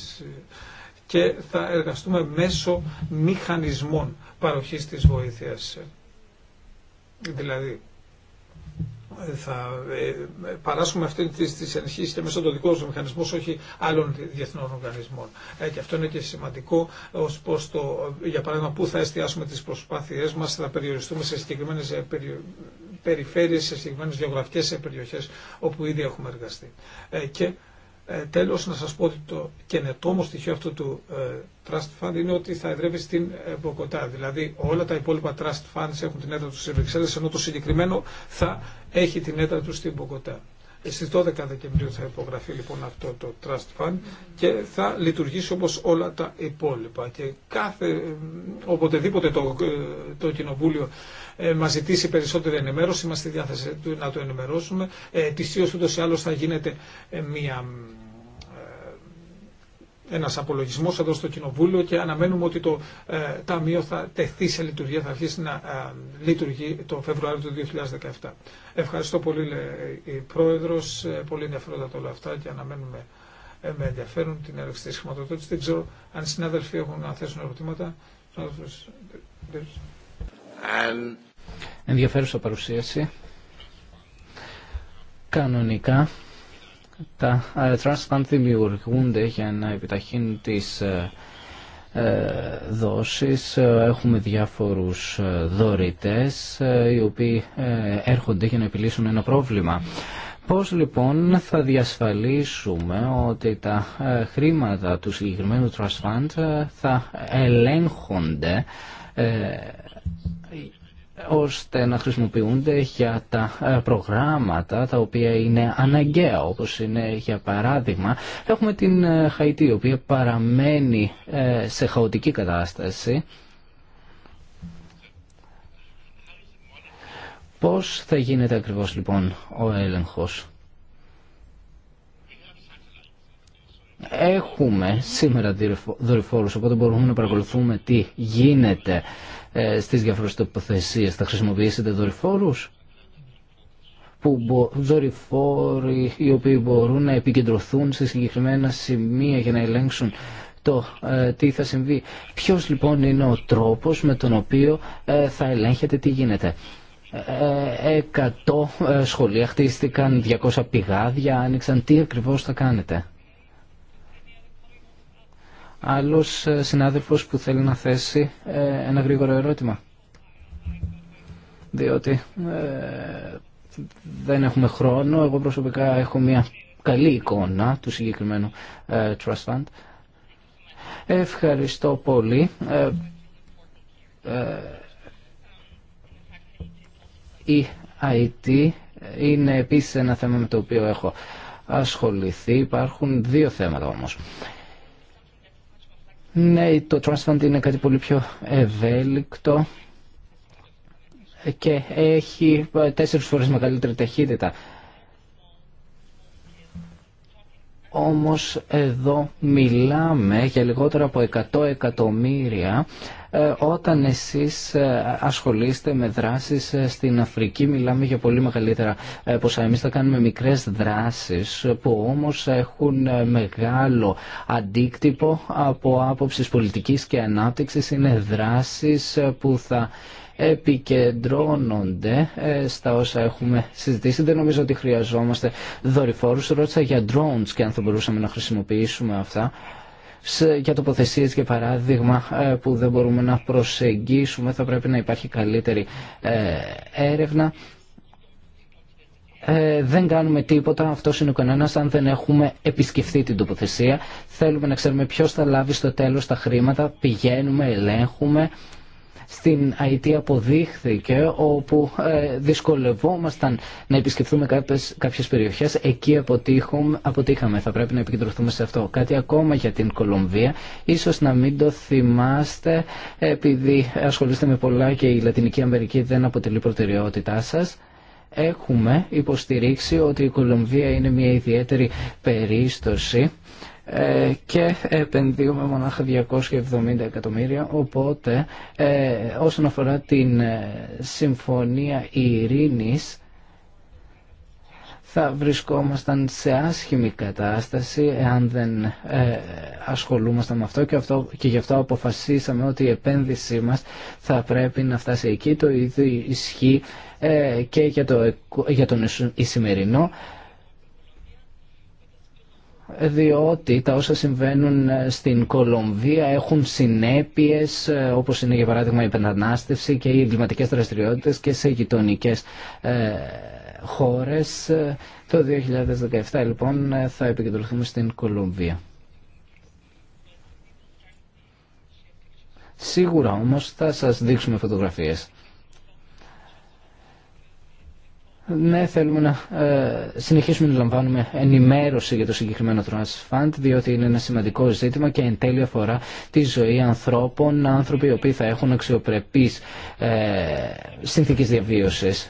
[SPEAKER 2] και θα εργαστούμε μέσω μηχανισμών παροχής της βοήθειας. Δηλαδή, θα ε, παράσχουμε αυτή τις ενισχύσεις και μέσω των δικών μας μηχανισμών, όχι άλλων διεθνών οργανισμών. Ε, και αυτό είναι και σημαντικό ως πως το, για παράδειγμα, πού θα εστιάσουμε τις προσπάθειές μας, θα περιοριστούμε σε συγκεκριμένες ε, περιφέρειες, σε συγκεκριμένες γεωγραφικές περιοχές όπου ήδη έχουμε εργαστεί. Και ε, Τέλο να σα πω ότι το καινοτόμο στοιχείο αυτού του ε, Trust Fund είναι ότι θα εδρεύει στην ε, Μποκοτά. Δηλαδή όλα τα υπόλοιπα Trust Funds έχουν την έδρα του στι Βρυξέλλε, ενώ το συγκεκριμένο θα έχει την έδρα του στην Μποκοτά. Στι 12 Δεκεμβρίου θα υπογραφεί λοιπόν αυτό το Trust Fund και θα λειτουργήσει όπω όλα τα υπόλοιπα. Και κάθε, οποτεδήποτε το, το Κοινοβούλιο ε, μας ζητήσει περισσότερη ενημέρωση, είμαστε στη διάθεση να το ενημερώσουμε. Ε, Τησίως ούτω ή άλλω θα γίνεται μια ένας απολογισμός εδώ στο Κοινοβούλιο και αναμένουμε ότι το ε, Ταμείο θα τεθεί σε λειτουργία, θα αρχίσει να ε, λειτουργεί το Φεβρουάριο του 2017. Ευχαριστώ πολύ, λέει, η Πρόεδρος, ε, πολύ ενδιαφέροντα όλα αυτά και αναμένουμε ε, με ενδιαφέρον την έρευνση τη χρηματοδότηση. Δεν ξέρω αν οι συνάδελφοι έχουν να θέσουν ερωτήματα.
[SPEAKER 3] Ενδιαφέρουσα παρουσίαση. Κανονικά τα trust fund δημιουργούνται για να επιταχύνουν τις ε, ε, δόσεις. Ε, έχουμε διάφορους δωρητές οι οποίοι έρχονται για να επιλύσουν ένα πρόβλημα. Πώς λοιπόν θα διασφαλίσουμε ότι τα χρήματα του συγκεκριμένου Trust Fund θα ελέγχονται ώστε να χρησιμοποιούνται για τα ε, προγράμματα τα οποία είναι αναγκαία όπως είναι για παράδειγμα έχουμε την ε, Χαϊτή η οποία παραμένει ε, σε χαοτική κατάσταση Πώς θα γίνεται ακριβώς λοιπόν ο έλεγχος Έχουμε σήμερα δορυφόρους, οπότε μπορούμε να παρακολουθούμε τι γίνεται ε, στις διάφορες τοποθεσίες. Θα χρησιμοποιήσετε δορυφόρους που δορυφόροι οι οποίοι μπορούν να επικεντρωθούν σε συγκεκριμένα σημεία για να ελέγξουν το ε, τι θα συμβεί. Ποιος λοιπόν είναι ο τρόπος με τον οποίο ε, θα ελέγχετε τι γίνεται. 100 σχολεία χτίστηκαν, 200 πηγάδια άνοιξαν. Τι ακριβώς θα κάνετε άλλος ε, συνάδελφος που θέλει να θέσει ε, ένα γρήγορο ερώτημα. Διότι ε, δεν έχουμε χρόνο. Εγώ προσωπικά έχω μια καλή εικόνα του συγκεκριμένου ε, Trust Fund. Ευχαριστώ πολύ. Ε, η IT είναι επίσης ένα θέμα με το οποίο έχω ασχοληθεί. Υπάρχουν δύο θέματα όμως. Ναι, το Transplant είναι κάτι πολύ πιο ευέλικτο και έχει ε, τέσσερις φορές μεγαλύτερη ταχύτητα. Όμως εδώ μιλάμε για λιγότερο από 100 εκατομμύρια ε, όταν εσείς ε, ασχολείστε με δράσεις ε, στην Αφρική μιλάμε για πολύ μεγαλύτερα ποσά. Εμείς θα κάνουμε μικρές δράσεις που όμως έχουν μεγάλο αντίκτυπο από άποψης πολιτικής και ανάπτυξης. Είναι δράσεις που θα επικεντρώνονται στα όσα έχουμε συζητήσει. Δεν νομίζω ότι χρειαζόμαστε δορυφόρους. Ρώτησα για drones και αν θα μπορούσαμε να χρησιμοποιήσουμε αυτά για τοποθεσίες για παράδειγμα ε, που δεν μπορούμε να προσεγγίσουμε θα πρέπει να υπάρχει καλύτερη ε, έρευνα ε, δεν κάνουμε τίποτα, αυτό είναι ο κανένα, αν δεν έχουμε επισκεφθεί την τοποθεσία. Θέλουμε να ξέρουμε ποιο θα λάβει στο τέλο τα χρήματα, πηγαίνουμε, ελέγχουμε στην Αιτία αποδείχθηκε όπου ε, δυσκολευόμασταν να επισκεφθούμε κάποιες, κάποιες περιοχές. Εκεί αποτύχαμε. Θα πρέπει να επικεντρωθούμε σε αυτό. Κάτι ακόμα για την Κολομβία. Ίσως να μην το θυμάστε επειδή ασχολείστε με πολλά και η Λατινική Αμερική δεν αποτελεί προτεραιότητά σας έχουμε υποστηρίξει ότι η Κολομβία είναι μια ιδιαίτερη περίστοση ε, και επενδύουμε μονάχα 270 εκατομμύρια οπότε ε, όσον αφορά την ε, συμφωνία ειρήνης θα βρισκόμασταν σε άσχημη κατάσταση εάν δεν ε, ασχολούμασταν με αυτό και, αυτό και γι' αυτό αποφασίσαμε ότι η επένδυσή μας θα πρέπει να φτάσει εκεί. Το ίδιο ισχύει ε, και για, το, για τον Ισημερινό διότι τα όσα συμβαίνουν ε, στην Κολομβία έχουν συνέπειες ε, όπως είναι για παράδειγμα η πεντανάστευση και οι εγκληματικές δραστηριότητες και σε γειτονικέ ε, χώρες. Το 2017 λοιπόν θα επικεντρωθούμε στην Κολομβία. Σίγουρα όμως θα σας δείξουμε φωτογραφίες. Ναι, θέλουμε να ε, συνεχίσουμε να λαμβάνουμε ενημέρωση για το συγκεκριμένο Trans Fund, διότι είναι ένα σημαντικό ζήτημα και εν τέλει αφορά τη ζωή ανθρώπων, άνθρωποι οι οποίοι θα έχουν αξιοπρεπείς ε, συνθήκες διαβίωσης.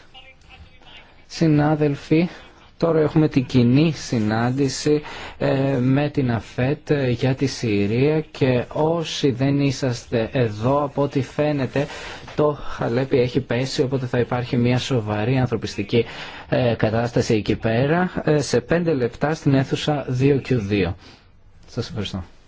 [SPEAKER 3] Συνάδελφοι, τώρα έχουμε την κοινή συνάντηση ε, με την ΑΦΕΤ για τη Συρία και όσοι δεν είσαστε εδώ από ό,τι φαίνεται το Χαλέπι έχει πέσει οπότε θα υπάρχει μια σοβαρή ανθρωπιστική ε, κατάσταση εκεί πέρα ε, σε 5 λεπτά στην αίθουσα 2Q2. Σας ευχαριστώ.